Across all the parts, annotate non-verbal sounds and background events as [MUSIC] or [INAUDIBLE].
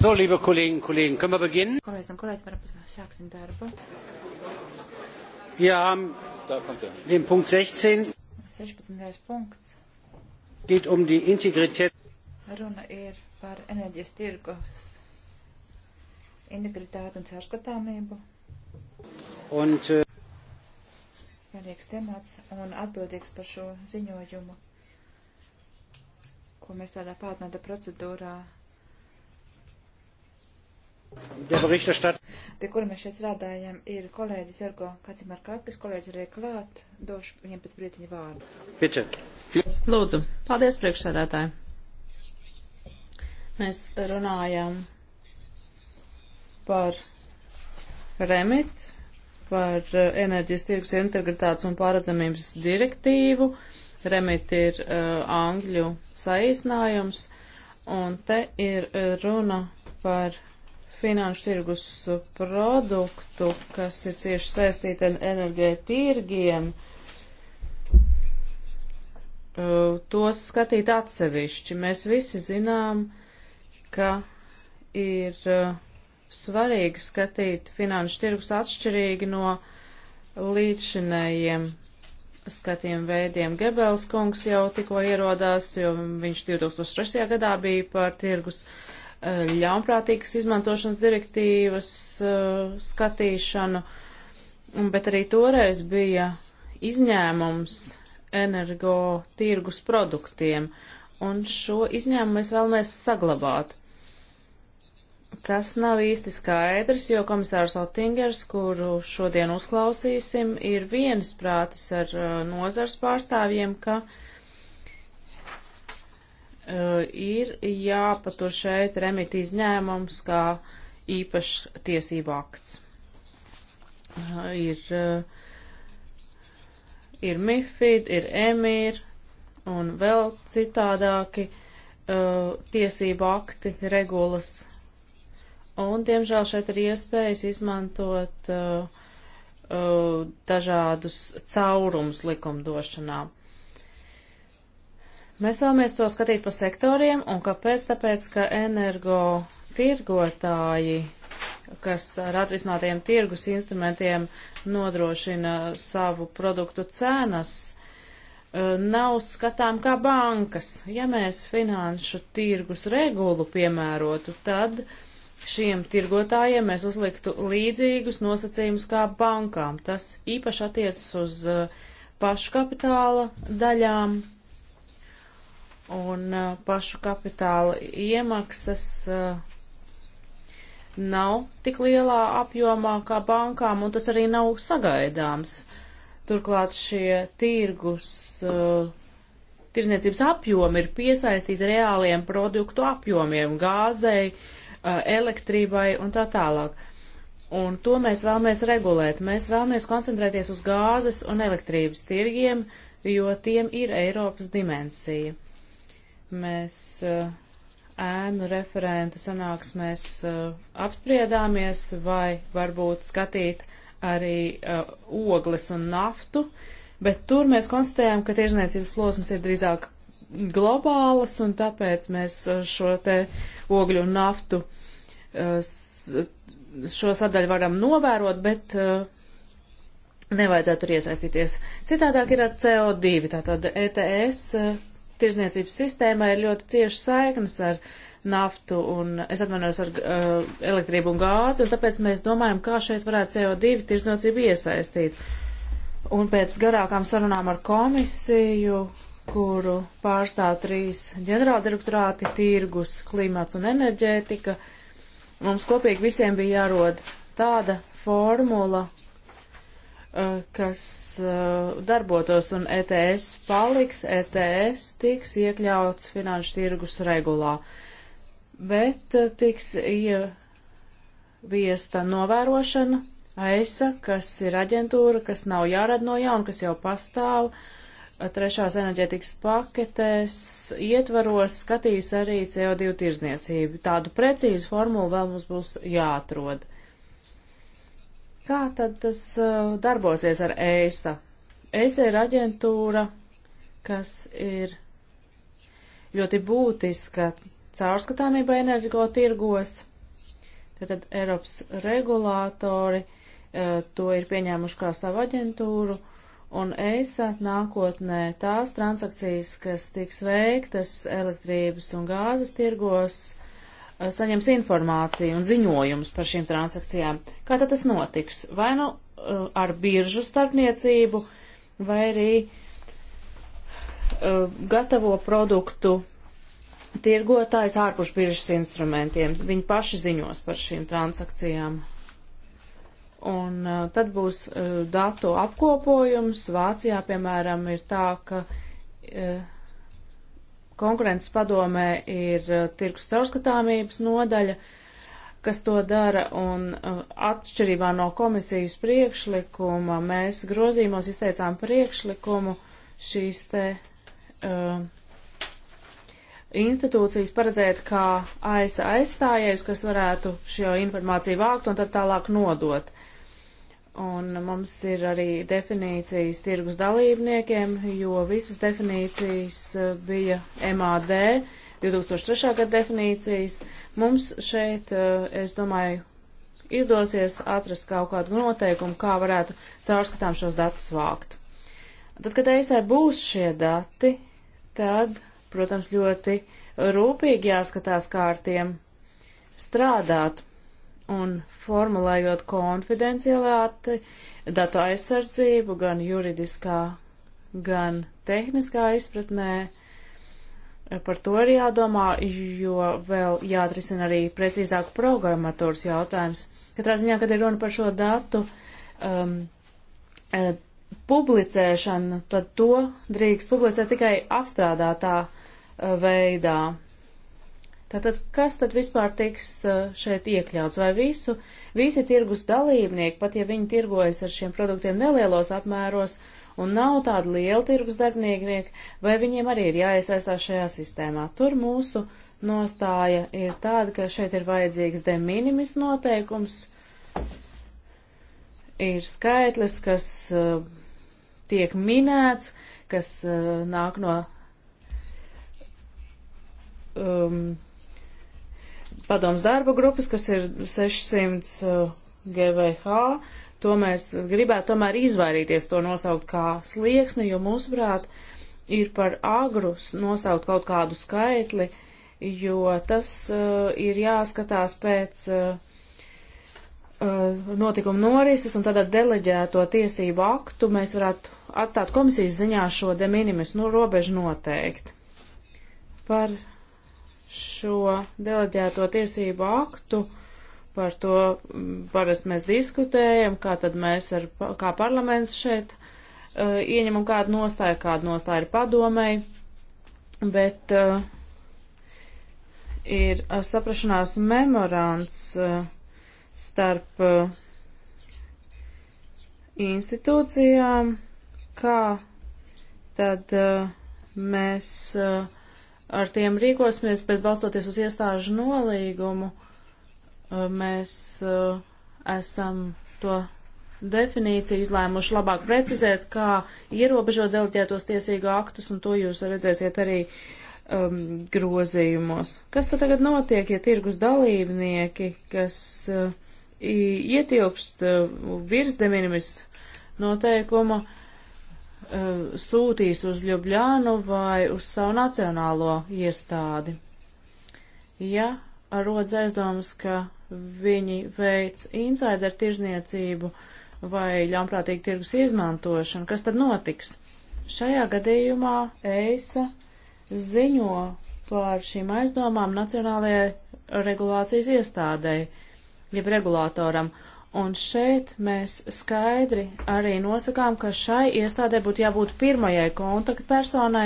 So, liebe Kolleginnen und Kollegen, können wir beginnen? Kolleginnen und Kollegen, varbūt sāksim darbu. Wir haben er. den Punkt 16. 16. punkts. Geht um die Integrität. Runa ir par enerģijas tirgus integritāti un caurskatāmību. Un, uh, äh, Svarīgs temats un atbildīgs par šo ziņojumu, ko mēs tādā pātnāta procedūrā Pie kura mēs šeit strādājam, ir kolēģis Ergo Kacimarkakis, kolēģis arī klāt, došu viņam pēc brītiņa vārdu. Piče. Lūdzu, paldies priekšsēdētāji. Mēs runājam par remit, par eh, enerģijas tirgus integritātes un pārredzamības direktīvu. Remit ir uh, angļu saīsinājums, un te ir eh, runa par finanšu tirgus produktu, kas ir cieši saistīti ar enerģētīrgiem, uh, tos skatīt atsevišķi. Mēs visi zinām, ka ir uh, svarīgi skatīt finanšu tirgus atšķirīgi no līdzšinējiem skatiem veidiem. Gebels kungs jau tikko ierodās, jo viņš 2003. gadā bija par tirgus uh, Eh, ļaunprātīgas izmantošanas direktīvas eh, skatīšanu, bet arī toreiz bija izņēmums energo tirgus produktiem, un šo izņēmumu mēs vēlamies saglabāt. Tas nav īsti skaidrs, jo komisārs Otingers, kuru šodien uzklausīsim, ir viensprātis ar eh, nozars pārstāvjiem, ka uh, Eh, ir jāpatur šeit remit izņēmums kā īpašs tiesību akts. Eh, ir, eh, ir MIFID, ir EMIR un vēl citādāki tiesību akti, regulas. Un, diemžēl, šeit ir iespējas izmantot uh, dažādus caurums likumdošanā. Mēs vēlamies to skatīt pa sektoriem, un kāpēc? Tāpēc, ka energo tirgotāji, kas ar atrisinātiem tirgus instrumentiem nodrošina savu produktu cenas, e, nav skatām kā bankas. Ja mēs finanšu tirgus regulu piemērotu, tad šiem tirgotājiem mēs uzliktu līdzīgus nosacījumus kā bankām. Tas īpaši attiecas uz e, pašu kapitāla daļām un uh, pašu kapitāla iemaksas uh, nav tik lielā apjomā kā bankām, un tas arī nav sagaidāms. Turklāt šie tirgus, uh, tirzniecības apjomi ir piesaistīti reāliem produktu apjomiem - gāzei, elektrībai un tā tālāk. Un to mēs vēlamies regulēt. Mēs vēlamies koncentrēties uz gāzes un elektrības tirgiem, jo tiem ir Eiropas dimensija. Mēs eh, ēnu referentu sanāksmēs eh, apspriedāmies, vai varbūt skatīt arī eh, ogles un naftu, bet tur mēs konstatējām, ka tiešniecības plosmas ir drīzāk globālas, un tāpēc mēs šo te ogļu un naftu šo sadaļu varam novērot, bet nevajadzētu tur iesaistīties. Citādāk ir ar CO2, tātad ETS tirzniecības sistēmai ir ļoti cieši saiknes ar naftu un, es atvainojos, ar uh, elektrību un gāzi, un tāpēc mēs domājam, kā šeit varētu CO2 tirzniecību iesaistīt. Un pēc garākām sarunām ar komisiju, kuru pārstāv trīs ģenerāldirektorāti - tirgus, klimats un enerģētika, mums kopīgi visiem bija jārod tāda formula, Eh, kas eh, darbotos un ETS paliks, ETS tiks iekļauts finanšu tirgus regulā, bet eh, tiks ieviesta novērošana AISA, e kas ir aģentūra, kas nav jārada no jauna, kas jau pastāv. Trešās enerģētikas paketēs ietvaros skatīs arī CO2 tirzniecību. Tādu precīzu formulu vēl mums būs jāatrod. Kā tad tas uh, darbosies ar ESA? ESA ir aģentūra, kas ir ļoti būtiska caurskatāmība energo tirgos. Tātad Eiropas regulātori uh, to ir pieņēmuši kā savu aģentūru un ESA nākotnē tās transakcijas, kas tiks veiktas elektrības un gāzes tirgos, Eh, saņems informāciju un ziņojumus par šīm transakcijām. Kā tad tas notiks? Vai nu eh, ar biržu starpniecību, vai arī eh, gatavo produktu tirgotājs ārpus biržas instrumentiem. Viņi paši ziņos par šīm transakcijām. Un uh, tad būs uh, datu apkopojums. Vācijā, piemēram, ir tā, ka uh, Konkurences padomē ir uh, tirkus caurskatāmības nodaļa, kas to dara, un uh, atšķirībā no komisijas priekšlikuma mēs grozījumos izteicām priekšlikumu šīs te uh, institūcijas paredzēt kā ASA aizstājējus, kas varētu šo informāciju vākt un tad tālāk nodot. Uh, Un mums ir arī definīcijas tirgus dalībniekiem, jo visas definīcijas eh, bija MAD, 2003. gada definīcijas. Mums šeit, eh, es domāju, izdosies atrast kaut kādu noteikumu, kā varētu caurskatām šos datus vākt. Tad, kad ESA būs šie dati, tad, protams, ļoti rūpīgi jāskatās kārtiem strādāt un formulējot konfidenciālāti datu aizsardzību gan juridiskā, gan tehniskā izpratnē. Par to ir jādomā, jo vēl jāatrisina arī precīzāk programmatūras jautājums. Katrā ziņā, kad ir runa par šo datu um, e, publicēšanu, tad to drīkst publicēt tikai apstrādātā e, veidā. Tātad, kas tad vispār tiks eh, šeit iekļauts? Vai visu, visi tirgus dalībnieki, pat ja viņi tirgojas ar šiem produktiem nelielos apmēros un nav tādi lieli tirgus darbinieki, vai viņiem arī ir jāiesaistās šajā sistēmā? Tur mūsu nostāja ir tāda, ka šeit ir vajadzīgs de minimis noteikums, ir skaitlis, kas uh, tiek minēts, kas uh, nāk no um, padoms darba grupas, kas ir 600 uh, GVH, to mēs gribētu tomēr izvairīties to nosaukt kā slieksni, jo mūsuprāt ir par agru nosaukt kaut kādu skaitli, jo tas uh, ir jāskatās pēc uh, uh notikuma norises un tādā deleģēto tiesību aktu mēs varētu atstāt komisijas ziņā šo de minimis nu, robežu noteikti. Par šo deleģēto tiesību aktu, par to mm, parasti mēs diskutējam, kā tad mēs ar, kā parlaments šeit uh, ieņemam kādu nostāju, kādu nostāju ir padomēji, bet uh, ir uh, saprašanās memorāns uh, starp uh, institūcijām, kā tad uh, mēs uh, ar tiem rīkosimies, bet balstoties uz iestāžu nolīgumu, uh, mēs uh, esam to definīciju izlēmuši labāk precizēt, kā ierobežot deleģētos tiesīgu aktus, un to jūs redzēsiet arī um, grozījumos. Kas tad tagad notiek, ja tirgus dalībnieki, kas uh, ietilpst uh, virs deminimis noteikuma, uh, Eh, sūtīs uz Ljubļānu vai uz savu nacionālo iestādi. Ja rodas aizdomas, ka viņi veic insider tirzniecību vai ļaunprātīgu tirgus izmantošanu, kas tad notiks? Šajā gadījumā EISA ziņo par šīm aizdomām Nacionālajai regulācijas iestādēji, jeb regulātoram, Un šeit mēs skaidri arī nosakām, ka šai iestādē būtu jābūt pirmajai kontaktpersonai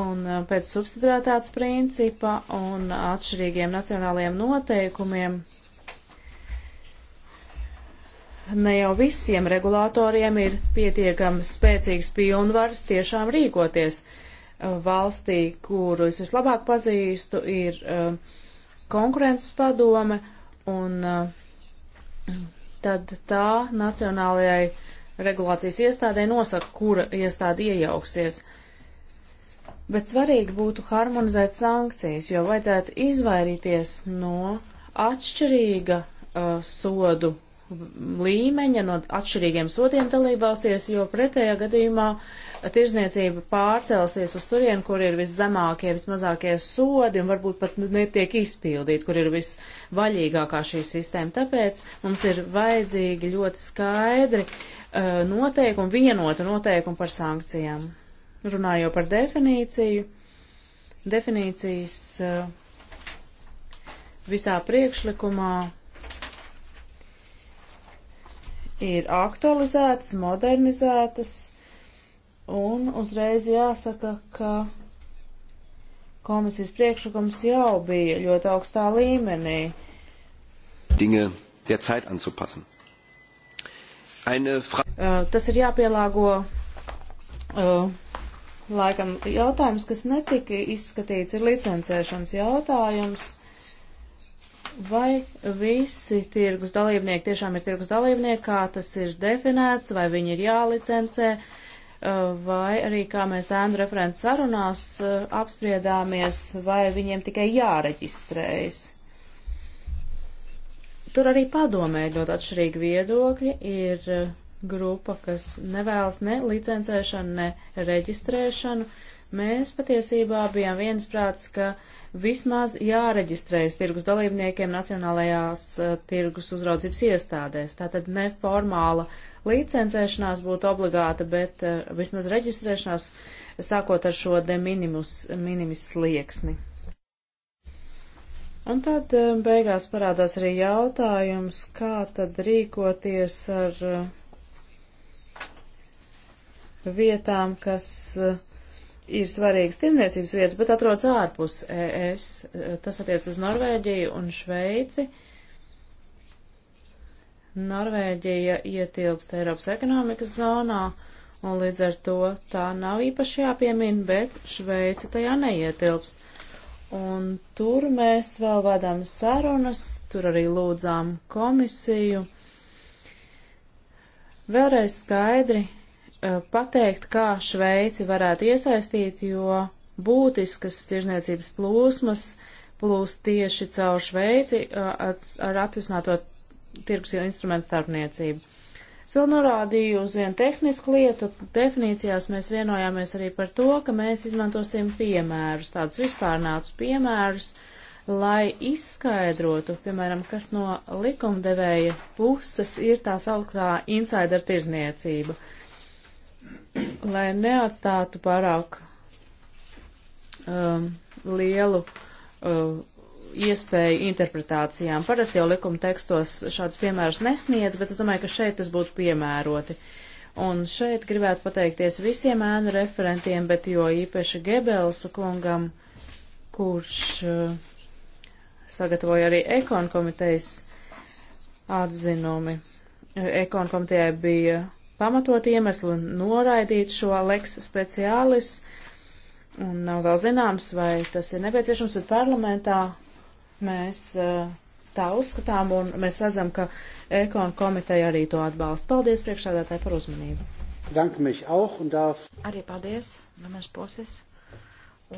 un uh, pēc subsidiaritātes principa un atšķirīgiem nacionālajiem noteikumiem. Ne jau visiem regulātoriem ir pietiekami spēcīgs pilnvars tiešām rīkoties. Uh, valstī, kuru es vislabāk pazīstu, ir uh, konkurences padome un uh, tad tā nacionālajai regulācijas iestādē nosaka, kura iestāde iejauksies. Bet svarīgi būtu harmonizēt sankcijas, jo vajadzētu izvairīties no atšķirīga uh, sodu līmeņa, no atšķirīgiem sodiem dalībvalstīs, jo pretējā gadījumā tirzniecība pārcelsies uz turien, kur ir viszemākie, vismazākie sodi un varbūt pat netiek izpildīti, kur ir visvaļīgākā šī sistēma. Tāpēc mums ir vajadzīgi ļoti skaidri uh, noteikumi, vienotu noteikumu par sankcijām. Runājot par definīciju, definīcijas uh, visā priekšlikumā ir aktualizētas, modernizētas, un uzreiz jāsaka, ka komisijas priekšlikums jau bija ļoti augstā līmenī. Dinge der Zeit anzupassen. Eine Fra uh, tas ir jāpielāgo uh, laikam jautājums, kas netika izskatīts, ir licencēšanas jautājums vai visi tirgus dalībnieki tiešām ir tirgus dalībnieki, kā tas ir definēts, vai viņi ir jālicencē, uh, vai arī kā mēs ēnu referentu sarunās uh, apspriedāmies, vai viņiem tikai jāreģistrējas. Tur arī padomē ļoti atšķirīgi viedokļi. Ir uh, grupa, kas nevēlas ne licencēšanu, ne reģistrēšanu. Mēs patiesībā bijām viensprāts, ka uh, vismaz jāreģistrējas tirgus dalībniekiem nacionālajās eh, tirgus uzraudzības iestādēs. Tātad neformāla licencēšanās būtu obligāta, bet eh, vismaz reģistrēšanās sākot ar šo de minimus, minimis slieksni. Un tad eh, beigās parādās arī jautājums, kā tad rīkoties ar vietām, kas uh, ir svarīgas tirniecības vietas, bet atrodas ārpus ES. Tas attiec uz Norvēģiju un Šveici. Norvēģija ietilpst Eiropas ekonomikas zonā, un līdz ar to tā nav īpaši jāpiemina, bet Šveica tajā neietilpst. Un tur mēs vēl vadām sarunas, tur arī lūdzām komisiju. Vēlreiz skaidri Eh, pateikt, kā Šveici varētu iesaistīt, jo būtiskas tirzniecības plūsmas plūs tieši caur Šveici eh, ar atvisināto tirgus instrumentu starpniecību. Es vēl norādīju uz vienu tehnisku lietu. Definīcijās mēs vienojāmies arī par to, ka mēs izmantosim piemērus, tādus vispārnātus piemērus, lai izskaidrotu, piemēram, kas no likumdevēja puses ir tā sauktā insider tirzniecība. Uh, lai neatstātu pārāk um, lielu um, iespēju interpretācijām. Parasti jau likuma tekstos šāds piemērs nesniedz, bet es domāju, ka šeit tas būtu piemēroti. Un šeit gribētu pateikties visiem ēnu referentiem, bet jo īpaši Gebelsa kungam, kurš uh, sagatavoja arī ekon komitejas atzinumi. Ekon komitejai bija pamatot iemeslu noraidīt šo leks speciālis, un nav vēl zināms, vai tas ir nepieciešams, bet parlamentā mēs eh, tā uzskatām, un mēs redzam, ka Ekon komiteja arī to atbalsta. Paldies priekšādātāji par uzmanību. Auch, darf... Arī paldies no manas puses,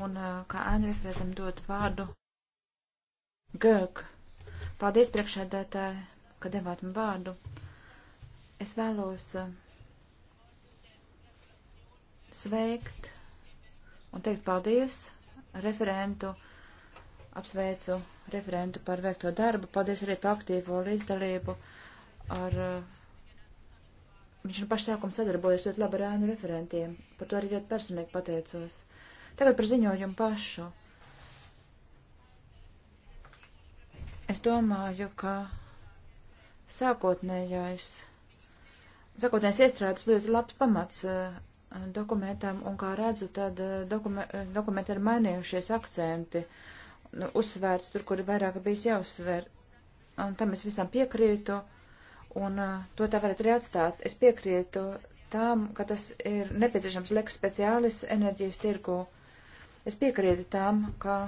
un eh, kā Ēnu referētam dot vārdu. Gök. Paldies priekšādātāji, ka devāt man vārdu. Es vēlos uh, sveikt un teikt paldies referentu, apsveicu referentu par veikto darbu, paldies arī par aktīvo līdzdalību ar. Uh, viņš no nu pašsākuma sadarbojas ļoti labi ar ēnu referentiem, par to arī ļoti personīgi pateicos. Tagad par ziņojumu pašu. Es domāju, ka sākotnējais, sākotnējais iestrādes ļoti labs pamats uh, dokumentam, un kā redzu, tad eh, dokume, dokumenti ir mainījušies akcenti, nu, uzsvērts tur, kur vairāk bijis jāuzsver. Un tam es visam piekrītu, un uh, to tā varētu arī atstāt. Es piekrītu tām, ka tas ir nepieciešams leks speciālis enerģijas tirgu. Es piekrītu tām, ka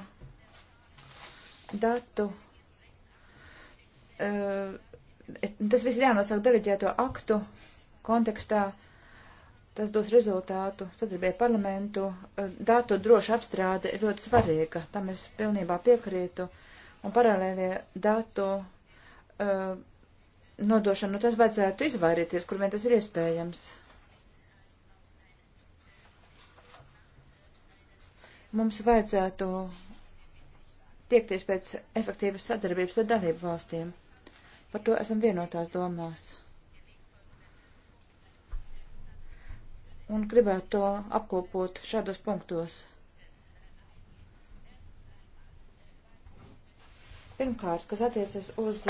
datu. Uh, tas viss ir jānosaka deleģēto aktu kontekstā tas dos rezultātu sadarbībai parlamentu. Eh, datu droša apstrāde ir ļoti svarīga, tam es pilnībā piekrītu. Un paralēlie datu uh, eh, nodošana, nu tas vajadzētu izvairīties, kur vien tas ir iespējams. Mums vajadzētu tiekties pēc efektīvas sadarbības ar dalību valstīm. Par to esam vienotās domās. un gribētu to apkopot šādos punktos. Pirmkārt, kas attiecas uz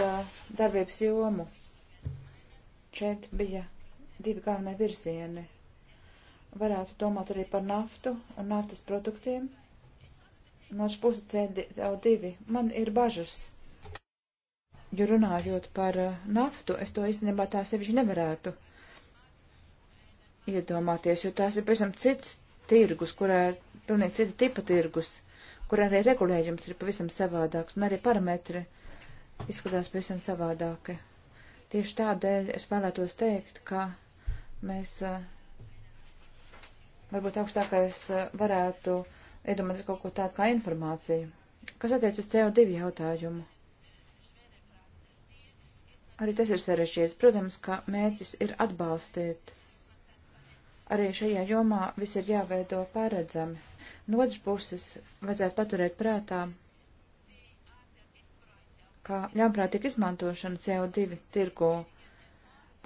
darbības jomu, šeit bija divi galvenie virzieni. Varētu domāt arī par naftu un naftas produktiem. No šīs puses CO2 man ir bažas. Jo runājot par naftu, es to īstenībā tā sevišķi nevarētu iedomāties, jo tās ir pavisam cits tirgus, kurā ir pilnīgi cita tipa tirgus, kur arī regulējums ir pavisam savādāks, un arī parametri izskatās pavisam savādāki. Tieši tādēļ es vēlētos teikt, ka mēs eh, varbūt augstākais eh, varētu iedomāties kaut ko tādu kā informāciju. Kas attiec uz CO2 jautājumu? Arī tas ir sarežģīts. Protams, ka mērķis ir atbalstīt Arī šajā jomā viss ir jāveido paredzami. No otras puses, vajadzētu paturēt prātā, ka ļaunprātīga izmantošana CO2 tirgo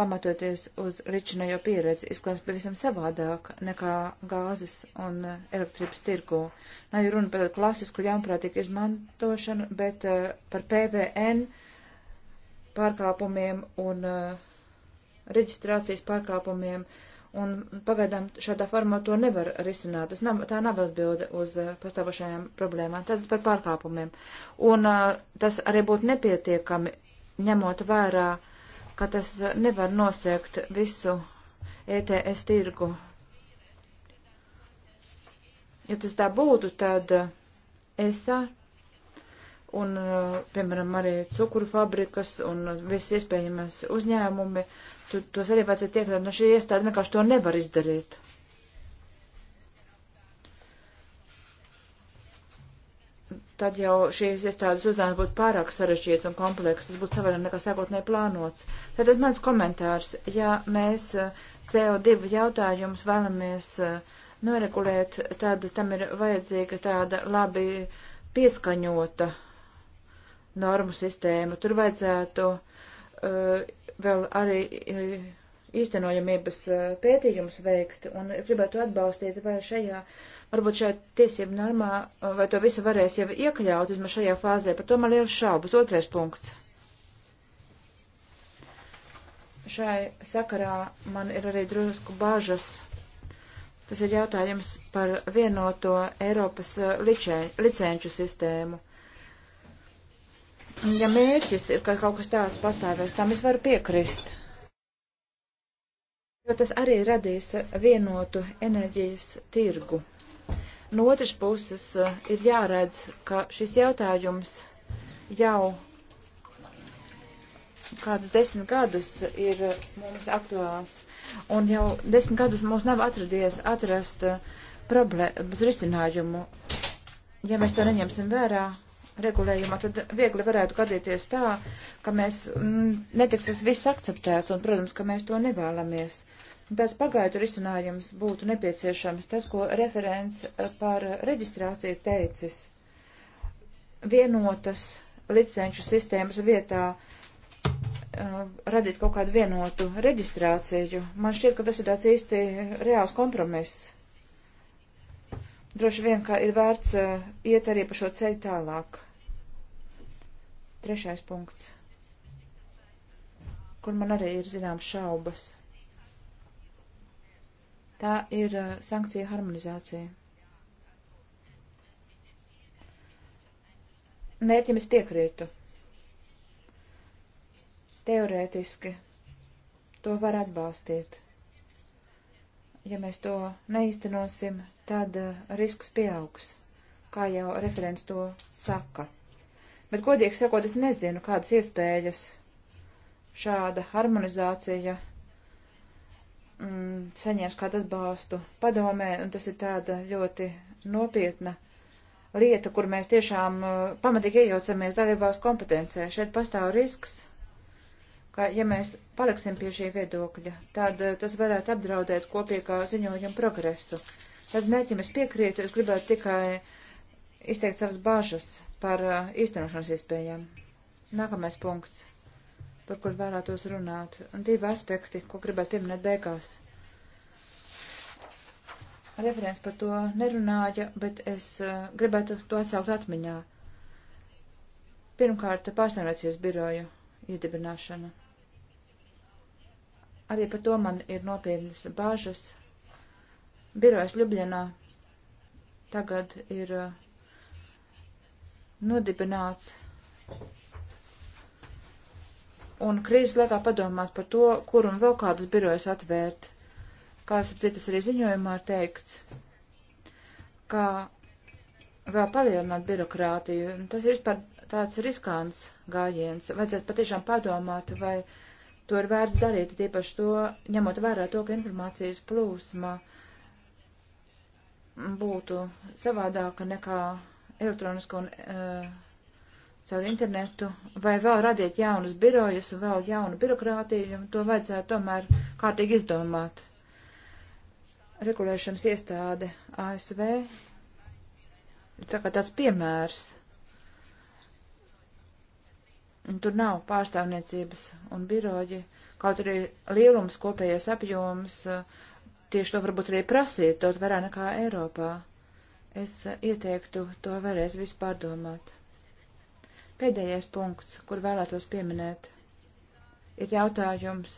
pamatoties uz ričinājo pieredzi, izklausās pavisam savādāk nekā gāzes un elektrības tirgu. Nav jau runa par klasisku ļaunprātīgu izmantošanu, bet uh, par PVN pārkāpumiem un uh, reģistrācijas pārkāpumiem. Uh, Un pagaidām šādā formā to nevar risināt. Tas nav, tā nav atbilde uz eh, pastāvošajām problēmām. Tad par pārkāpumiem. Un eh, tas arī būtu nepietiekami, ņemot vērā, ka tas eh, nevar nosēkt visu ETS tirgu. Ja tas tā būtu, tad ESA un, piemēram, arī cukuru fabrikas un visi iespējamās uzņēmumi tu, tos arī vajadzētu iekļaut. Nu, no šī iestāde vienkārši to nevar izdarīt. Tad jau šīs iestādes uzdevums būtu pārāk sarežģīts un komplekss, tas būtu savādāk nekā sākotnēji plānots. Tātad mans komentārs, ja mēs eh, CO2 jautājumus vēlamies eh, noregulēt, tad tam ir vajadzīga tāda labi pieskaņota normu sistēma. Tur vajadzētu uh, vēl arī e, īstenojamības e, pētījumus veikt un gribētu atbalstīt, vai šajā, varbūt šajā tiesību normā, e, vai to visu varēs jau iekļaut vismaz šajā fāzē. Par to man ir šaubas. Otrais punkts. Šai sakarā man ir arī drusku bažas. Tas ir jautājums par vienoto Eiropas licenču sistēmu. Ja mērķis ir, ka kaut kas tāds pastāvēs, tam es varu piekrist. Jo tas arī radīs vienotu enerģijas tirgu. No otras puses eh, ir jāredz, ka šis jautājums jau kādus desmit gadus ir mums aktuāls. Un jau desmit gadus mums nav atradies atrast eh, problēmas risinājumu. Ja mēs to neņemsim vērā, regulējumā, tad viegli varētu gadīties tā, ka mēs mm, netiks tas viss akceptēts, un, protams, ka mēs to nevēlamies. Tas pagaidu risinājums būtu nepieciešams, tas, ko referents eh, par reģistrāciju teicis, vienotas licenču sistēmas vietā eh, radīt kaut kādu vienotu reģistrāciju. Man šķiet, ka tas ir tāds īsti reāls kompromiss. Droši vien, ka ir vērts eh, iet arī pa šo ceļu tālāk. Trešais punkts, kur man arī ir zināmas šaubas. Tā ir eh, sankcija harmonizācija. Mērķim es piekrītu. Teorētiski to var atbalstīt. Ja mēs to neiztenosim, tad eh, risks pieaugs, kā jau referents to saka bet godīgi sakot, es nezinu, kādas iespējas šāda harmonizācija mm, saņems kādu atbalstu padomē, un tas ir tāda ļoti nopietna lieta, kur mēs tiešām uh, pamatīgi iejaucamies dalībvalstu kompetencē. Šeit pastāv risks, ka, ja mēs paliksim pie šī viedokļa, tad uh, tas varētu apdraudēt kopīgā ziņojuma progresu. Tad mērķim es piekrītu, es gribētu tikai izteikt savas bažas par uh, īstenošanas iespējām. Nākamais punkts, par kur vēlētos runāt, un divi aspekti, ko gribētu pieminēt beigās. Referents par to nerunāja, bet es uh, gribētu to atsaukt atmiņā. Pirmkārt, pārstāvniecības biroju iedibināšana. Arī par to man ir nopietnas bāžas. Birojas Ljubļanā tagad ir uh, nodibināts. Un krīzes laikā padomāt par to, kur un vēl kādus birojas atvērt. Kā es citas arī ziņojumā ir teikts, kā vēl palielināt birokrātiju. Tas ir vispār tāds riskants gājiens. Vajadzētu patiešām padomāt, vai to ir vērts darīt, tiepaši to, ņemot vērā to, ka informācijas plūsma būtu savādāka nekā elektronisko un uh, caur internetu, vai vēl radīt jaunus birojus un vēl jaunu birokrātiju, to vajadzētu tomēr kārtīgi izdomāt. Regulēšanas iestāde ASV ir tā kā tāds piemērs. Un tur nav pārstāvniecības un biroģi, kaut arī lielums kopējais apjoms, eh, tieši to varbūt arī prasīt, tos vairāk nekā Eiropā. Es eh, ieteiktu to vēlreiz visu pārdomāt. Pēdējais punkts, kur vēlētos pieminēt, ir jautājums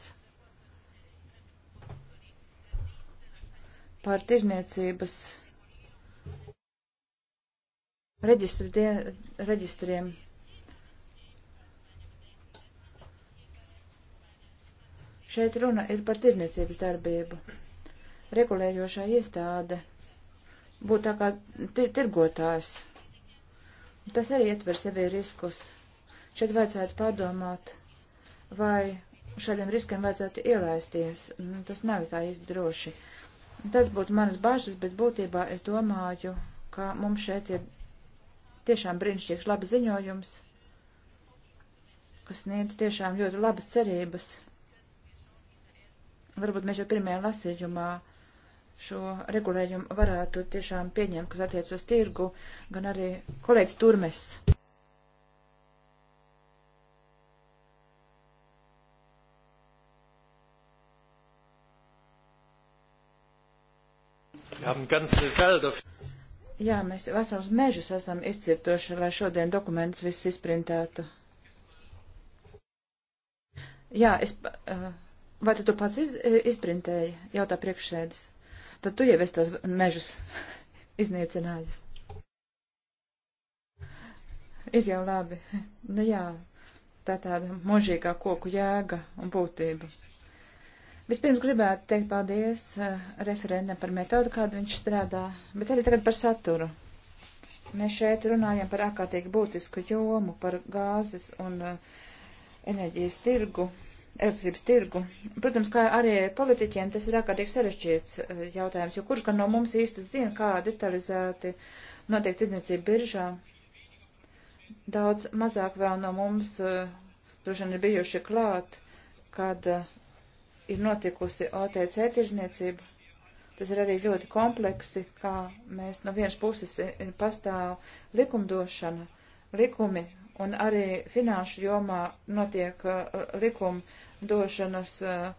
par tirzniecības reģistri, die, reģistriem. Šeit runa ir par tirzniecības darbību. Regulējošā iestāde būt tā kā tirgotājs. Tas arī ietver sevi riskus. Šeit vajadzētu pārdomāt, vai šādiem riskiem vajadzētu ielaisties. Nu, tas nav tā īsti droši. Tas būtu manas bažas, bet būtībā es domāju, ka mums šeit ir tiešām brīnišķīgs labs ziņojums, kas sniedz tiešām ļoti labas cerības. Varbūt mēs jau pirmajā lasījumā uh, šo regulējumu varētu tiešām pieņemt, kas attiec uz tirgu, gan arī kolēģis Turmes. Jā, mēs vesels mežus esam izcirtoši, lai šodien dokumentus viss izprintētu. Jā, es, eh, vai tu to pats iz, izprintēji? Jautā priekšsēdis tad tu jau esi tos mežus [LAUGHS] iznīcinājis. Ir jau labi. Nu jā, tā tāda mūžīgā koku jēga un būtība. Vispirms gribētu teikt paldies uh, eh, referentam par metodu, kādu viņš strādā, bet arī tagad par saturu. Mēs šeit runājam par ārkārtīgi būtisku jomu, par gāzes un uh, enerģijas tirgu elektrības tirgu. Protams, kā arī politiķiem tas ir ārkārtīgi sarežģīts eh, jautājums, jo kurš gan no mums īsti zina, kā detalizēti notiek tirdzniecība biržā. Daudz mazāk vēl no mums eh, droši vien ir bijuši klāt, kad eh, ir notikusi OTC tirdzniecība. Tas ir arī ļoti kompleksi, kā mēs no vienas puses pastāv likumdošana, likumi un arī finanšu jomā notiek uh, likuma došanas uh,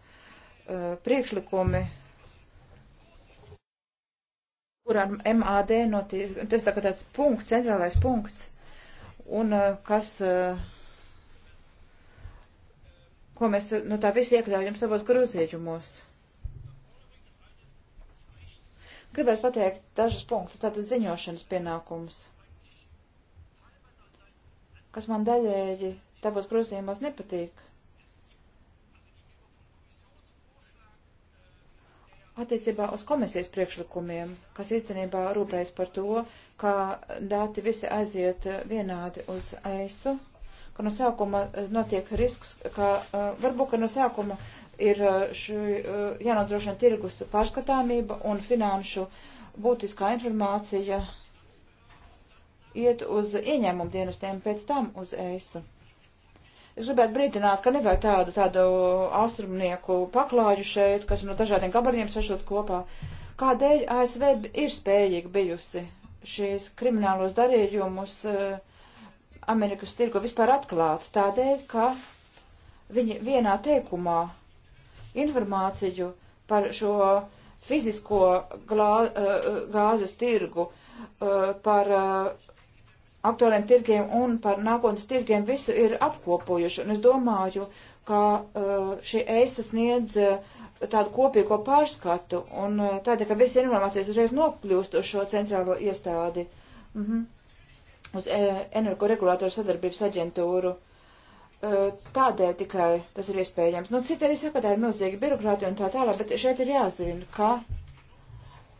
uh, priekšlikumi, kurā MAD notiek, tas tā kā tāds punkts, centrālais punkts, un uh, kas, uh, ko mēs no nu, tā visi iekļaujam savos grozījumos. Gribētu pateikt dažas punktus, tātad ziņošanas pienākums kas man daļēji tavos grozījumos nepatīk. Attiecībā uz komisijas priekšlikumiem, kas īstenībā rūpējas par to, ka dati visi aiziet vienādi uz ASU, ka no sākuma eh, notiek risks, ka eh, varbūt, ka no sākuma ir eh, šī jānodrošina tirgus pārskatāmība un finanšu būtiskā informācija iet uz ieņēmumu dienestiem, pēc tam uz eisu. Es gribētu brīdināt, ka nevajag tādu, tādu austrumnieku paklāju šeit, kas no dažādiem gabaliem sašūts kopā. Kādēļ ASV ir spējīga bijusi šīs kriminālos darījumus eh, Amerikas tirgu vispār atklāt? Tādēļ, ka viņi vienā teikumā informāciju par šo fizisko glā, eh, gāzes tirgu, eh, par aktuāliem tirgiem un par nākotnes tirgiem visu ir apkopojuši. Un es domāju, ka uh, šī eisa sniedz uh, tādu kopīgo pārskatu un uh, tādēļ, ka visas informācijas uzreiz nokļūst uz šo centrālo iestādi, mm -hmm. uz e energoregulātoru sadarbības aģentūru. Uh, tādēļ tikai tas ir iespējams. Nu, citēļ saka, tā ir milzīga birokrātija un tā tālāk, bet šeit ir jāzina, ka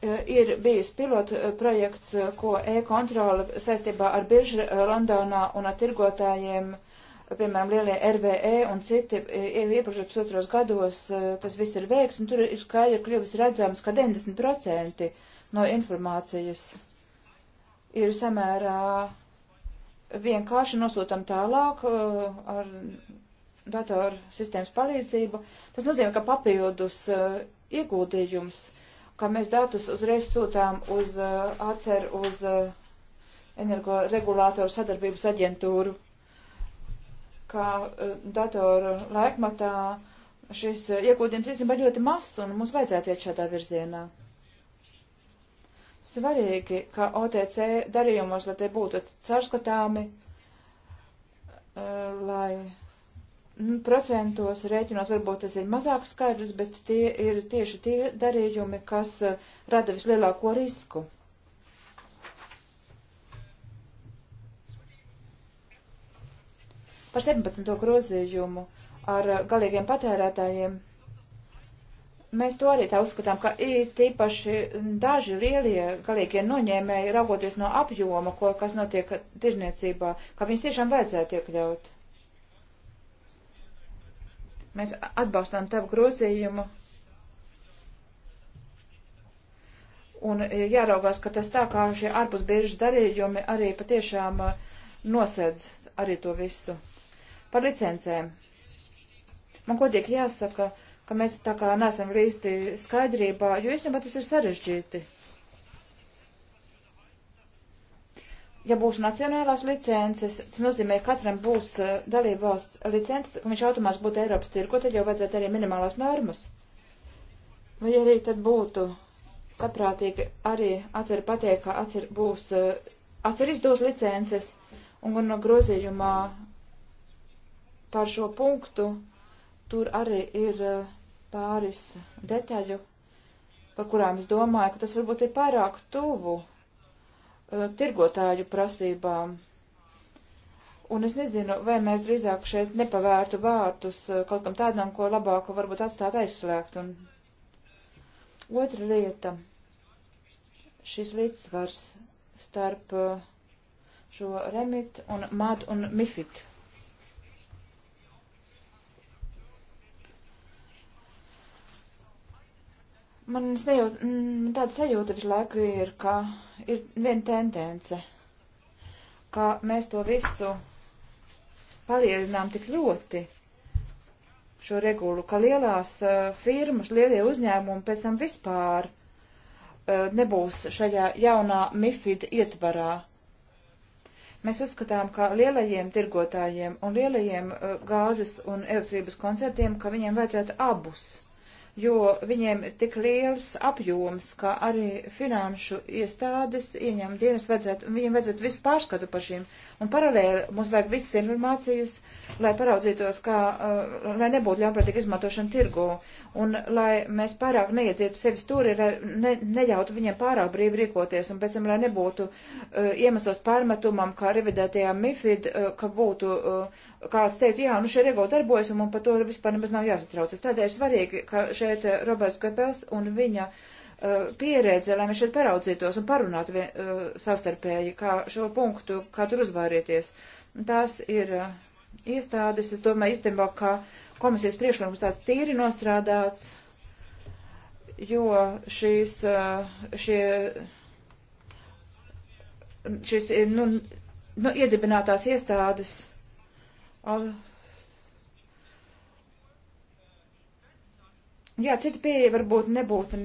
Eh, ir bijis pilota eh, projekts, eh, ko e-kontrola saistībā ar biržu Londonā un ar tirgotājiem, piemēram, lielie RVE un citi iepriekšējos otros gados, tas viss ir veikts, un tur ir skaidri kļuvis redzams, ka 90% no informācijas ir samērā vienkārši nosūtam tālāk ar datoru sistēmas palīdzību. Tas nozīmē, ka papildus ieguldījums uh, ka mēs datus uzreiz sūtām uz uh, eh, ACER, uz uh, energoregulātoru sadarbības aģentūru, kā uh, eh, datoru laikmatā šis uh, iegūdījums īstenībā ļoti mazs un mums vajadzētu iet šādā virzienā. Svarīgi, ka OTC darījumos, lai tie būtu caurskatāmi, uh, lai Mm, procentos rēķinos varbūt tas ir mazāk skaidrs, bet tie ir tieši tie darījumi, kas uh, rada vislielāko risku. Par 17. grozījumu ar uh, galīgiem patērētājiem mēs to arī tā uzskatām, ka tīpaši daži lielie galīgie noņēmēji, raugoties no apjoma, ko, kas notiek tirniecībā, ka viņus tiešām vajadzētu iekļaut. Mēs atbalstām tavu grozījumu. Un jāraugās, ka tas tā kā šie ārpus bieži darījumi arī patiešām uh, nosedz arī to visu. Par licencēm. Man godīgi jāsaka, ka mēs tā kā nesam īsti skaidrībā, jo īstenībā tas ir sarežģīti. ja būs nacionālās licences, tas nozīmē, ka katram būs uh, eh, dalībvalsts licences, un viņš automāts būtu Eiropas tirgu, tad jau vajadzētu arī minimālās normas. Vai arī tad būtu saprātīgi arī atcer pateikt, ka atcer būs, uh, atcer izdos licences, un, un grozījumā par šo punktu tur arī ir uh, pāris detaļu, par kurām es domāju, ka tas varbūt ir pārāk tuvu Uh, tirgotāju prasībām. Un es nezinu, vai mēs drīzāk šeit nepavērtu vārtus uh, kaut kam tādam, ko labāk varbūt atstāt aizslēgt. Un... Otra lieta - šis līdzsvars starp uh, šo remit un mad un mifit Man sajūta, mm, tāda sajūta visu laiku ir, ka ir viena tendence, ka mēs to visu palielinām tik ļoti, šo regulu, ka lielās uh, firmas, lielie uzņēmumi pēc tam vispār uh, nebūs šajā jaunā MIFID ietvarā. Mēs uzskatām, ka lielajiem tirgotājiem un lielajiem uh, gāzes un elektrības koncertiem, ka viņiem vajadzētu abus. Uh, jo viņiem tik liels apjoms, ka arī finanšu iestādes ieņem dienas vajadzētu, viņiem vajadzētu visu pārskatu par šīm. Un paralēli mums vajag visas informācijas, lai paraudzītos, kā, uh, lai nebūtu ļaunprātīga izmantošana tirgu. Un lai mēs pārāk neiedzītu sevi stūri, lai ne, neļautu viņiem pārāk brīvi rīkoties. Un pēc tam, lai nebūtu uh, iemesls pārmetumam, kā revidētajā MIFID, uh, ka būtu. Uh, kāds teikt, jā, nu šie regula darbojas un man par to vispār nemaz nav jāsatraucas. Tādēļ svarīgi, ka šeit eh, Roberts Kapels un viņa uh, pieredze, lai mēs šeit paraudzītos un parunātu vien, uh, savstarpēji, kā šo punktu, kā tur uzvārieties. Tās ir uh, iestādes, es domāju, īstenībā, ka komisijas priekšlikums tāds tīri nostrādāts, jo šīs, šie, šis, nu, nu, iedibinātās iestādes Al... Jā, cita pieeja varbūt nebūtu,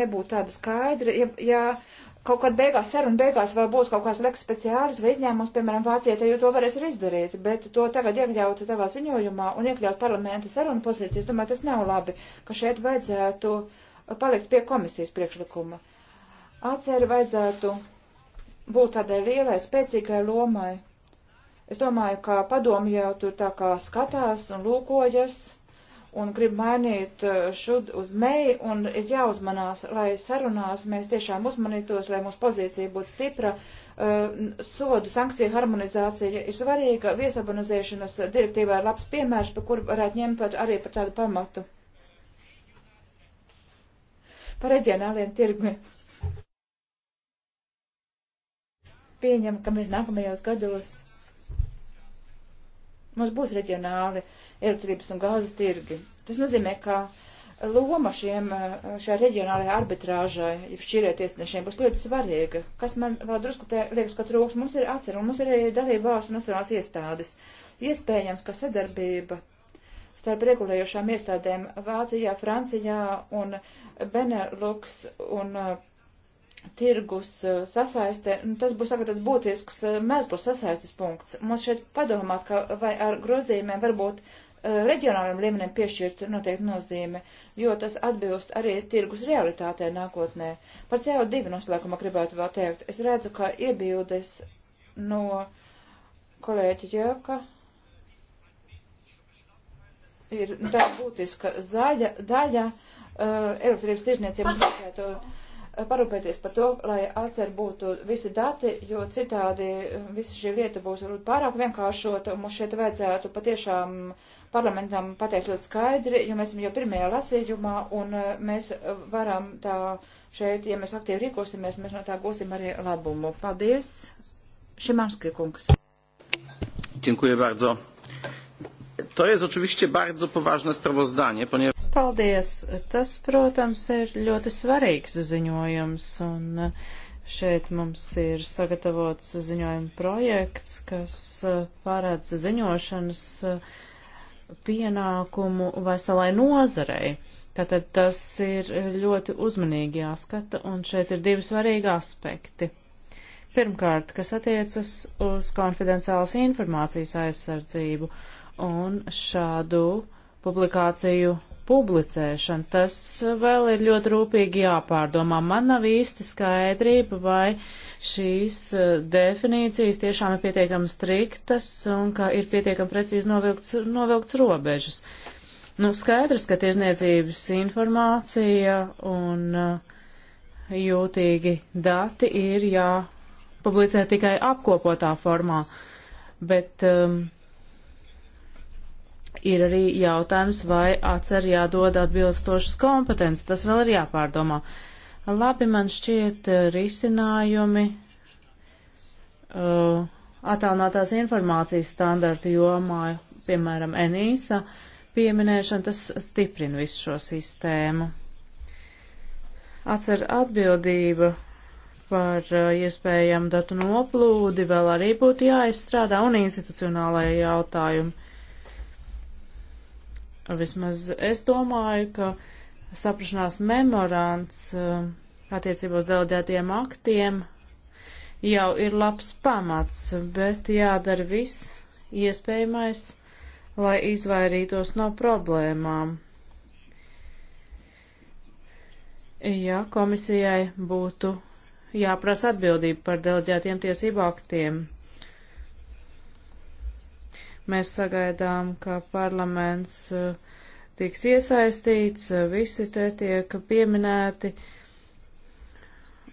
nebūtu tāda skaidra. Ja, ja kaut kad beigās saruna beigās vēl būs kaut kāds leks speciālis vai izņēmums, piemēram, Vācijai, tad jau to varēs arī izdarīt, bet to tagad iekļaut tavā ziņojumā un iekļaut parlamenta saruna pozīcijas, domāju, tas nav labi, ka šeit vajadzētu palikt pie komisijas priekšlikuma. Atceri vajadzētu būt tādai lielai, spēcīgai lomai Es domāju, ka padomu jau tur tā kā skatās un lūkojas un grib mainīt eh, šud uz meju un ir jāuzmanās, lai sarunās mēs tiešām uzmanītos, lai mūsu pozīcija būtu stipra. Eh, sodu sankciju harmonizācija ir svarīga, viesabonizēšanas direktīvā ir labs piemērs, par kur varētu ņemt par, arī par tādu pamatu. Par reģionāliem tirgumiem. Pieņem, ka mēs nākamajos gados Mums būs reģionāli elektrības un gāzes tirgi. Tas nozīmē, ka loma šiem, šajā reģionālajā arbitrāžai, ja šķirētiesnešiem, būs ļoti svarīga. Kas man vēl drusku te liekas, ka trūks, mums ir atcer, un mums ir arī dalība valsts nacionālās iestādes. Iespējams, ka sadarbība starp regulējošām iestādēm Vācijā, Francijā un Benelux un uh, tirgus eh, sasaiste, nu, tas būs tagad tāds būtisks eh, mezgls sasaistes punkts. Mums šeit padomāt, ka vai ar grozījumiem varbūt eh, reģionāliem līmenim piešķirt noteikti nozīme, jo tas atbilst arī tirgus realitātei nākotnē. Par CO2 noslēgumā gribētu vēl teikt. Es redzu, ka iebildes no kolēģa Jēka ir nu, tā būtiska zaļa, daļa uh, elektrības tirzniecības. Nu, parūpēties par to, lai atcer būtu visi dati, jo citādi eh, visa šī lieta būs varbūt pārāk vienkāršota, un mums šeit vajadzētu patiešām parlamentam pateikt ļoti skaidri, jo mēs esam jau pirmajā lasījumā, un eh, mēs varam tā šeit, ja mēs aktīvi rīkosimies, mēs no tā gūsim arī labumu. Paldies, Šimanski kungs. Dziękuję bardzo. To jest oczywiście bardzo poważne sprawozdanie, ponieważ Paldies! Tas, protams, ir ļoti svarīgs ziņojums, un uh, šeit mums ir sagatavots ziņojuma projekts, kas uh, pārēdz ziņošanas uh, pienākumu veselai nozarei. Tātad tas ir ļoti uzmanīgi jāskata, un šeit ir divi svarīgi aspekti. Pirmkārt, kas attiecas uz konfidenciālas informācijas aizsardzību un šādu publikāciju publicēšana, tas vēl ir ļoti rūpīgi jāpārdomā. Man nav īsti skaidrība, vai šīs eh, definīcijas tiešām ir pietiekami striktas un ka ir pietiekami precīzi novilkts, novilkts robežas. Nu, skaidrs, ka tirzniecības informācija un eh, jūtīgi dati ir jāpublicē tikai apkopotā formā, bet um, ir arī jautājums, vai atcer jādod atbilstošas kompetences. Tas vēl ir jāpārdomā. Labi, man šķiet eh, risinājumi uh, attālinātās informācijas standartu jomā, piemēram, Enīsa pieminēšana, tas stiprina visu šo sistēmu. Atcer atbildība par eh, iespējamu datu noplūdi vēl arī būtu jāizstrādā un institucionālajie jautājumi Vismaz es domāju, ka saprašanās memorands eh, attiecībos delegētiem aktiem jau ir labs pamats, bet jādara viss iespējamais, lai izvairītos no problēmām. Ja komisijai būtu jāprasa atbildība par deleģētiem tiesību aktiem. Mēs sagaidām, ka parlaments eh, tiks iesaistīts, eh, visi te tiek pieminēti,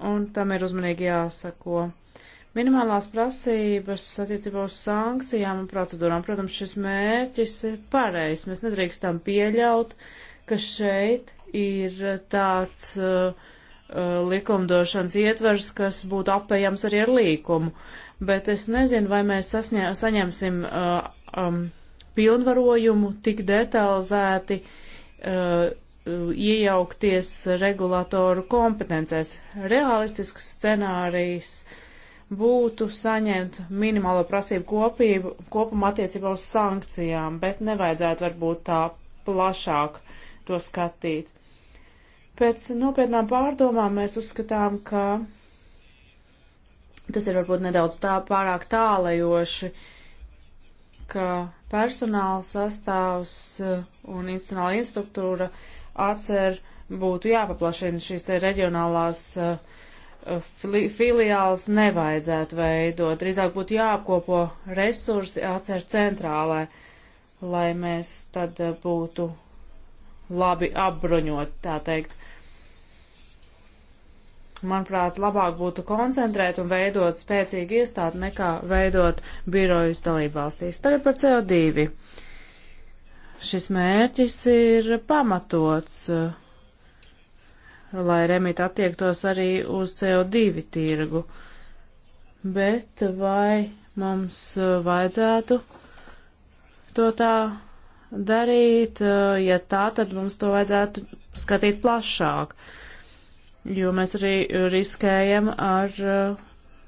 un tam ir uzmanīgi jāsako. Minimālās prasības attiecībā uz sankcijām un procedūrām, protams, šis mērķis ir pareizs. Mēs nedrīkstam pieļaut, ka šeit ir tāds uh, likumdošanas ietvers, kas būtu apējams arī ar līkumu. Bet es nezinu, vai mēs sasņē, saņemsim uh, um, pilnvarojumu tik detalizēti uh, iejaukties regulatoru kompetencēs. Realistisks scenārijs būtu saņemt minimālo prasību kopību, kopumā attiecībā uz sankcijām, bet nevajadzētu varbūt tā plašāk to skatīt. Pēc nopietnām pārdomām mēs uzskatām, ka tas ir varbūt nedaudz tā pārāk tālajoši, uh, ka personāla sastāvs eh, un institucionāla instruktūra atcer būtu jāpaplašina šīs te reģionālās eh, eh, filiāls nevajadzētu veidot. Drīzāk būtu jāapkopo resursi atcer centrālai, lai mēs tad būtu labi apbruņot, tā teikt manuprāt, labāk būtu koncentrēt un veidot spēcīgu iestādi nekā veidot birojas dalībvalstīs. Tagad par CO2. Šis mērķis ir pamatots, eh, lai remit attiektos arī uz CO2 tirgu. Bet vai mums eh, vajadzētu to tā darīt? Eh, ja tā, tad mums to vajadzētu skatīt plašāk. Uh, jo mēs arī riskējam ar uh,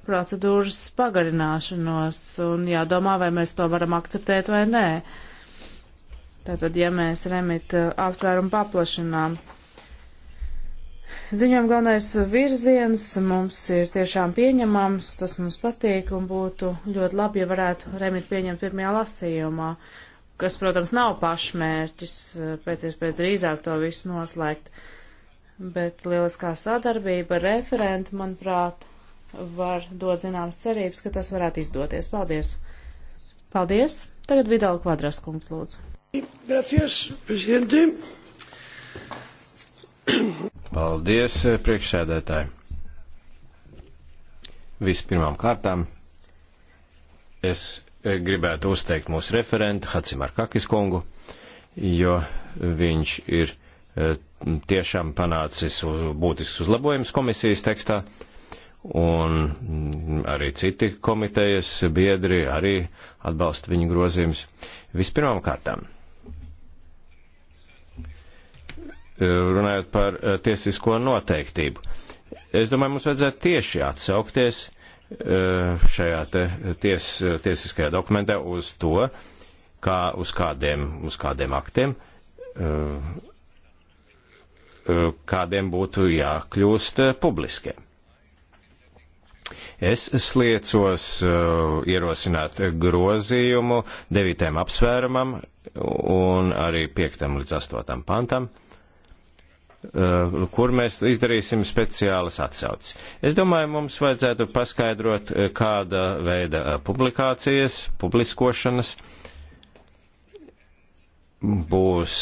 procedūras pagarināšanos un jādomā, vai mēs to varam akceptēt vai nē. Tātad, ja mēs remit uh, aptvērumu paplašinām. Ziņojuma galvenais virziens mums ir tiešām pieņemams, tas mums patīk un būtu ļoti labi, ja varētu remit pieņemt pirmajā lasījumā, kas, protams, nav pašmērķis, uh, pēc iespējas drīzāk to visu noslēgt. Uh, bet lieliskā sadarbība ar referentu, manuprāt, var dot zināmas cerības, ka tas varētu izdoties. Paldies! Paldies! Tagad Vidāla Kvadras kungs lūdzu. Gracias, prezidenti! Paldies, priekšsēdētāji! Vispirmām kārtām es gribētu uzteikt mūsu referentu Hacimar Kakis kungu, jo viņš ir eh, tiešām panācis būtisks uzlabojums komisijas tekstā, un arī citi komitejas biedri arī atbalsta viņu grozījumus. Vispirmām kārtām, runājot par eh, tiesisko noteiktību, es domāju, mums vajadzētu tieši atsaukties eh, šajā te ties, tiesiskajā dokumentā uz to, kā uz kādiem, uz kādiem aktiem eh, Eh, kādiem būtu jākļūst eh, publiskiem. Es sliecos eh, ierosināt grozījumu devītajam apsvērumam un arī piektam līdz astotam pantam, kur mēs izdarīsim speciālas atsauces. Es domāju, mums vajadzētu paskaidrot, kāda veida publikācijas, publiskošanas būs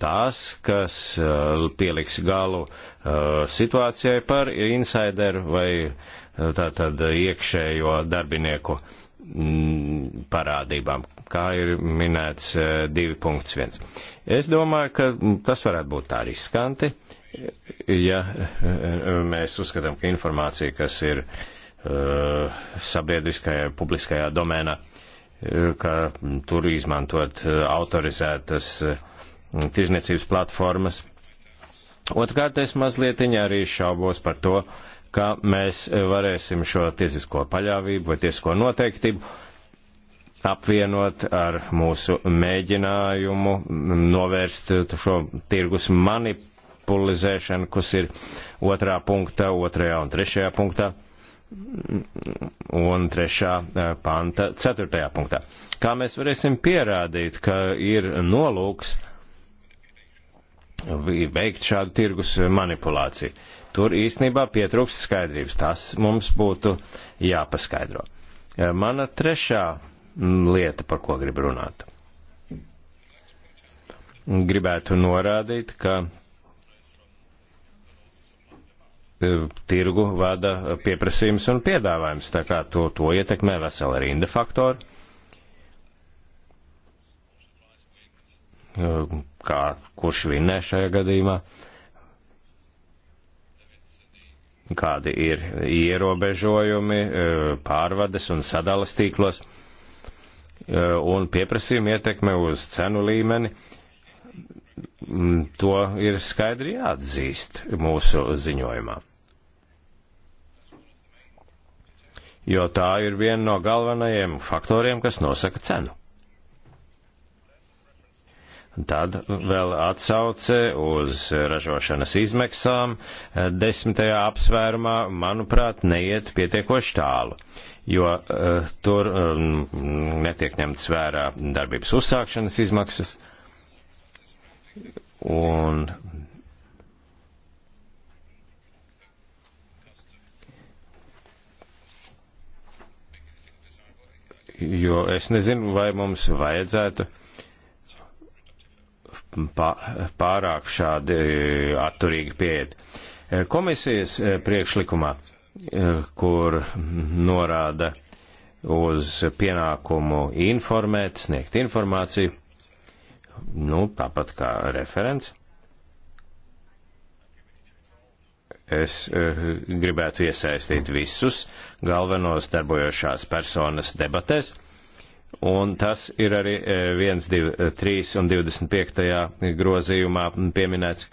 tās, kas eh, pieliks galu eh, situācijai par insideru vai eh, tātad iekšējo darbinieku mm, parādībām, kā ir minēts 2.1. Es domāju, ka mm, tas varētu būt tā riskanti, ja mēs uzskatām, ka informācija, kas ir sabiedriskajā, publiskajā domēnā, ka mm, tur izmantot autorizētas uh, tirzniecības platformas. Otrkārt, es mazliet arī šaubos par to, ka mēs varēsim šo tiesisko paļāvību vai tiesisko noteiktību apvienot ar mūsu mēģinājumu novērst šo tirgus manipulizēšanu, kas ir otrā punktā, otrajā un trešajā punktā un trešā eh, panta ceturtajā punktā. Kā mēs varēsim pierādīt, ka ir nolūks veikt šādu tirgus manipulāciju. Tur īstenībā pietrūkst skaidrības. Tas mums būtu jāpaskaidro. Mana trešā mm, lieta, par ko gribu runāt. Gribētu norādīt, ka e, tirgu vada pieprasījums un piedāvājums, tā kā to, to ietekmē vesela rinda faktori e, kā kurš vinnē šajā gadījumā, kādi ir ierobežojumi e, pārvades un sadalas tīklos e, un pieprasījuma ietekme uz cenu līmeni. To ir skaidri jāatzīst mūsu ziņojumā. Jo tā ir viena no galvenajiem faktoriem, kas nosaka cenu. Tad vēl atsauce uz ražošanas izmaksām desmitajā apsvērumā, manuprāt, neiet pietiekoši tālu, jo uh, tur um, netiek ņemts vērā darbības uzsākšanas izmaksas. Un jo es nezinu, vai mums vajadzētu uh, pārāk šādi eh, atturīgi pieiet. Eh, komisijas eh, priekšlikumā, kur norāda uz pienākumu informēt, sniegt informāciju, nu, tāpat kā referents. Es gribētu iesaistīt visus galvenos darbojošās personas debatēs Un tas ir arī 1, 2, 3 un 25. grozījumā pieminēts.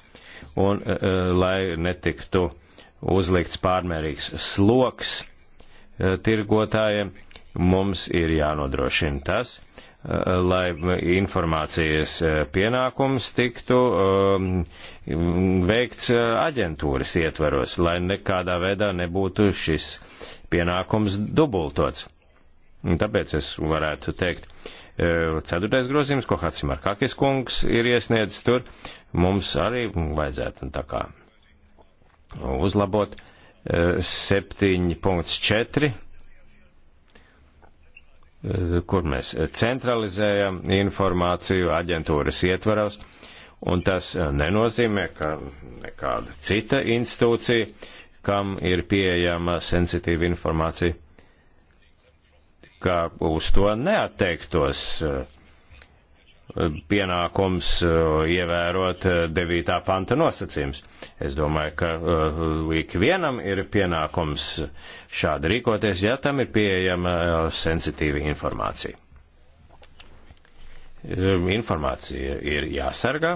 Un e, e, lai netiktu uzlikts pārmērīgs sloks e, tirgotājiem, mums ir jānodrošina tas, lai informācijas pienākums tiktu veikts aģentūras ietvaros, lai nekādā veidā nebūtu šis pienākums dubultots Tāpēc es varētu teikt, e, ceturtais grozījums, ko Hatsimarkakis kungs ir iesniedzis tur, mums arī vajadzētu tā kā uzlabot 7.4, e, e, kur mēs centralizējam informāciju aģentūras ietvaros, un tas nenozīmē, ka nekāda cita institūcija, kam ir pieejama sensitīva informācija ka uz to neatteiktos eh, pienākums eh, ievērot 9. Eh, panta nosacījums. Es domāju, ka ikvienam ir pienākums šādi rīkoties, ja tam ir pieejama sensitīva informācija. Informācija ir jāsargā,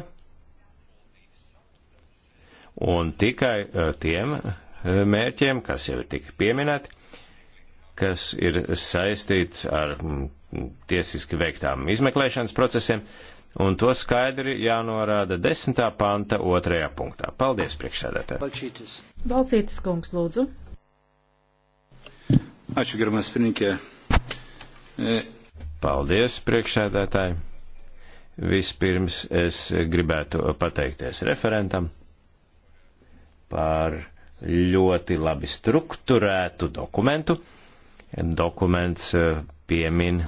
un tikai tiem mērķiem, kas jau ir tik pieminēti, kas ir saistīts ar mm, tiesiski veiktām izmeklēšanas procesiem, un to skaidri jānorāda 10. panta 2. punktā. Paldies, priekšsēdētāji. Balčītis. Balčītis kungs, lūdzu. Ačiū, gerbiamas pirmininkė. E... Paldies, priekšsēdētāji. Vispirms es gribētu pateikties referentam par ļoti labi strukturētu dokumentu dokuments eh, piemin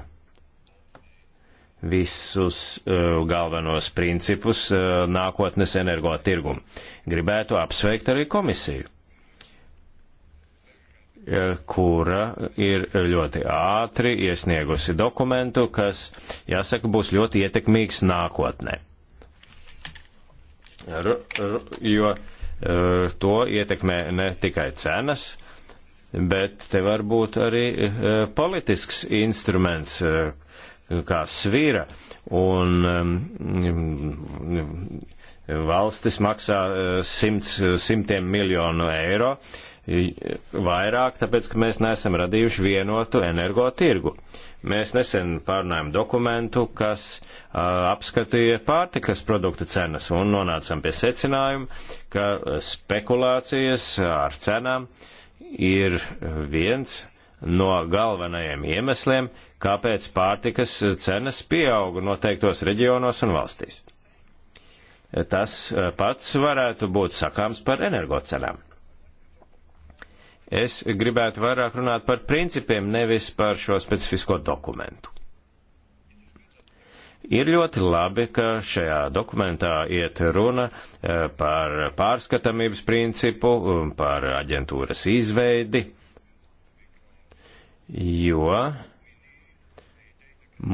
visus uh, galvenos principus uh, nākotnes energotirgumu. Gribētu apsveikt arī komisiju, uh, kura ir ļoti ātri iesniegusi dokumentu, kas, jāsaka, būs ļoti ietekmīgs nākotnē. R, r, jo uh, to ietekmē ne tikai cenas, uh, bet te var būt arī e, politisks instruments e, kā svīra, un e, valstis maksā simts, simtiem miljonu eiro vairāk, tāpēc, ka mēs neesam radījuši vienotu energotirgu. Mēs nesen pārnājām dokumentu, kas uh, apskatīja pārtikas produktu cenas un nonācām pie secinājuma, ka spekulācijas ar cenām uh, ir viens no galvenajiem iemesliem, kāpēc pārtikas cenas pieauga noteiktos reģionos un valstīs. Tas eh, pats varētu būt sakāms par energocenām. Es gribētu vairāk runāt par principiem, nevis par šo specifisko dokumentu. Ir ļoti labi, ka šajā dokumentā iet runa eh, par pārskatāmības principu, par aģentūras izveidi, jo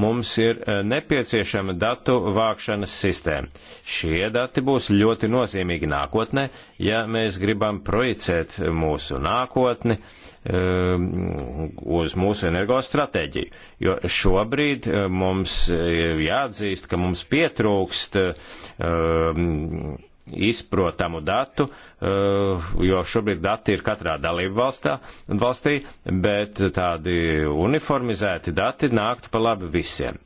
mums ir eh, nepieciešama datu vākšanas sistēma. Šie dati būs ļoti nozīmīgi nākotnē, ja mēs gribam projicēt mūsu nākotni, uh, Um, uz mūsu energostratēģiju. Jo šobrīd uh, mums uh, jāatzīst, ka mums pietrūkst um, izprotamu datu, uh, jo šobrīd dati ir katrā dalību valstā, valstī, bet tādi uniformizēti dati nāktu pa labi visiem.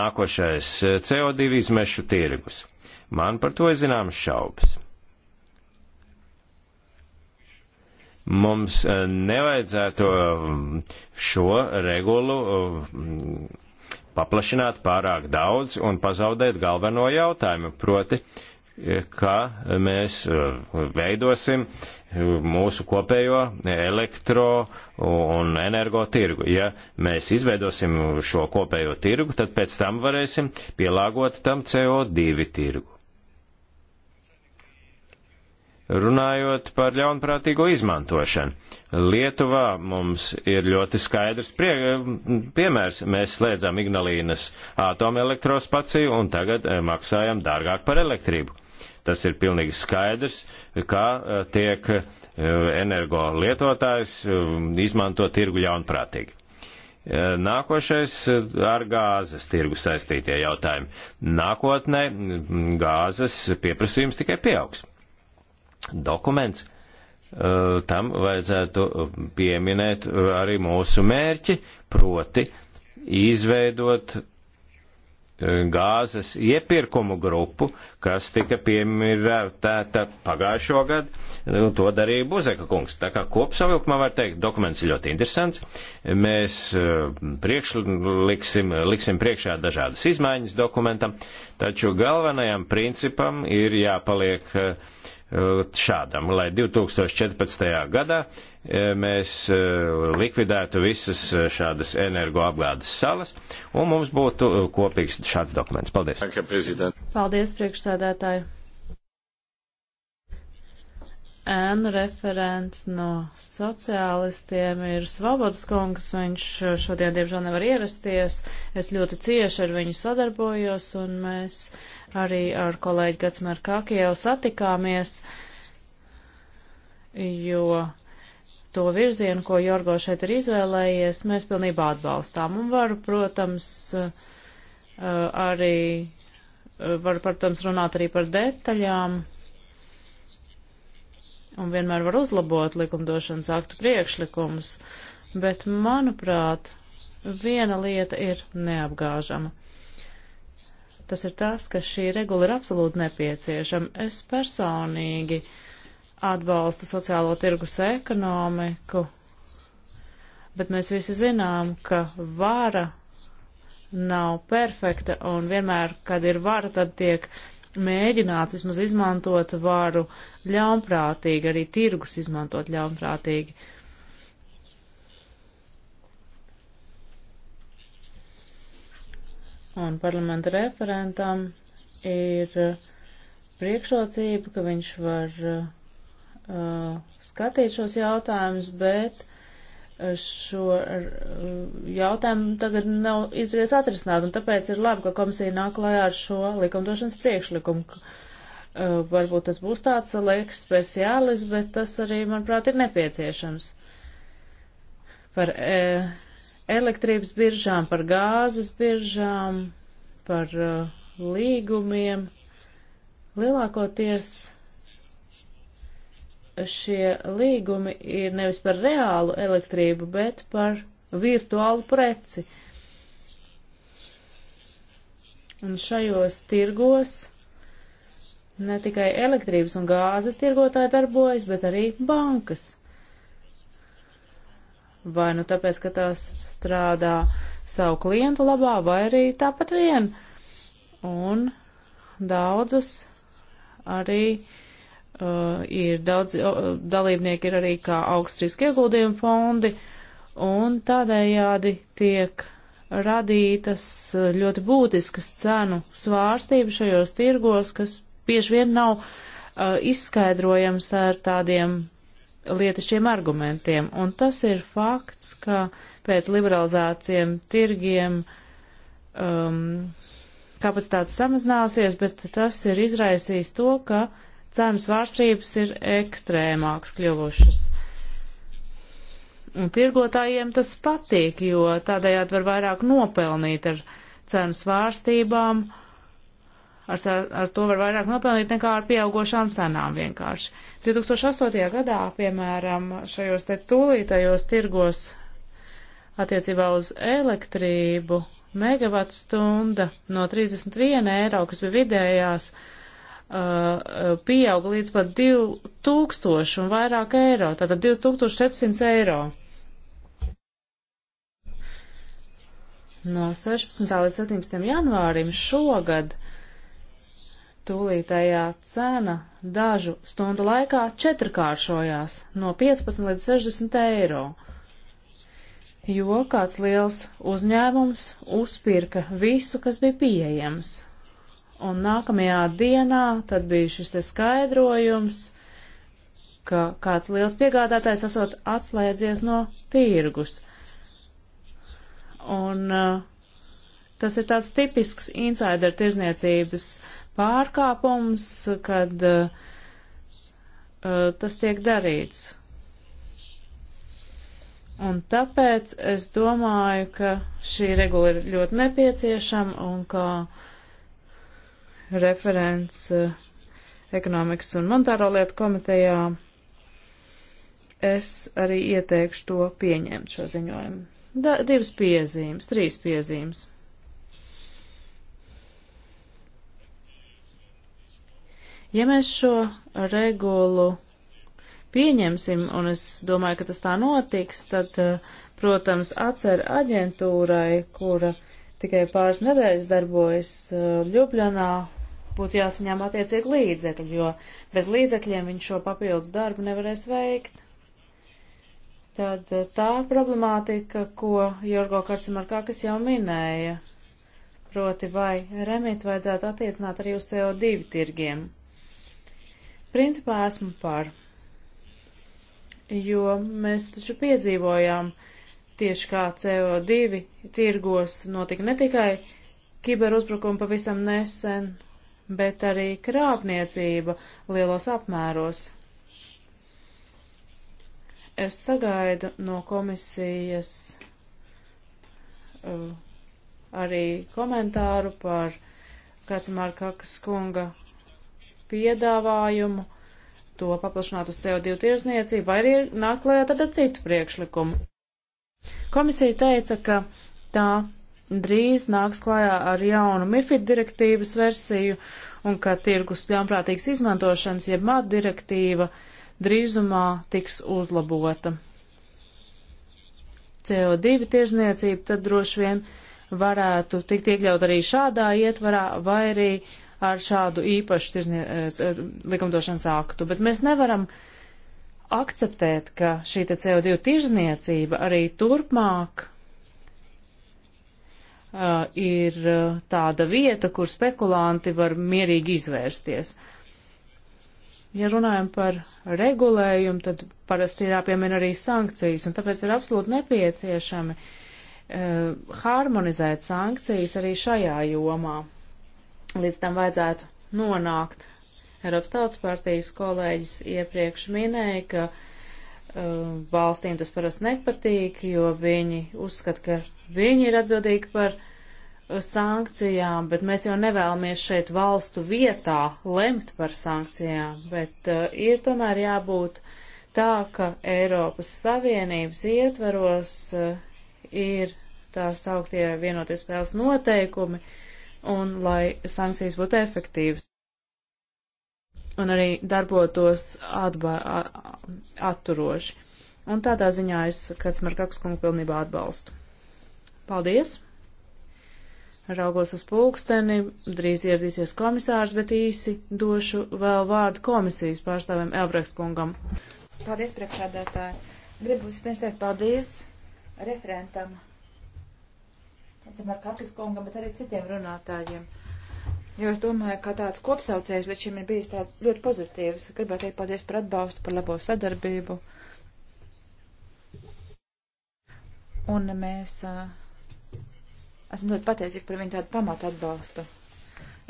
Nākošais CO2 izmešu tirgus. Man par to ir zināmas šaubas. Mums e, nevajadzētu e, šo regulu e, paplašināt pārāk daudz un pazaudēt galveno jautājumu, proti, ka mēs veidosim mūsu kopējo elektro un energo tirgu. Ja mēs izveidosim šo kopējo tirgu, tad pēc tam varēsim pielāgot tam CO2 tirgu. Runājot par ļaunprātīgo izmantošanu, Lietuvā mums ir ļoti skaidrs prie, piemērs. Mēs slēdzām Ignalīnas atomelektrospaciju un tagad eh, maksājam dārgāk par elektrību. Tas ir pilnīgi skaidrs, kā eh, tiek eh, energo lietotājs izmanto tirgu ļaunprātīgi. Nākošais ar gāzes tirgu saistītie jautājumi. Nākotnē mm, gāzes pieprasījums tikai pieaugs dokuments, eh, tam vajadzētu eh, pieminēt eh, arī mūsu mērķi, proti izveidot gāzes iepirkumu grupu, kas tika pieminēta pagājušo gadu, un to darīja Buzeka kungs. Tā kā kopsavilkumā var teikt, dokuments ir ļoti interesants. Mēs priekšliksim, liksim priekšā dažādas izmaiņas dokumentam, taču galvenajam principam ir jāpaliek uh, šādam, lai 2014. gadā e, mēs e, likvidētu visas e, šādas energoapgādes salas, un mums būtu kopīgs šāds dokuments. Paldies! Paldies, priekšsēdētāji! Ēnu referents no sociālistiem ir Svobodas kungs, viņš šodien diemžēl nevar ierasties. Es ļoti cieši ar viņu sadarbojos, un mēs uh, arī ar kolēģi Gatsmēr Kaki jau satikāmies, jo to virzienu, ko Jorgo šeit ir izvēlējies, mēs pilnībā atbalstām un varu, protams, eh, arī, eh, varu, protams, runāt arī par detaļām un vienmēr var uzlabot likumdošanas aktu priekšlikumus, bet, manuprāt, viena lieta ir neapgāžama tas ir tas, ka šī regula ir absolūti nepieciešama. Es personīgi atbalstu sociālo tirgus ekonomiku, bet mēs visi zinām, ka vara nav perfekta un vienmēr, kad ir vara, tad tiek mēģināts vismaz izmantot varu ļaunprātīgi, arī tirgus izmantot ļaunprātīgi. Uh, un parlamenta referentam ir uh, priekšrocība, ka viņš var uh, uh skatīt šos jautājumus, bet uh, šo jautājumu tagad nav izdevies atrisināt, un tāpēc ir labi, ka komisija nāk klājā ar šo likumdošanas priekšlikumu. Uh, varbūt tas būs tāds liekas speciālis, bet tas arī, manuprāt, ir nepieciešams. Par, uh, elektrības biržām, par gāzes biržām, par uh, līgumiem. Lielākoties šie līgumi ir nevis par reālu elektrību, bet par virtuālu preci. Un šajos tirgos ne tikai elektrības un gāzes tirgotāji darbojas, bet arī bankas vai nu tāpēc, ka tās strādā savu klientu labā, vai arī tāpat vien. Un daudzas arī uh, ir, daudz uh, dalībnieki ir arī kā augstriski ieguldījumi fondi, un tādējādi tiek radītas uh, ļoti būtiskas cenu svārstības šajos tirgos, kas bieži vien nav uh, izskaidrojams ar tādiem lietišķiem argumentiem. Un tas ir fakts, ka pēc liberalizācijiem tirgiem um, kapacitāte samazināsies, bet tas ir izraisījis to, ka cenas vārstrības ir ekstrēmāks kļuvušas. Un tirgotājiem tas patīk, jo tādējādi var vairāk nopelnīt ar cenu svārstībām ar, ar to var vairāk nopelnīt nekā ar pieaugošām cenām vienkārši. 2008. gadā, piemēram, šajos te tūlītajos tirgos attiecībā uz elektrību megavat stunda no 31 eiro, kas bija vidējās, uh, uh, pieauga līdz pat 2000 un vairāk eiro, tātad 2400 eiro. No 16. līdz 17. janvārim šogad uh, tūlītējā cena dažu stundu laikā četrkāršojās no 15 līdz 60 eiro, jo kāds liels uzņēmums uzpirka visu, kas bija pieejams. Un nākamajā dienā tad bija šis te skaidrojums, ka kāds liels piegādātājs esot atslēdzies no tirgus. Un uh, tas ir tāds tipisks insider tirzniecības uh, pārkāpums, kad uh, tas tiek darīts. Un tāpēc es domāju, ka šī regula ir ļoti nepieciešama un kā referents uh, ekonomikas un monetāro lietu komitejā es arī ieteikšu to pieņemt šo ziņojumu. Da, divas piezīmes, trīs piezīmes. Ja mēs šo regulu pieņemsim, un es domāju, ka tas tā notiks, tad, eh, protams, atcer aģentūrai, kura tikai pāris nedēļas darbojas eh, Ljubļanā, būtu jāsaņem attiecīgi līdzekļi, jo bez līdzekļiem viņš šo papildus darbu nevarēs veikt. Tad eh, tā problemātika, ko Jorgo Karcimarkākas jau minēja, proti vai remit vajadzētu attiecināt arī uz CO2 tirgiem. Principā esmu par, jo mēs taču piedzīvojām tieši kā CO2 tirgos notika ne tikai kiberuzbrukumi pavisam nesen, bet arī krāpniecība lielos apmēros. Es sagaidu no komisijas uh, arī komentāru par kāds Markakas kunga piedāvājumu to paplašināt uz CO2 tirzniecību, vai arī nāk klajā tad ar citu priekšlikumu. Komisija teica, ka tā drīz nāks klajā ar jaunu MIFID direktīvas versiju un ka tirgus ļaunprātīgas izmantošanas, jeb MAD direktīva, drīzumā tiks uzlabota. CO2 tirzniecība tad droši vien varētu tikt iekļaut arī šādā ietvarā vai arī ar šādu īpašu tirznie, e, likumdošanas aktu, bet mēs nevaram akceptēt, ka šī CO2 tirzniecība arī turpmāk uh, ir e, tāda vieta, kur spekulanti var mierīgi izvērsties. Ja runājam par regulējumu, tad parasti ir jāpiemina arī sankcijas, un tāpēc ir absolūti nepieciešami uh, harmonizēt sankcijas arī šajā jomā līdz tam vajadzētu nonākt. Eiropas Tautas partijas kolēģis iepriekš minēja, ka uh, valstīm tas parasti nepatīk, jo viņi uzskata, ka viņi ir atbildīgi par uh, sankcijām, bet mēs jau nevēlamies šeit valstu vietā lemt par sankcijām, bet uh, ir tomēr jābūt tā, ka Eiropas Savienības ietveros uh, ir tā sauktie vienoties spēles noteikumi, uh, un lai sankcijas būtu efektīvas un arī darbotos atba, atturoši. Un tādā ziņā es kāds Markakas kungu pilnībā atbalstu. Paldies! Raugos uz pulksteni, drīz ieradīsies komisārs, bet īsi došu vēl vārdu komisijas pārstāvēm Elbrecht kungam. Paldies, priekšsēdētāji! Gribu vispirms teikt paldies referentam Cimarkakis kungam, bet arī citiem runātājiem. Jo es domāju, ka tāds kopsaucējs līdz šim ir bijis tāds ļoti pozitīvs. Gribētu teikt paldies par atbalstu, par labo sadarbību. Un mēs uh, esam ļoti pateicīgi par viņu tādu pamatu atbalstu.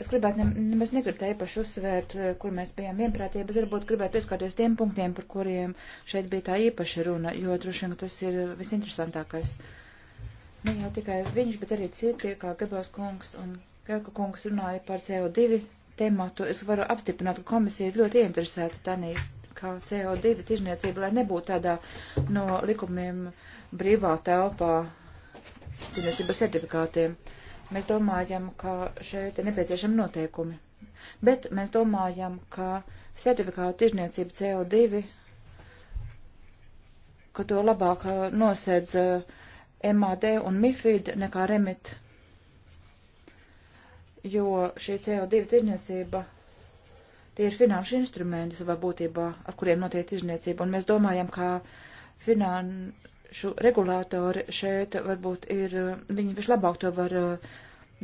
Es gribētu, nemaz ne, negribu te īpaši uzsvērt, kur mēs bijām vienprātīgi, bet varbūt gribētu pieskarties tiem punktiem, par kuriem šeit bija tā īpaša runa, jo droši vien tas ir visinteresantākais. Uh, Ne jau tikai viņš, bet arī citi, kā Gebels kungs un Gerka kungs runāja par CO2 tematu. Es varu apstiprināt, ka komisija ir ļoti ieinteresēta tanī, kā CO2 tirzniecība, lai nebūtu tādā no likumiem brīvā telpā tirzniecības certifikātiem. Mēs domājam, ka šeit ir nepieciešami noteikumi. Bet mēs domājam, ka certifikāta tirzniecība CO2, ka to labāk uh, nosedz uh, MAD un MIFID nekā remit, jo šī CO2 tirniecība tie ir finanšu instrumenti savā būtībā, ar kuriem notiek tirzniecība, un mēs domājam, ka finanšu regulātori šeit varbūt ir, viņi vislabāk to var eh,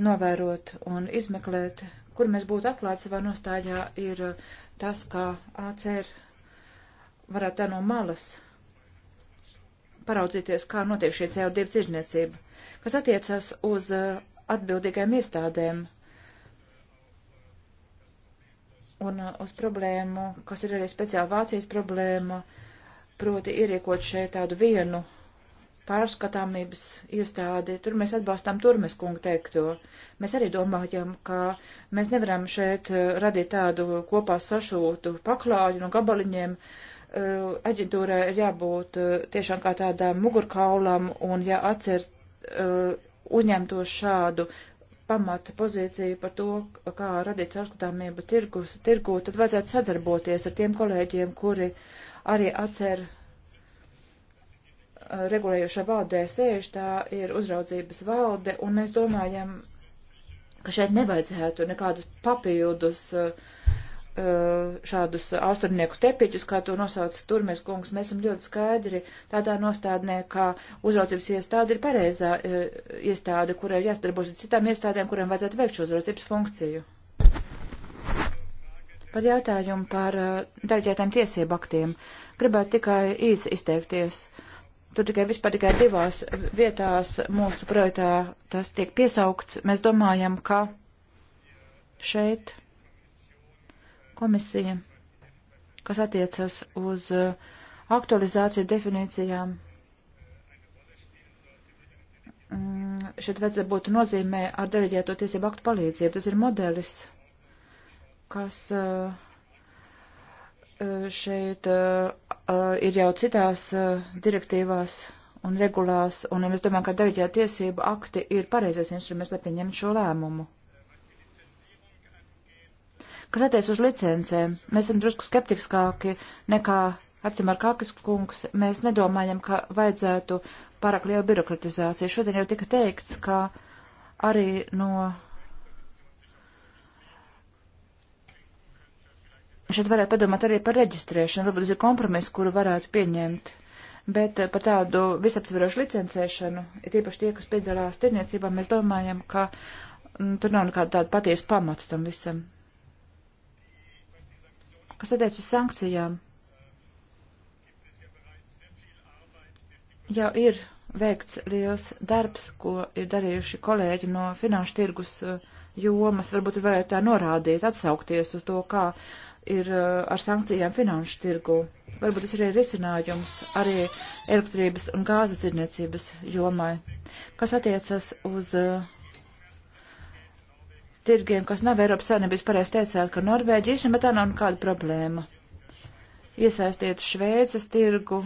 novērot un izmeklēt, kur mēs būtu atklāti savā nostājā, ir eh, tas, kā ACR varētu tā no malas paraudzīties, kā notiek šī CO2 tirzniecība, kas attiecas uz uh, atbildīgajām iestādēm un uh, uz problēmu, kas ir arī speciāli Vācijas problēma, proti ierīkot šeit tādu vienu pārskatāmības iestādi. Tur mēs atbalstām Turmes kungu teikto. Mēs arī domājam, ka mēs nevaram šeit uh, radīt tādu kopā sašūtu paklāju no gabaliņiem. Uh, Eh, aģentūrai ir jābūt eh, tiešām kā tādām mugurkaulam un ja atcer eh, uzņemtos šādu pamata pozīciju par to, kā radīt caurskatāmību tirgus, tirgu, tad vajadzētu sadarboties ar tiem kolēģiem, kuri arī atcer regulējušā valdē sēž, tā ir uzraudzības valde, un mēs domājam, ka šeit nevajadzētu nekādus papildus uh, Eh, šādus austrumnieku tepiķus, kā to nosauc Turmes kungs, mēs esam ļoti skaidri tādā nostādnē, ka uzraudzības iestāde ir pareizā eh, iestāde, kurai jāsadarbojas ar citām iestādēm, kurām vajadzētu veikt šo uzraudzības funkciju. Par jautājumu par eh, daļķētām tiesību aktiem gribētu tikai īsi izteikties. Tur tikai vispār tikai divās vietās mūsu projektā tas tiek piesaukts. Mēs domājam, ka šeit komisija, kas attiecas uz uh, aktualizāciju definīcijām. Mm, šeit vajadzētu būt nozīmē ar deleģēto tiesību aktu palīdzību. Tas ir modelis, kas uh, uh, šeit ir jau citās direktīvās un regulās, un es domāju, ka deleģēta tiesība akti ir pareizais instruments, lai pieņemtu šo lēmumu. Kas attiec uz licencēm, mēs esam drusku skeptiskāki nekā Acim ar kākas kungs, mēs nedomājam, ka vajadzētu pārāk lielu birokratizāciju. Šodien jau tika teikts, ka arī no. Šeit varētu padomāt arī par reģistrēšanu, varbūt tas ir kompromiss, kuru varētu pieņemt, bet eh, par tādu visaptverošu licencēšanu, ir tīpaši tie, kas piedalās tirniecībā, mēs domājam, ka mm, tur nav nekāda tāda patiesa pamata tam visam. Kas attiec uz sankcijām? Jau ir veikts liels darbs, ko ir darījuši kolēģi no finanšu tirgus eh, jomas. Varbūt varētu tā norādīt, atsaukties uz to, kā ir eh, ar sankcijām finanšu tirgu. Varbūt tas arī ir risinājums arī elektrības un gāzes tirniecības jomai, kas attiecas uz uh, tirgiem, kas nav Eiropas Savienības, pareizi teicāt, ka Norvēģija īstenībā tā nav nekāda problēma. Iesaistiet Šveices tirgu.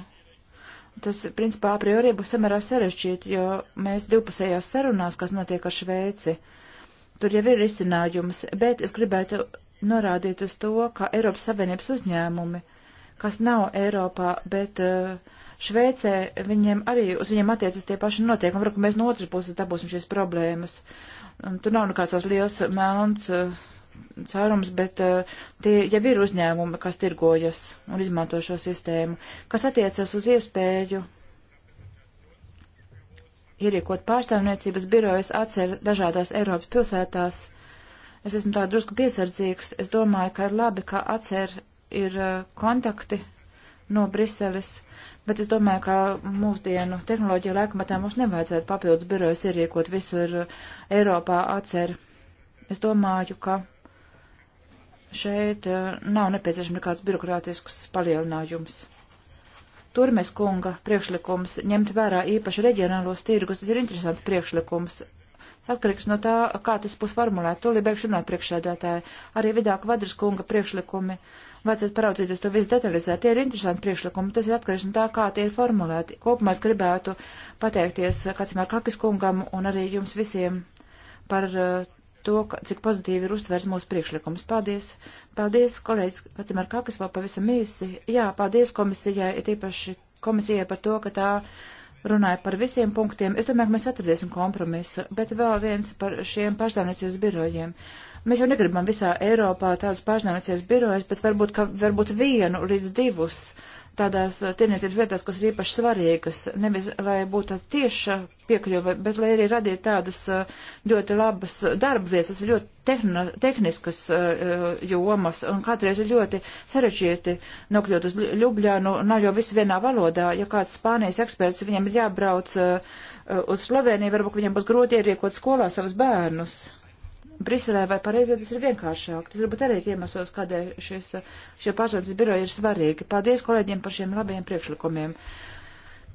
Tas, principā, a priori būs samērā sarežģīti, jo mēs divpusējās sarunās, kas notiek ar Šveici, tur jau ir risinājums, bet es gribētu norādīt uz to, ka Eiropas Savienības uzņēmumi, kas nav Eiropā, bet uh, Šveicē, viņiem arī uz viņiem attiecas tie paši notiekumi, varbūt mēs no otras puses dabūsim šīs problēmas. Uh, Un tur nav nekāds tās liels eh, melns eh, caurums, bet eh, tie jau ir uzņēmumi, kas tirgojas un izmanto šo sistēmu, kas attiecas uz iespēju ierīkot pārstāvniecības birojas atcer dažādās Eiropas pilsētās. Es esmu tā drusku piesardzīgs. Es domāju, ka ir labi, ka atcer ir kontakti no Briseles bet es domāju, ka mūsdienu tehnoloģiju laikmatā mums nevajadzētu papildus birojas ierīkot visur Eiropā atcer. Es domāju, ka šeit eh, nav nepieciešams nekāds birokrātisks palielinājums. Turmes kunga priekšlikums ņemt vērā īpaši reģionālos tirgus, tas ir interesants priekšlikums atkarīgs no tā, kā tas būs formulēts. Tūlīt beigšu runāt priekšsēdētāji. Arī vidāk vadras kunga priekšlikumi. Vajadzētu paraudzīties to visu detalizēt. Tie ir interesanti priekšlikumi. Tas ir atkarīgs no tā, kā tie ir formulēti. Kopumā es gribētu pateikties Kacimēr Kakis kungam un arī jums visiem par uh, to, cik pozitīvi ir uztvērs mūsu priekšlikums. Paldies! Paldies, kolēģis Kacimēr Kakis, vēl pavisam īsi. Jā, paldies komisijai, ir īpaši komisijai par to, ka tā runāja par visiem punktiem. Es domāju, ka mēs atradīsim kompromisu, bet vēl viens par šiem pašnāvniecības birojiem. Mēs jau negribam visā Eiropā tādas pašnāvniecības birojas, bet varbūt, ka, varbūt vienu līdz divus uh, tādās tirniecības vietās, kas ir īpaši svarīgas, nevis lai būtu tieša piekļuve, bet lai arī radītu tādas ļoti labas darba vietas, tas ir ļoti tehna, tehniskas jomas, un kādreiz ir ļoti sarežģīti nokļūt uz Ljubļānu, nav jau viss vienā valodā, ja kāds Spānijas eksperts, viņam ir jābrauc uz Sloveniju, varbūt viņam būs grūti ierīkot skolā savus bērnus. Briselē vai pareizē tas ir vienkāršāk. Tas varbūt arī ir iemesls, kādēļ šis, šie pārstāvjas biroji ir svarīgi. Paldies kolēģiem par šiem labajiem priekšlikumiem.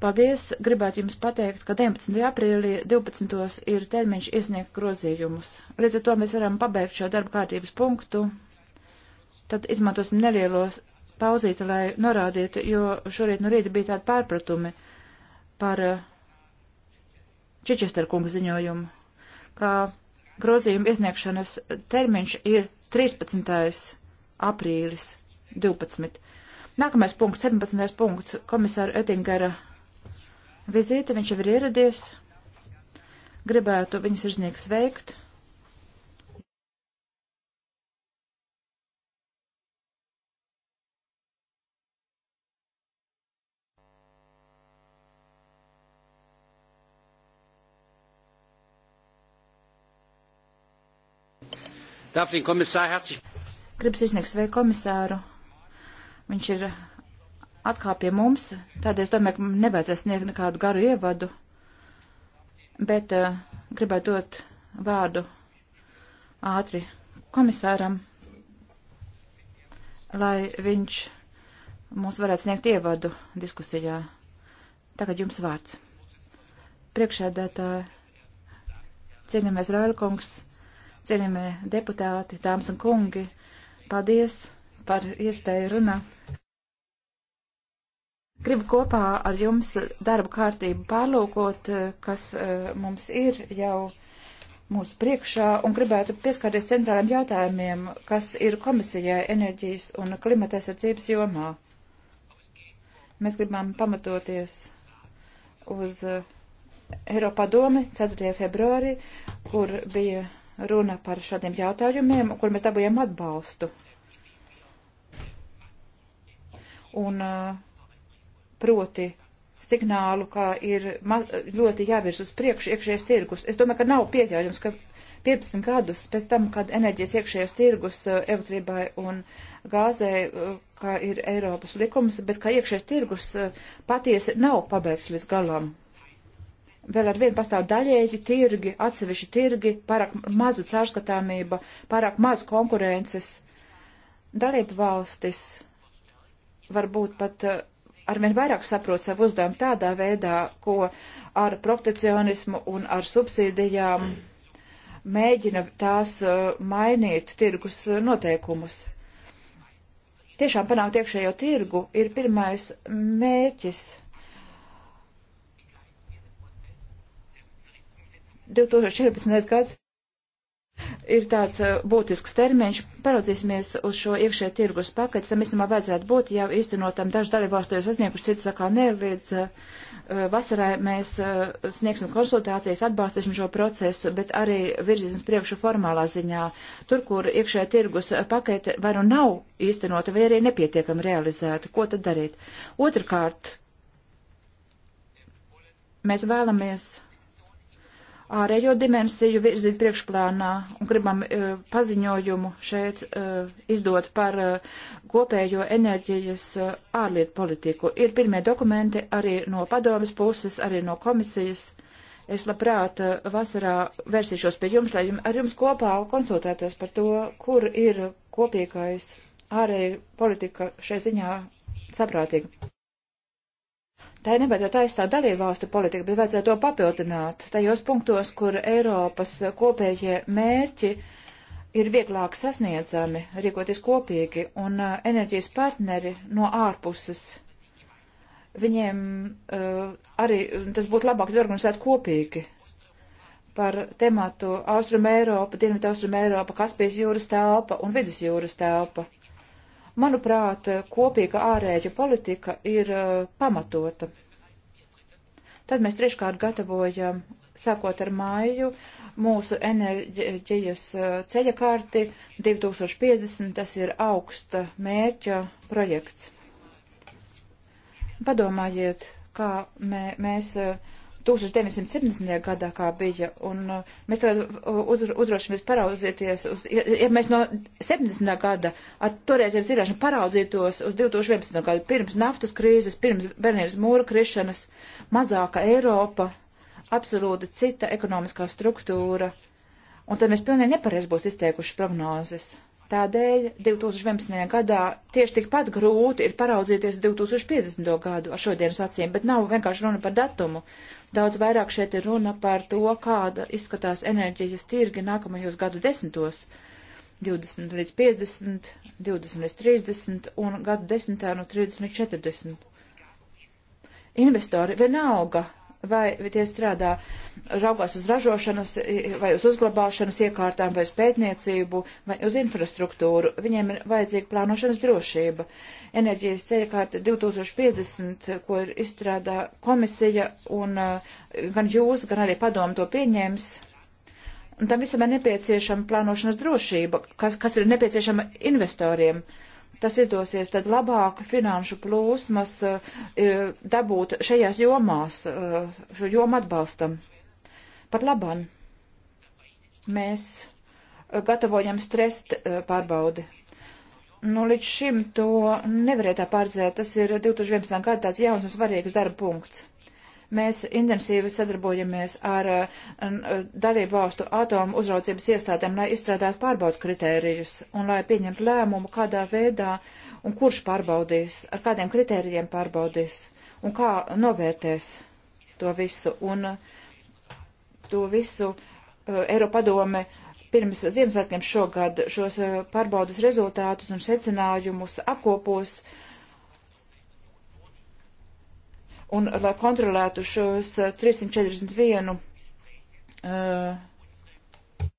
Paldies! Gribētu jums pateikt, ka 19. aprīlī 12. ir termiņš iesniegt grozījumus. Līdz ar to mēs varam pabeigt šo darba kārtības punktu. Tad izmantosim nelielos pauzīti, lai norādītu, jo šorīt no rīta bija tādi pārpratumi par eh, Čičester kungu ziņojumu, kā grozījuma iesniegšanas termiņš ir 13. aprīlis 12. Nākamais punkts, 17. punkts, komisāra Ettingera vizīte, viņš jau ir ieradies, gribētu viņas izniegs veikt. Darf den Kommissar herzlich. Gribu izsniegt sveiku komisāru. Viņš ir atkal pie mums, tādēļ es domāju, ka nevajadzēs sniegt nekādu garu ievadu, bet uh, gribētu dot vārdu ātri komisāram, lai viņš mums varētu sniegt ievadu diskusijā. Tagad jums vārds. Priekšēdētāji, cienījamies Rāļkungs. Uh, cienījamie deputāti, dāmas un kungi, paldies par iespēju runāt. Gribu kopā ar jums darbu kārtību pārlūkot, eh, kas uh, mums ir jau mūsu priekšā, un gribētu pieskarties centrāliem jautājumiem, kas ir komisijai enerģijas un klimata aizsardzības jomā. Mēs gribam pamatoties uz eh, Eiropā domi 4. februārī, kur bija runa par šādiem jautājumiem, kur mēs dabūjām atbalstu. Un proti signālu, ka ir ļoti jāvirs uz priekšu iekšējais tirgus. Es domāju, ka nav pieļaujams, ka 15 gadus pēc tam, kad enerģijas iekšējais tirgus elektrībai un gāzē, kā ir Eiropas likums, bet ka iekšējais tirgus patiesi nav pabeigts līdz galam vēl ar vienu pastāv daļēji tirgi, atsevišķi tirgi, pārāk maza caurskatāmība, pārāk maz konkurences. Dalība valstis varbūt pat eh, arvien vairāk saprot savu uzdevumu tādā veidā, ko ar protekcionismu un ar subsīdijām mēģina tās eh, mainīt tirgus eh, noteikumus. Tiešām panākt iekšējo tirgu ir pirmais mērķis 2014. gads ir tāds eh, būtisks termiņš. Paraudzīsimies uz šo iekšē tirgus paketi. Tam īstenībā vajadzētu būt jau īstenotam. Daži dalībvalstu jau sasnieguši, citi sakā nē, līdz uh, eh, vasarai mēs uh, sniegsim konsultācijas, atbalstīsim šo procesu, bet arī virzīsim priekšu formālā ziņā. Tur, kur iekšē tirgus paketi vai nu nav īstenota, vai arī nepietiekami realizēta, ko tad darīt? Otrkārt, mēs vēlamies ārējo dimensiju virzīt priekšplānā un gribam uh, paziņojumu šeit uh, izdot par uh, kopējo enerģijas uh, ārlietu politiku. Ir pirmie dokumenti arī no padomas puses, arī no komisijas. Es labprāt uh, vasarā versīšos pie jums, lai jums, ar jums kopā konsultētos par to, kur ir kopīgais ārēja politika šai ziņā saprātīga. Tā ir nebeidzētu aizstāt dalību valstu politiku, bet vajadzētu to papildināt tajos punktos, kur Eiropas kopējie mērķi ir vieglāk sasniedzami, rīkoties kopīgi, un uh, enerģijas partneri no ārpuses viņiem uh, arī tas būtu labāk, ja organizētu kopīgi par tematu Austrum Eiropa, Dienvidu Austrum Eiropa, Kaspijas jūras telpa un Vidus jūras telpa. Manuprāt, kopīga ārēģa politika ir uh, pamatota. Tad mēs treškārt gatavojam, sākot ar māju, mūsu enerģijas uh, ceļa karti 2050, tas ir augsta mērķa projekts. Padomājiet, kā mē, mēs. Uh, 1970. gadā, kā bija, un uh, mēs tagad uh, uzdrošamies paraudzieties uz, ja, ja mēs no 70. gada ar toreiziem zināšanu paraudzītos uz 2011. gadu, pirms naftas krīzes, pirms Berlīnas mūra krišanas, mazāka Eiropa, absolūti cita ekonomiskā struktūra, un tad mēs pilnīgi nepareiz būs izteikuši prognozes. Tādēļ 2011. gadā tieši tikpat grūti ir paraudzīties 2050. gadu ar šodienas acīm, bet nav vienkārši runa par datumu. Daudz vairāk šeit ir runa par to, kāda izskatās enerģijas tirgi nākamajos gadu desmitos. 20 līdz 50, 20 līdz 30 un gadu desmitā no 30 līdz 40. Investori vienalga vai tie strādā, raugās uz ražošanas, vai uz uzglabāšanas iekārtām, vai uz pētniecību, vai uz infrastruktūru. Viņiem ir vajadzīga plānošanas drošība. Enerģijas ceļkārta 2050, ko ir izstrādā komisija, un eh, gan jūs, gan arī padomu to pieņēms. Un tam visam ir nepieciešama plānošanas drošība, kas, kas ir nepieciešama investoriem. Uh, tas izdosies, tad labāk finanšu plūsmas eh, eh, dabūt šajās jomās, eh, šo jomu atbalstam. Par laban mēs gatavojam strest pārbaudi. Nu, līdz šim to nevarēja tā pārdzēt. Tas ir 2011. gada tāds jauns un svarīgs darba punkts. Mēs intensīvi sadarbojamies ar eh, eh, dalību valstu atomu uzraudzības iestādēm, lai izstrādātu pārbaudas kritērijus un lai pieņemtu lēmumu, kādā veidā un kurš pārbaudīs, ar kādiem kritērijiem pārbaudīs un kā novērtēs to visu. Un eh, to visu Eiropadome pirms Ziemassvētkiem šogad šos pārbaudas rezultātus un secinājumus apkopos. Uh, Un, lai kontrolētu šos 341 uh, eh, eh,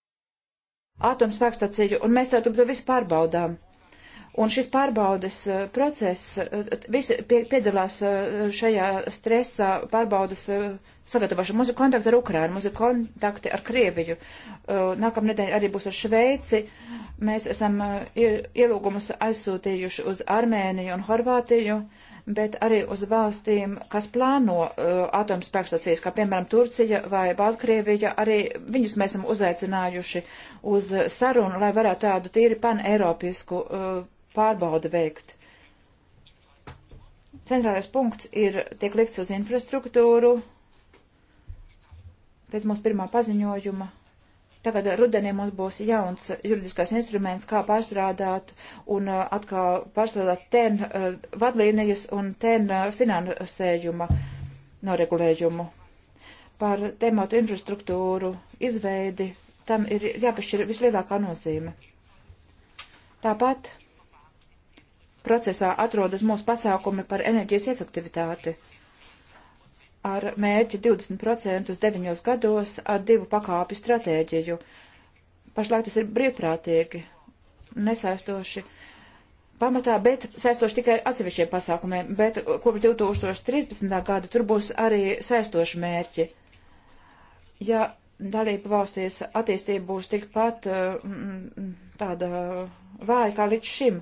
atomspēkstaciju, un mēs tātad to visu pārbaudām. Un šis pārbaudes eh, process, visi pie, piedalās šajā stresā pārbaudes sagatavošana. Mums ir kontakti ar Ukrānu, mums ir kontakti ar Krieviju. Nākamnedēļ arī būs ar Šveici. Mēs esam ielūgumus aizsūtījuši uz Armēniju un Horvātiju. Uh, bet arī uz valstīm, kas plāno uh, atomspēkstacijas, kā piemēram Turcija vai Baltkrievija, arī viņus mēs esam uzaicinājuši uz sarunu, lai varētu tādu tīri paneiropisku uh, pārbaudu veikt. Centrālais punkts ir, tiek likts uz infrastruktūru pēc mūsu pirmā paziņojuma Tagad rudenī mums būs jauns juridiskais instruments, kā pārstrādāt un uh, atkal pārstrādāt ten uh, vadlīnijas un ten uh, finansējuma noregulējumu. Par tematu infrastruktūru izveidi tam ir jāpiešķir vislielākā nozīme. Tāpat procesā atrodas mūsu pasākumi par enerģijas efektivitāti ar mērķi 20% uz 9 gados ar divu pakāpju stratēģiju. Pašlaik tas ir brīvprātīgi, nesaistoši pamatā, bet saistoši tikai atsevišķiem pasākumiem, bet kopš 2013. gada tur būs arī saistoši mērķi. Ja dalība valstīs attīstība būs tikpat uh, tāda vāja kā līdz šim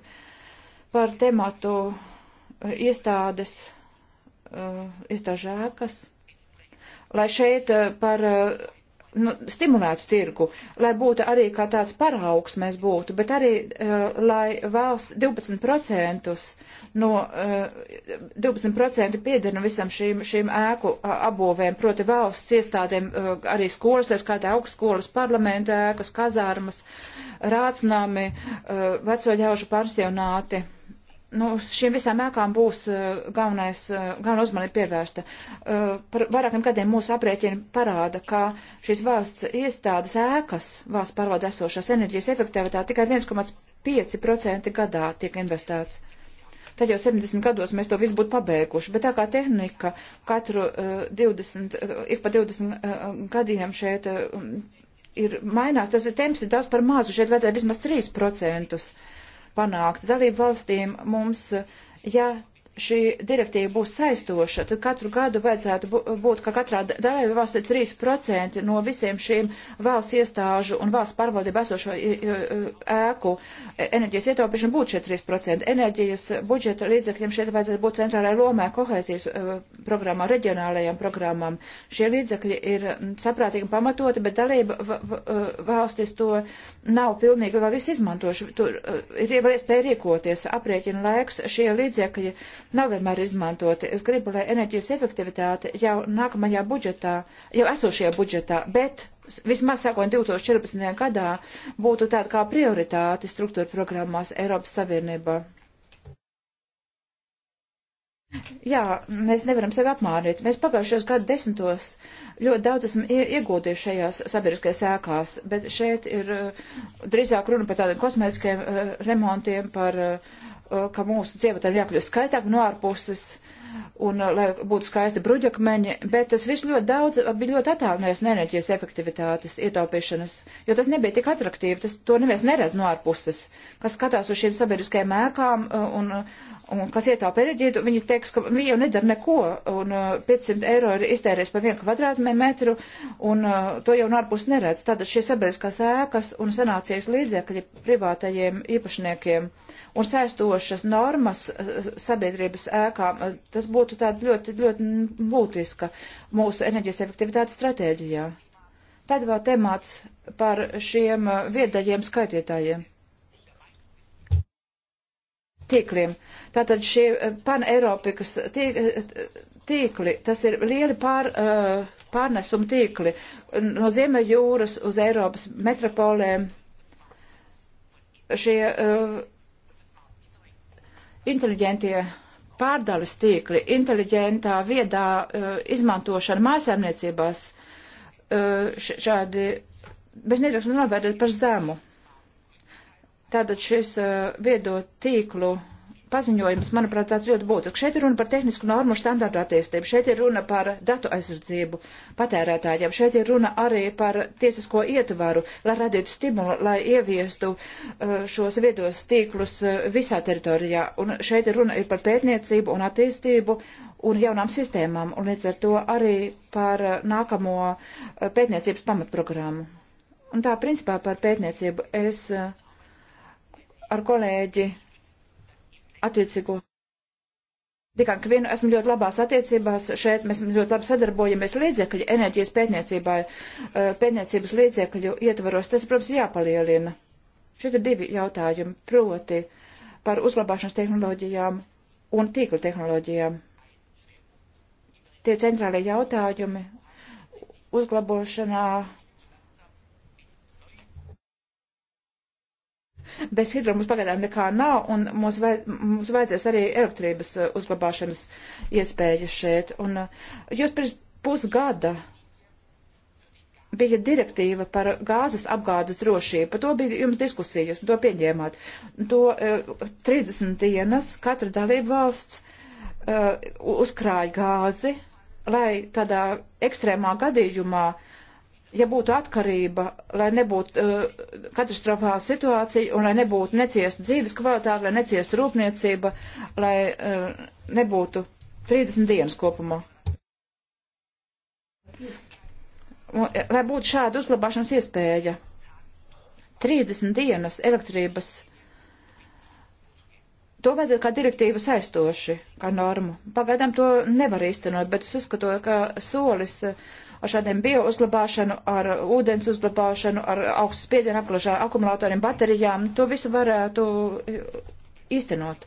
par tematu uh, iestādes Eh, izdažu ēkas, lai šeit eh, par eh, nu, stimulētu tirgu, lai būtu arī kā tāds paraugs mēs būtu, bet arī, uh, lai valsts 12% no, uh, 12% pieder no visam šīm, šīm ēku uh, abovēm, proti valsts iestādēm, uh, arī skolas, tā skatā augstskolas, parlamenta ēkas, kazārmas, rācnami, uh, vecoļaužu pārstāvnāti. Uh, nu, uz šiem visām ēkām būs uh, galvenais, uh, eh, galvenā uzmanība pievērsta. Uh, par vairākiem gadiem mūsu aprēķini parāda, ka šīs valsts iestādes ēkas, valsts pārvalde esošās enerģijas efektivitāte tikai 1,5% gadā tiek investēts. Tad jau 70 gados mēs to visu būtu pabeiguši, bet tā kā tehnika katru uh, 20, uh, ik pa 20 uh, gadiem šeit uh, ir mainās, tas ir temps ir daudz par mazu, šeit vajadzēja vismaz 3%. Uh, panākta. Dalību valstīm mums, ja šī direktīva būs saistoša, tad katru gadu vajadzētu būt, ka katrā dalība valstī 3% no visiem šiem valsts iestāžu un valsts pārvaldību esošo ēku e, enerģijas ietaupīšana būtu šie 3%. Enerģijas budžeta līdzekļiem šeit vajadzētu būt centrālajā lomē kohēzijas e, programmā, reģionālajām programmām. Šie līdzekļi ir saprātīgi un pamatoti, bet dalība e, valstis to nav pilnīgi vēl viss izmantojuši. Tur ir iespēja rīkoties, aprēķina laiks, šie līdzekļi nav vienmēr izmantoti. Es gribu, lai enerģijas efektivitāte jau nākamajā budžetā, jau esošajā budžetā, bet vismaz sākot 2014. gadā būtu tāda kā prioritāte struktūra programmās Eiropas Savienībā. Jā, mēs nevaram sevi apmārīt. Mēs pagājušos gadu desmitos ļoti daudz esam iegūdījuši šajās sabiedriskajās ēkās, bet šeit ir eh, drīzāk runa par tādiem kosmētiskiem eh, remontiem, par uh, Uh, ka mūsu dzīvotēm jākļūst skaistāk no ārpuses un uh, lai būtu skaisti bruģakmeņi, bet tas viss ļoti daudz uh, bija ļoti attālinājies no enerģijas efektivitātes ietaupīšanas, jo tas nebija tik atraktīvi, tas to neviens neredz no ārpuses, kas skatās uz šīm sabiedriskajām ēkām un un kas ietaupā enerģiju, viņi teiks, ka viņi jau nedara neko, un 500 uh, eiro ir iztērējis par vienu kvadrātmetru, un uh, to jau nārpus neredz. Tātad šie sabiedriskās ēkas un sanācijas līdzekļi privātajiem īpašniekiem un saistošas normas uh, sabiedrības ēkām, tas būtu tāda ļoti, ļoti būtiska mūsu enerģijas efektivitātes stratēģijā. Tad vēl temāts par šiem viedajiem skaitītājiem tīkliem. Tātad šie eh, paneiropikas eh, tīkli, tas ir lieli pār, eh, pārnesuma tīkli no Ziemē jūras uz Eiropas metropolēm. Šie uh, inteliģentie pārdales tīkli, inteliģentā viedā uh, izmantošana mājasēmniecībās uh, šādi, bet nedrīkst novērtēt par zemu. Tātad šis uh, viedo tīklu paziņojums, manuprāt, tāds ļoti būtisks. Šeit ir runa par tehnisku normu standārtu attīstību, šeit ir runa par datu aizsardzību patērētājiem, šeit ir runa arī par tiesisko ietvaru, lai radītu stimulu, lai ieviestu uh, šos viedos tīklus uh, visā teritorijā. Un šeit ir runa ir par pētniecību un attīstību un jaunām sistēmām, un līdz ar to arī par uh, nākamo uh, pētniecības pamatprogrammu. Un tā principā par pētniecību es. Uh, ar kolēģi attiecīgo. Tikai kvienu esmu ļoti labās attiecībās. Šeit mēs ļoti labi sadarbojamies līdzekļu enerģijas pētniecībai, eh, pētniecības līdzekļu ietvaros. Tas, protams, jāpalielina. Šeit ir divi jautājumi, proti par uzglabāšanas tehnoloģijām un tīkla tehnoloģijām. Tie centrālie jautājumi uzglabošanā Bez hidro mums pagaidām nekā nav, un mums, vai, mums vajadzēs arī elektrības uh, uzglabāšanas iespējas šeit. Un uh, jūs pirms pusgada bija direktīva par gāzes apgādes drošību. Par to bija jums diskusijas, un to pieņēmāt. To 30 uh, dienas katra dalība valsts uzkrāja gāzi, lai tādā ekstrēmā gadījumā uh, ja būtu atkarība, lai nebūtu uh, katastrofāla situācija un lai nebūtu neciestu dzīves kvalitāte, lai neciestu rūpniecība, lai uh, nebūtu 30 dienas kopumā. Un, eh, lai būtu šāda uzglabāšanas iespēja. 30 dienas elektrības. To vajadzētu kā direktīvu saistoši, kā normu. Pagaidām to nevar īstenot, bet es uzskatu, ka solis ar šādiem biouzglabāšanu, ar ūdens uzglabāšanu, ar augstu spiedienu apglažāju akumulatoriem, baterijām, to visu varētu īstenot.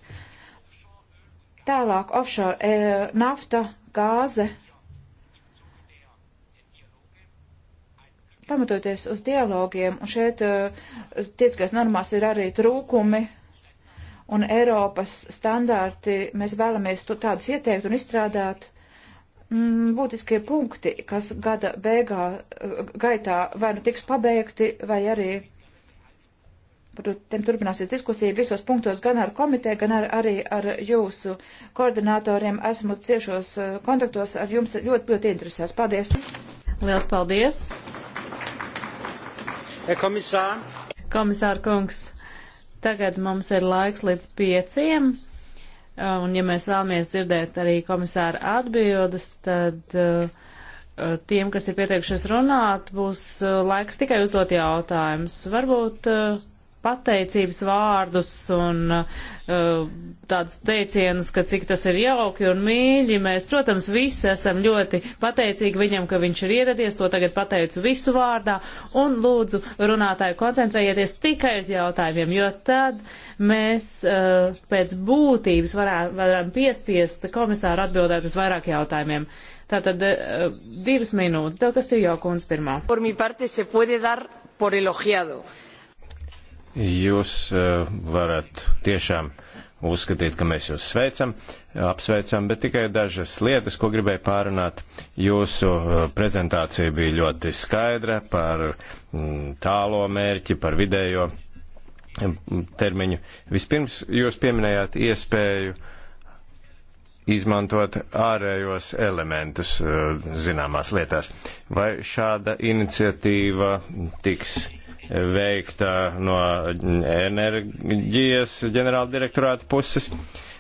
Tālāk offshore e, nafta, gāze. Pamatoties uz dialogiem, un šeit e, tieskais normās ir arī trūkumi, un Eiropas standārti mēs vēlamies tādus ieteikt un izstrādāt Mm, būtiskie punkti, kas gada beigā, gaitā vai nu tiks pabeigti, vai arī par tiem turpināsies diskusija visos punktos gan ar komiteju, gan ar, arī ar jūsu koordinatoriem. Esmu ciešos eh, kontaktos ar jums ļoti, ļoti interesēs. Paldies! Liels paldies! Komisār! Komisār kungs, tagad mums ir laiks līdz pieciem. Um, un ja mēs vēlamies dzirdēt arī komisāra atbildes, tad uh, uh, tiem, kas ir pieteikušies runāt, būs uh, laiks tikai uzdot jautājumus. Varbūt pateicības vārdus un uh, tādus teicienus, ka cik tas ir jauki un mīļi. Mēs, protams, visi esam ļoti pateicīgi viņam, ka viņš ir ieradies. To tagad pateicu visu vārdā un lūdzu runātāju koncentrējieties tikai uz jautājumiem, jo tad mēs uh, pēc būtības varā, varam piespiest komisāru atbildēt uz vairāk jautājumiem. Tātad uh, divas minūtes. Tev kas tie jau kundz pirmā? Por mi parte se puede dar por elogiado. Uh, jūs eh, varat tiešām uzskatīt, ka mēs jūs sveicam, apsveicam, bet tikai dažas lietas, ko gribēju pārunāt. Jūsu eh, prezentācija bija ļoti skaidra par mm, tālo mērķi, par vidējo mm, termiņu. Vispirms jūs pieminējāt iespēju izmantot ārējos elementus eh, zināmās lietās. Vai šāda iniciatīva tiks veikta no enerģijas ģenerāla direktorāta puses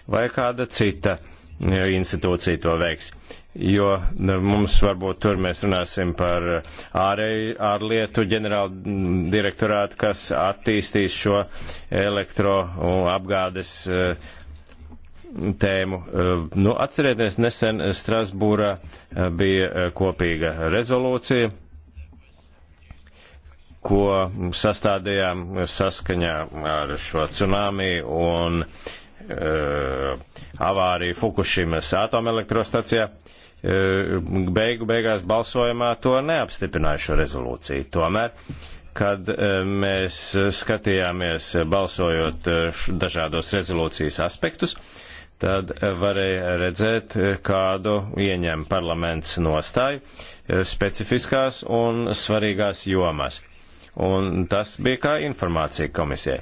vai kāda cita institūcija to veiks. Jo nu, mums varbūt tur mēs runāsim par ārēju, ārlietu ģenerālu direktorātu, kas attīstīs šo elektro apgādes eh, tēmu. Eh, nu, atcerieties, nesen Strasbūrā eh, bija kopīga rezolūcija ko sastādījām saskaņā ar šo tsunami un uh, avāriju Fukushimas atomelektrostacijā. Uh, beigu beigās balsojumā to neapstiprināju šo rezolūciju. Tomēr uh, kad eh, mēs skatījāmies balsojot dažādos rezolūcijas aspektus, tad varēja redzēt, kādu ieņem parlaments nostāju specifiskās un svarīgās jomās. Un tas bija kā informācija komisijai.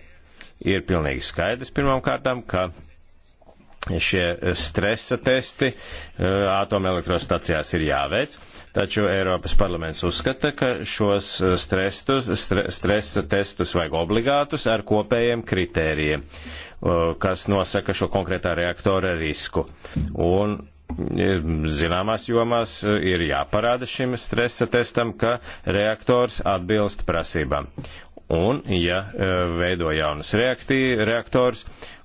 Ir pilnīgi skaidrs pirmām kārtām, ka šie stresa testi eh, atomelektrostacijās ir jāveic, taču Eiropas parlaments uzskata, ka šos strestus, stre, stresa testus vajag obligātus ar kopējiem kritērijiem, eh, kas nosaka šo konkrētā reaktora risku. Un zināmās jomās ir jāparāda šim stresa testam, ka reaktors atbilst prasībām. Un, ja e, veido jaunus reaktī, reaktors,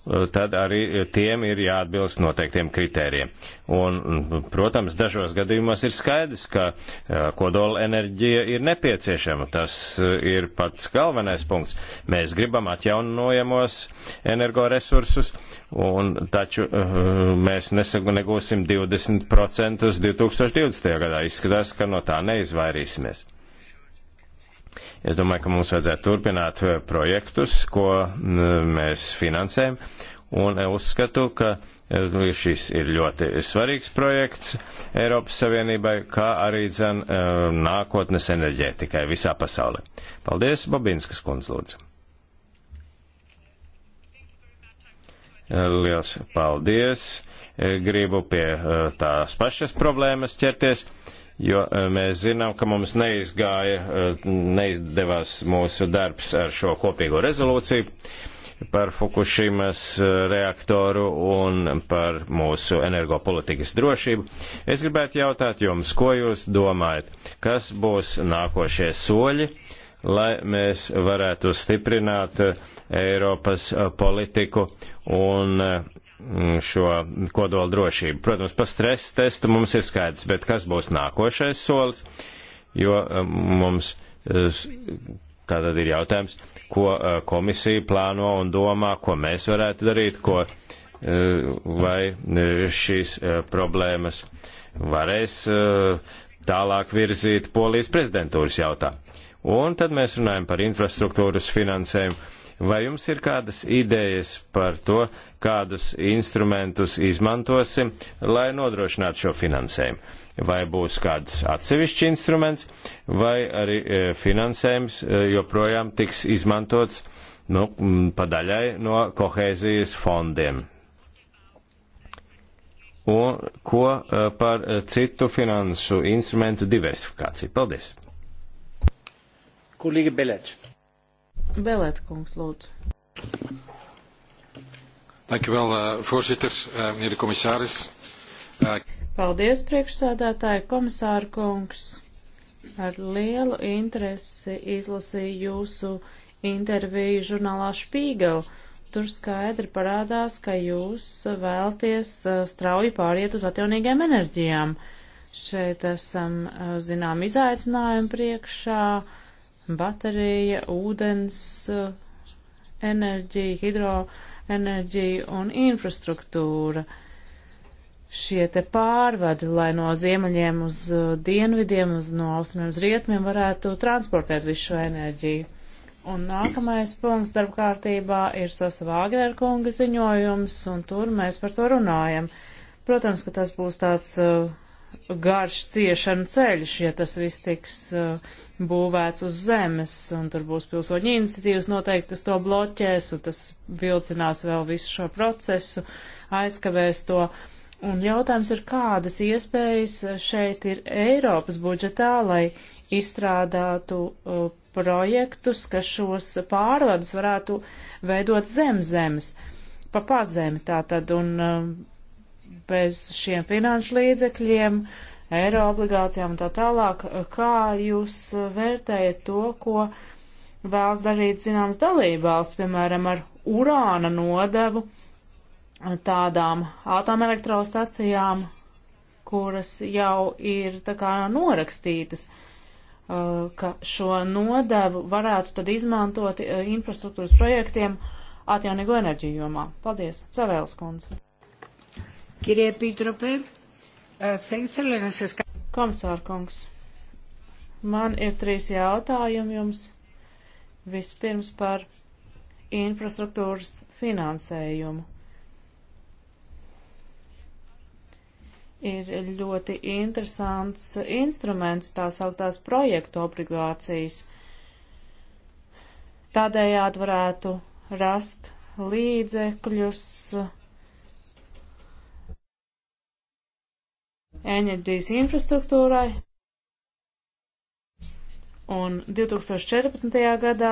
e, tad arī tiem ir jāatbilst noteiktiem kritērijiem. Un, protams, dažos gadījumos ir skaidrs, ka e, kodola enerģija ir nepieciešama. Tas ir pats galvenais punkts. Mēs gribam atjaunojamos energoresursus, un taču mēs negūsim 20% 2020. gadā. Izskatās, ka no tā neizvairīsimies. Es domāju, ka mums vajadzētu turpināt eh, projektus, ko mm, mēs finansējam, un uzskatu, ka eh, šis ir ļoti svarīgs projekts Eiropas Savienībai, kā arī dzen eh, nākotnes enerģētikai visā pasaulē. Paldies, Babinskas kundz lūdzu. Liels paldies! Gribu pie tās pašas problēmas ķerties. Uh, jo eh, mēs zinām, ka mums neizgāja, eh, neizdevās mūsu darbs ar šo kopīgo rezolūciju par Fukushimas eh, reaktoru un par mūsu energopolitikas drošību. Es gribētu jautāt jums, ko jūs domājat, kas būs nākošie soļi, lai mēs varētu stiprināt Eiropas politiku un šo kodola drošību. Protams, pa stresa testu mums ir skaidrs, bet kas būs nākošais solis, jo eh, mums eh, tātad ir jautājums, ko eh, komisija plāno un domā, ko mēs varētu darīt, ko vai šīs problēmas varēs tālāk virzīt polijas prezidentūras jautā. Un tad mēs runājam par infrastruktūras finansējumu Vai jums ir kādas idejas par to, kādus instrumentus izmantosim, lai nodrošinātu šo finansējumu? Vai būs kāds atsevišķs instruments, vai arī e, finansējums e, joprojām tiks izmantots nu, padaļai no kohēzijas fondiem? Un ko e, par citu finansu instrumentu diversifikāciju? Paldies! Kolēģi Belēķi. Belēt kungs, lūdzu. Dank u wel, uh, voorzitter, uh, meneer de commissaris. Uh... Paldies, priekšsādātāji, komisāra kungs. Ar lielu interesi izlasīju jūsu interviju žurnālā Špīgel. Tur skaidri parādās, ka jūs vēlties strauji pāriet uz atjaunīgiem enerģijām. Šeit esam, zinām, izaicinājumu priekšā. Uh, baterija, ūdens eh, enerģija, hidroenerģija un infrastruktūra. Šie te pārvadi, lai no ziemeļiem uz eh, dienvidiem, uz no austrumiem uz rietumiem varētu transportēt visu šo enerģiju. Un nākamais punkts darba kārtībā ir Sosa Vāgner kunga ziņojums, un tur mēs par to runājam. Protams, ka tas būs tāds uh, garš ciešanu ceļš, ja tas viss tiks uh, būvēts uz zemes, un tur būs pilsoņu iniciatīvas noteikti, kas to bloķēs, un tas vilcinās vēl visu šo procesu, aizkavēs to. Un jautājums ir, kādas iespējas šeit ir Eiropas budžetā, lai izstrādātu uh, projektus, kas šos pārvadus varētu veidot zem zemes, pa pazemi tātad, un uh, bez šiem finanšu līdzekļiem uh, eiro obligācijām un tā tālāk. Kā jūs vērtējat to, ko vēlas darīt zināms dalībvalsts, piemēram, ar urāna nodevu tādām atomelektrostacijām, kuras jau ir tā kā norakstītas, uh, ka šo nodevu varētu tad izmantot uh, infrastruktūras projektiem atjaunīgo enerģiju jomā. Paldies, Cavēls kundze. Kirie Pītropē. Θα eh, ήθελα να σας κάνω... Komisārkungs, man ir trīs jautājumi jums. Vispirms par infrastruktūras finansējumu. Ir ļoti interesants instruments, tā sauktās projektu obligācijas. Tādējādi varētu rast līdzekļus uh, enerģijas infrastruktūrai. Un 2014. gadā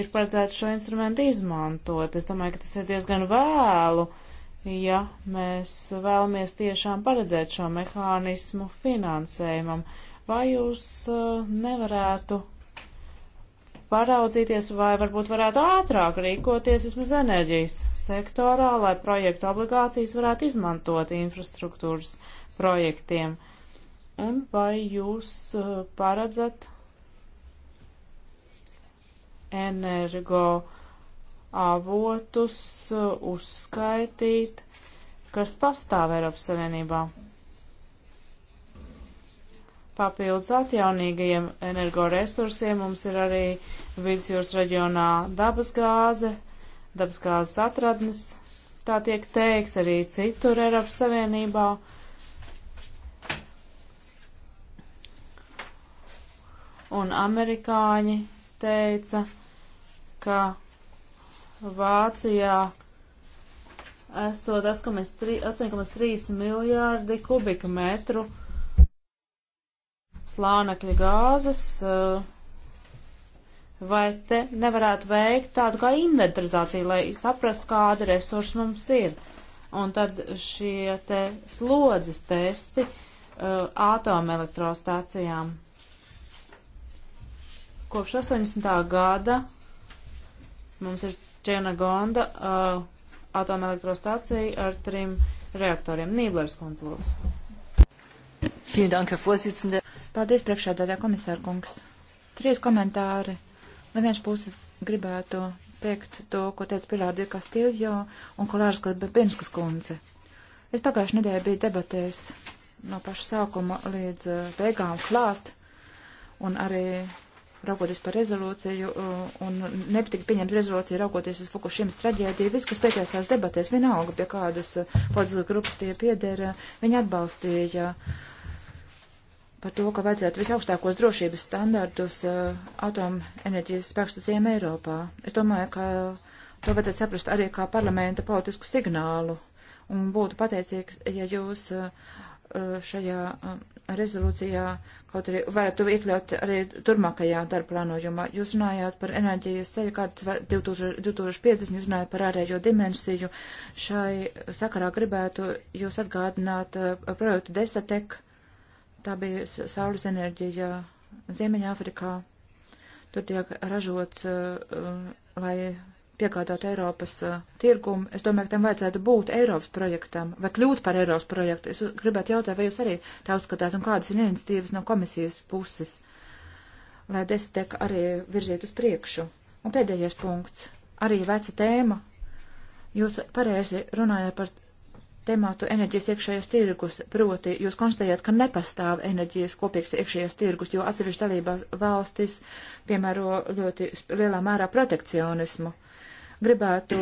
ir paredzēts šo instrumentu izmantot. Es domāju, ka tas ir diezgan vēlu, ja mēs vēlamies tiešām paredzēt šo mehānismu finansējumam. Vai jūs uh, nevarētu paraudzīties, vai varbūt varētu ātrāk rīkoties vismaz enerģijas sektorā, lai projektu obligācijas varētu izmantot infrastruktūras projektiem. Un vai jūs uh, paredzat energo avotus uh, uzskaitīt, kas pastāv Eiropas Savienībā? Papildus atjaunīgajiem energoresursiem mums ir arī vidusjūras reģionā dabasgāze, dabasgāzes atradnes, tā tiek teiks arī citur Eiropas Savienībā. Uh, un amerikāņi teica, ka Vācijā esot 8,3 miljārdi kubika metru slānekļa gāzes, eh, vai te nevarētu veikt tādu kā inventarizāciju, lai saprastu, kādi resursi mums ir. Un tad šie te slodzes testi eh, atomelektrostācijām. Uh, Kopš 80. gada mums ir Čēnagonda uh, atomelektrostacija ar trim reaktoriem. Nīblers kundze, lūdzu. Paldies, priekšādātā komisāra kungs. Trīs komentāri. No vienas puses gribētu teikt to, ko teica Pilārdi Kastīļo un Kolārs Kalbinskas kundze. Es pagājušajā nedēļā biju debatēs no paša sākuma līdz uh, beigām klāt, un arī raugoties par rezolūciju uh, un nepatika pieņemt rezolūciju, raugoties uz Fukushimas traģēdiju, viss, kas pieteicās debatēs, vienalga pie kādas uh, politiskās grupas tie piedera, uh, viņi atbalstīja par to, ka vajadzētu visaugstākos drošības standartus atomenerģijas spēkstacijām Eiropā. Es domāju, ka to vajadzētu saprast arī kā parlamenta politisku signālu un būtu pateicīgs, ja jūs šajā um, rezolūcijā uh, kaut arī varētu iekļaut arī turmākajā darba plānojumā. Jūs runājāt par enerģijas ceļu kārtu 2050, jūs runājāt par ārējo dimensiju. Šai sakarā gribētu jūs atgādināt eh, projektu Desatek, tā bija saules enerģija Ziemeņāfrikā. Tur tiek ražots, eh, lai piegādāt Eiropas uh, tirgumu. Es domāju, ka tam vajadzētu būt Eiropas projektam vai kļūt par Eiropas projektu. Es gribētu jautāt, vai jūs arī tā uzskatāt un kādas ir iniciatīvas no komisijas puses, lai desitek arī virziet uz priekšu. Un pēdējais punkts, arī veca tēma. Jūs pareizi runājāt par temātu enerģijas iekšējais tirgus, proti jūs konstatējat, ka nepastāv enerģijas kopīgs iekšējais tirgus, jo atsevišķi dalībās valstis piemēro ļoti lielā mērā protekcionismu. Uh, gribētu,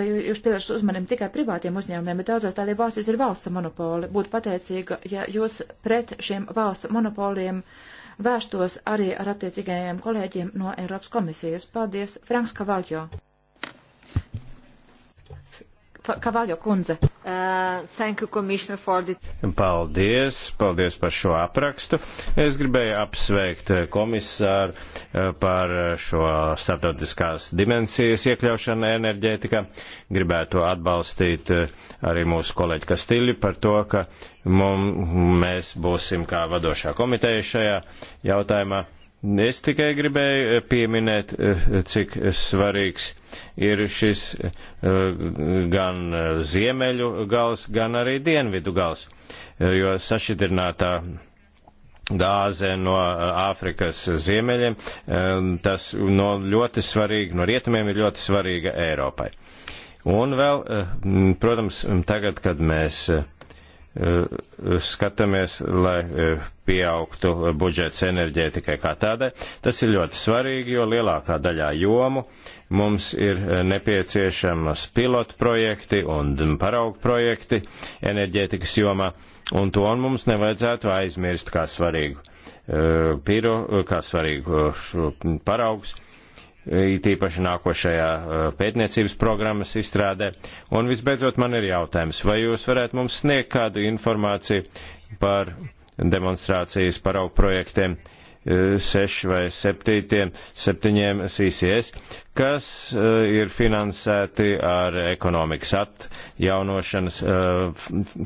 lai jūs pievēršat uzmanību tikai privātiem uzņēmumiem, bet daudzās tādiem valstīs ir valsts monopoli. Būtu pateicīga, ja jūs pret šiem valsts monopoliem vērstos arī ar attiecīgajiem kolēģiem no Eiropas komisijas. Paldies, Franks Kavaljo! Kavaljo kundze. Uh, thank you, Commissioner, for the... Paldies, paldies par šo aprakstu. Es gribēju apsveikt uh, komisāru uh, par uh, šo starptautiskās dimensijas iekļaušanu enerģētikā. Gribētu atbalstīt arī mūsu kolēģi Kastiļi par to, ka mums, mēs būsim kā vadošā komiteja šajā jautājumā Es tikai gribēju eh, pieminēt, eh, cik svarīgs ir šis eh, gan ziemeļu gals, gan arī dienvidu gals, jo sašķidrinātā gāze no Āfrikas ziemeļiem, tas no ļoti svarīgi, no rietumiem ir ļoti svarīga Eiropai. Un vēl, protams, tagad, kad mēs Eh, skatāmies, lai eh, pieaugtu budžets enerģētikai kā tādai. Tas ir ļoti svarīgi, jo lielākā daļā jomu mums ir eh, nepieciešamas pilotu projekti un paraugu projekti enerģētikas jomā, un to mums nevajadzētu aizmirst kā svarīgu pīro, kā svarīgu paraugs, it īpaši nākošajā eh, pētniecības programmas izstrādē. Un visbeidzot man ir jautājums, vai jūs varētu mums sniegt kādu informāciju par demonstrācijas paraugu projektiem 6 eh, vai 7, 7 CCS, kas eh, ir finansēti ar ekonomikas atjaunošanas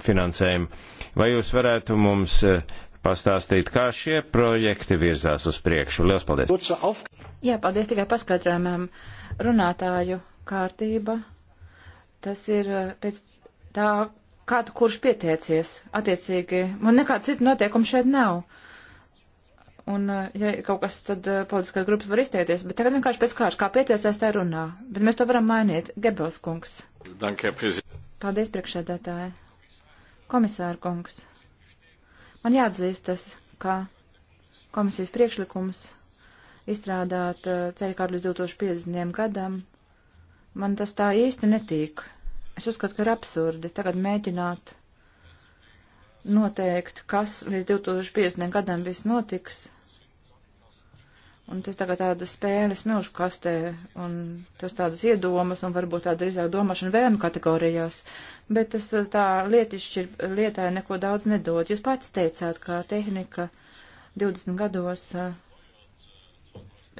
finansējumu. Vai jūs varētu mums pastāstīt, kā šie projekti virzās uz priekšu. Lielas paldies! Jā, paldies tikai paskaidrojumam. Runātāju kārtība, tas ir eh, pēc tā, kādu kurš pieteicies. Attiecīgi, man nekāda cita notiekuma šeit nav. Un, eh, ja kaut kas, tad eh, politiskās grupas var izteikties, bet tagad vienkārši pēc kārs, kā pieteicās, tā runā. Bet mēs to varam mainīt. Gebels kungs. Danke, Paldies, priekšsēdētāji. Komisāra kungs. Man jāatzīstas, ka komisijas priekšlikums izstrādāt uh, ceļu kārtu līdz 2050. gadam, man tas tā īsti netīk. Es uzskatu, ka ir absurdi tagad mēģināt noteikt, kas līdz 2050. gadam viss notiks Un tas tagad tāda spēle smilšu kastē, un tas tādas iedomas, un varbūt tāda drīzāk domāšana vēlmi kategorijās. Bet tas eh, tā lietišķi lietai neko daudz nedod. Jūs pats teicāt, ka tehnika 20 gados eh,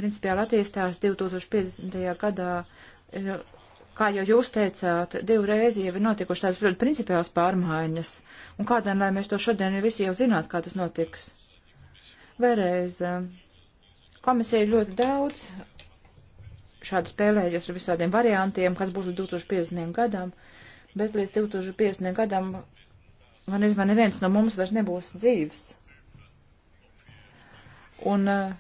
principiāli attīstās 2050. gadā, eh, kā jau jūs teicāt, divreiz jau ir notikuši tādas ļoti principiālas pārmaiņas. Un kādēļ, lai mēs to šodien visi jau zinātu, kā tas notiks? Vēlreiz. Uh, Komisija ir ļoti daudz šādi spēlējies ar visādiem variantiem, kas būs līdz 2050. gadam, bet līdz 2050. gadam man izmēr neviens no mums vairs nebūs dzīves. Un, eh,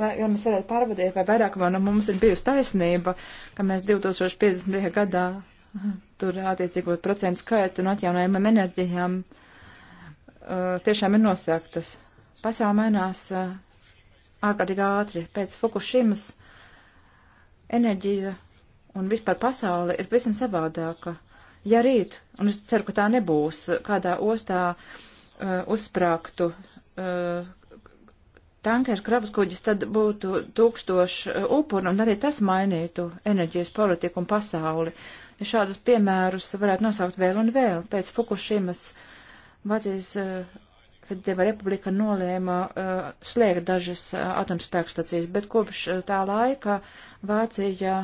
lai, lai mēs varētu pārvadīt, vai vairāk vai no mums ir bijusi taisnība, ka mēs 2050. gadā [LAUGHS] tur attiecīgo procentu skaitu un atjaunojumiem enerģijām eh, tiešām ir nosaktas. Pasaule mainās, eh, ārkārtīgi ātri. Pēc Fukushimas enerģija un vispār pasaule ir pavisam savādāka. Ja rīt, un es ceru, ka tā nebūs, kādā ostā uh, uzsprāktu uh, tankers kravas kuģis, tad būtu tūkstoši uh, upuri, un arī tas mainītu enerģijas politiku un pasauli. Ja šādus piemērus varētu nosaukt vēl un vēl. Pēc Fukushimas Vācijas uh, kad Deva republika nolēma uh, slēgt dažas uh, atomspēkstacijas, bet kopš uh, tā laika Vācija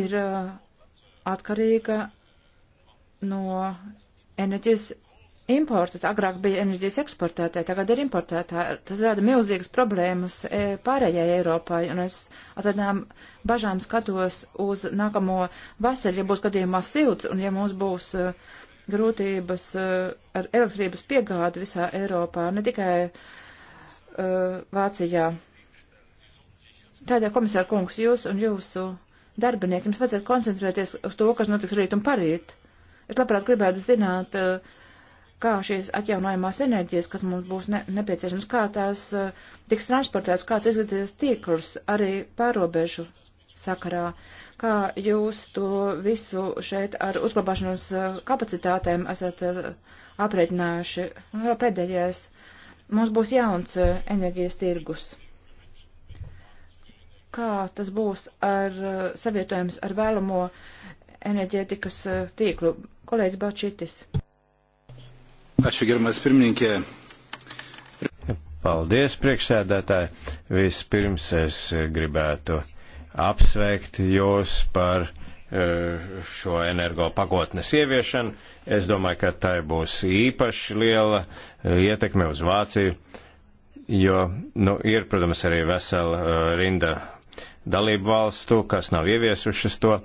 ir uh, atkarīga no enerģijas importa. Agrāk bija enerģijas eksportētāja, tagad ir importētāja. Tas rada milzīgas problēmas e, pārējai Eiropai, un es atradām bažām skatos uz nākamo vasaru, ja būs gadījumā silts, un ja mums būs. Uh, grūtības eh, ar elektrības piegādi visā Eiropā, ne tikai uh, Vācijā. Tādēļ, komisāra kungs, jūs un jūsu darbinieki, jums vajadzētu koncentrēties uz to, kas notiks rīt un parīt. Es labprāt gribētu zināt, eh, kā šīs atjaunojamās enerģijas, kas mums būs ne, nepieciešams, kā tās tiks transportētas, kāds izglītības tīkls arī pārobežu sakarā. Kā jūs to visu šeit ar uzglabāšanos uh, kapacitātēm esat uh, aprēķinājuši? Pēdējais. Mums būs jauns uh, enerģijas tirgus. Kā tas būs ar savietojums ar vēlamo enerģētikas tīklu? Kolēģis Balčitis. Ačiū, gerbiamas pirmininkė. Paldies, priekšsēdētāji. Vispirms es gribētu apsveikt jūs par eh, šo energo pagotnes ieviešanu. Es domāju, ka tai būs īpaši liela eh, ietekme uz Vāciju, jo nu, ir, protams, arī vesela eh, rinda dalību valstu, kas nav ieviesušas to,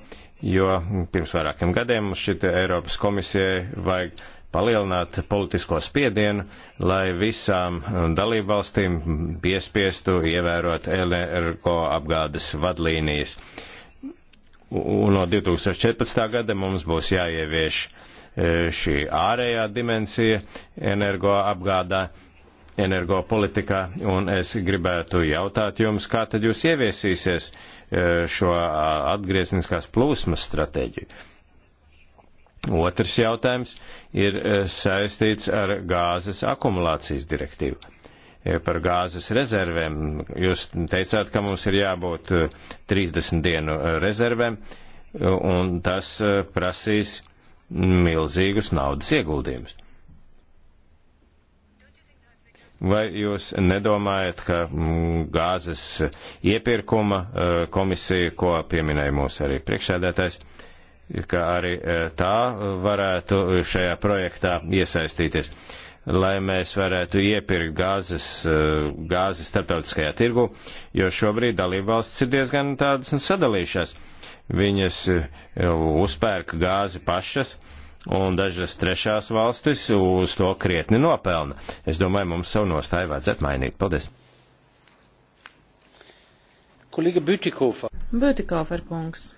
jo pirms vairākiem gadiem mums šita Eiropas komisijai vajag palielināt politisko spiedienu, lai visām um, dalībvalstīm piespiestu ievērot energo apgādes vadlīnijas. Un no 2014. gada mums būs jāievieš e, šī ārējā dimensija energo apgādā, energo politikā, un es gribētu jautāt jums, kā tad jūs ieviesīsies e, šo atgriezniskās plūsmas stratēģiju. Otrs jautājums ir e, saistīts ar gāzes akumulācijas direktīvu. E, par gāzes rezervēm. Jūs teicāt, ka mums ir jābūt 30 e, dienu rezervēm, un tas prasīs milzīgus naudas ieguldījumus. Vai jūs nedomājat, ka gāzes iepirkuma komisija, ko pieminēja mūsu arī priekšsēdētājs, ka arī e, tā varētu šajā projektā iesaistīties, lai mēs varētu iepirkt gāzes, e, gāzi starptautiskajā tirgu, jo šobrīd dalībvalstis ir diezgan tādas sadalījušās. Viņas e, uzpērk gāzi pašas, un dažas trešās valstis uz to krietni nopelna. Es domāju, mums savu nostāju vajadzētu mainīt. Paldies! Kolīga Bütikofer. Bütikofer kungs.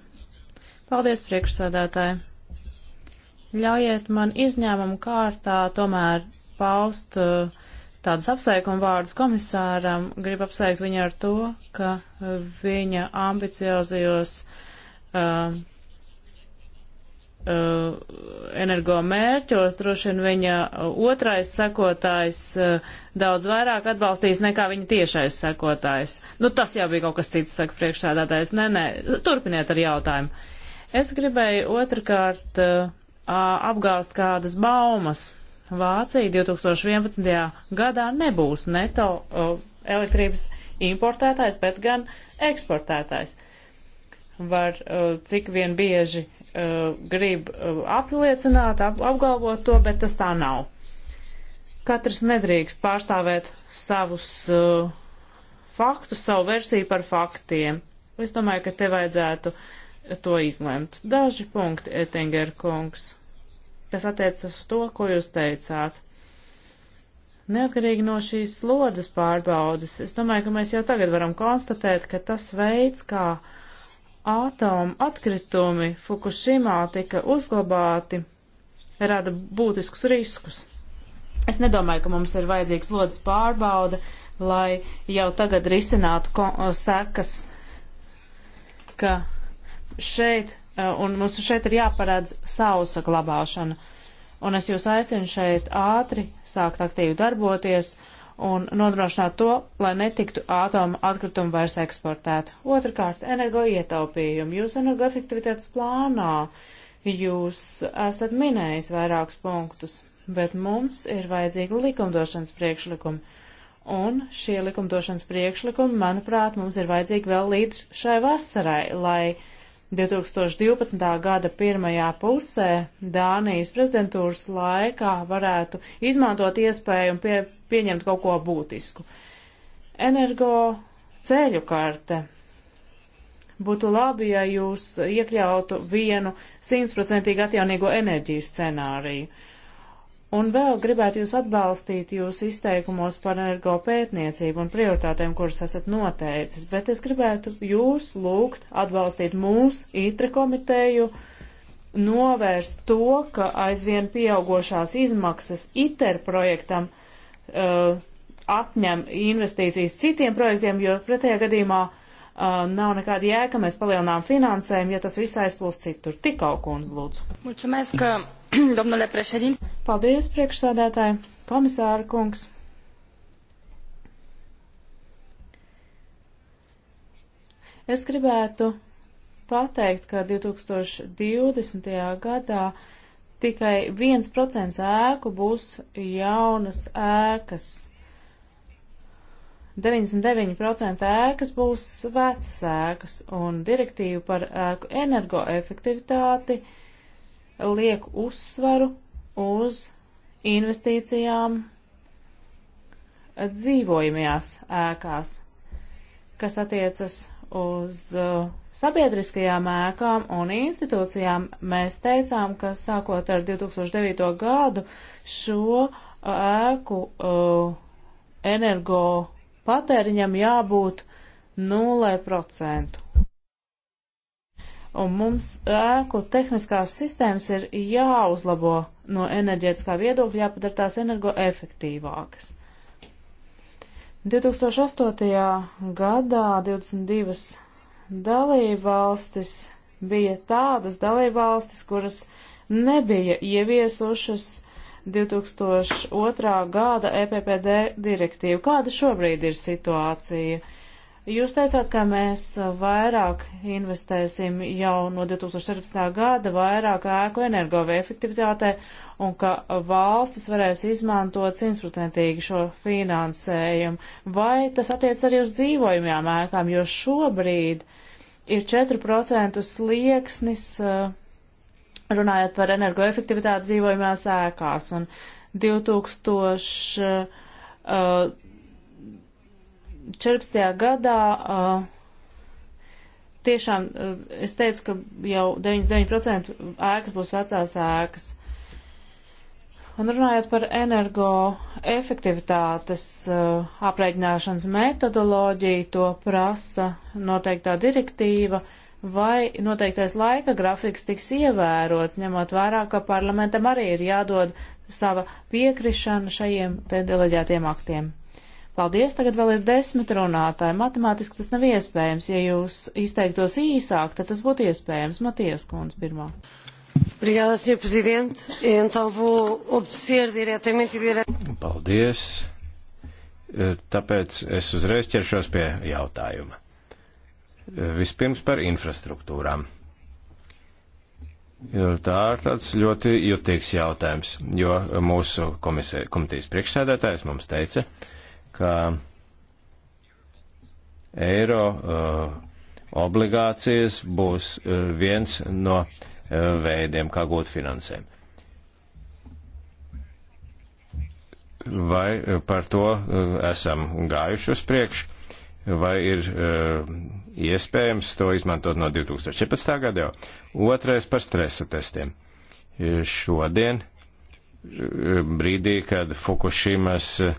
Paldies, priekšsādātāji. Ļaujiet man izņēmumu kārtā tomēr paust uh, tādus apsveikumu vārdus komisāram. Gribu apsveikt viņu ar to, ka viņa ambiciozajos uh, uh, energomērķos droši vien viņa otrais sekotājs uh, daudz vairāk atbalstīs nekā viņa tiešais sekotājs. Nu, tas jau bija kaut kas cits, saka priekšsēdētājs. Nē, nē, turpiniet ar jautājumu. Es gribēju otrkārt uh, apgāst kādas baumas. Vācija 2011. gadā nebūs neto uh, elektrības importētājs, bet gan eksportētājs. Var uh, cik vien bieži grib apliecināt, ap, apgalvot to, bet tas tā nav. Katrs nedrīkst pārstāvēt savus uh, faktus, savu versiju par faktiem. Es domāju, ka te vajadzētu uh, to izlemt. Daži punkti, Ettinger kungs, kas attiecas uz to, ko jūs teicāt. Neatkarīgi no šīs slodzes pārbaudes, es domāju, ka mēs jau tagad varam konstatēt, ka tas veids, kā ātomu atkritumi Fukushimā tika uzglabāti, rada būtiskus riskus. Es nedomāju, ka mums ir vajadzīgs slodzes pārbauda, lai jau tagad risinātu sekas, ka šeit, un mums šeit ir jāparādz sausa glabāšana. Un es jūs aicinu šeit ātri sākt aktīvi darboties un nodrošināt to, lai netiktu ātoma atkritumi vairs eksportēt. Otrakārt, energoietaupījumi. Jūs energoefektivitātes plānā jūs esat minējis vairākus punktus, bet mums ir vajadzīgi likumdošanas priekšlikumi. Un šie likumdošanas priekšlikumi, manuprāt, mums ir vajadzīgi vēl līdz šai vasarai, lai 2012. gada pirmajā pusē Dānijas prezidentūras laikā varētu izmantot iespēju un pie, pieņemt kaut ko būtisku. Energo ceļu karte. Būtu labi, ja jūs iekļautu vienu simtprocentīgi atjaunīgo enerģiju scenāriju. Uh, Un vēl gribētu jūs atbalstīt jūs izteikumos par energo pētniecību un prioritātēm, kuras esat noteicis, bet es gribētu jūs lūgt atbalstīt mūsu ITRE komiteju, novērst to, ka aizvien pieaugošās izmaksas ITER projektam uh, atņem investīcijas citiem projektiem, jo pretējā gadījumā uh, nav nekāda jēga, mēs palielinām finansējumu, ja tas viss aizplūst citur. Tikau, kundz, lūdzu. Mulțumesc, [CLEARS THROAT] domnule președinte. Paldies, priekšsādātāji, komisāra kungs. Es gribētu pateikt, ka 2020. gadā tikai 1% ēku būs jaunas ēkas. 99% ēkas būs vecas ēkas, un direktīva par ēku energoefektivitāti uh, liek uzsvaru uz investīcijām dzīvojamajās ēkās, kas attiecas uz uh, sabiedriskajām ēkām un institūcijām. Mēs teicām, ka sākot ar 2009. gadu šo uh, ēku uh, energo patēriņam jābūt 0%. Un mums ēku tehniskās sistēmas ir jāuzlabo no enerģētiskā viedokļa, jāpadara tās energoefektīvākas. 2008. gadā 22 dalībvalstis bija tādas dalībvalstis, kuras nebija ieviesušas 2002. gada EPPD direktīvu. Kāda šobrīd ir situācija? Jūs teicāt, ka mēs vairāk investēsim jau no 2014. gada vairāk ēku energoefektivitātē un ka valstis varēs izmantot simtprocentīgi šo finansējumu. Vai tas attiec arī uz dzīvojumajām ēkām, jo šobrīd ir 4% slieksnis, eh, runājot par energoefektivitāti dzīvojumās ēkās, un 2000. Uh, eh, 14. gadā tiešām es teicu, ka jau 99% ēkas būs vecās ēkas. Un runājot par energoefektivitātes aprēķināšanas metodoloģiju, to prasa noteiktā direktīva, vai noteiktais laika grafiks tiks ievērots, ņemot vērā, ka parlamentam arī ir jādod sava piekrišana šajiem te deleģētiem aktiem. Paldies, tagad vēl ir desmit runātāji. Matemātiski tas nav iespējams. Ja jūs izteiktos īsāk, tad tas būtu iespējams. Matijas kundze pirmā. Obrigada, senhor presidente. Então vou obedecer diretamente e diretamente. Paldies. E, tāpēc es uzreiz ķeršos pie jautājuma. E, vispirms par infrastruktūrām. Tā ir tāds ļoti jutīgs jautājums, jo mūsu komisē, komitejas priekšsēdētājs mums teica, ka ka eiro uh, obligācijas būs uh, viens no uh, veidiem, kā gūt finansēm. Vai par to uh, esam gājuši uz priekšu, vai ir iespējams to izmantot no 2014. gada jau? Otrais par stresa testiem. Šodien, brīdī, kad Fukushimas uh,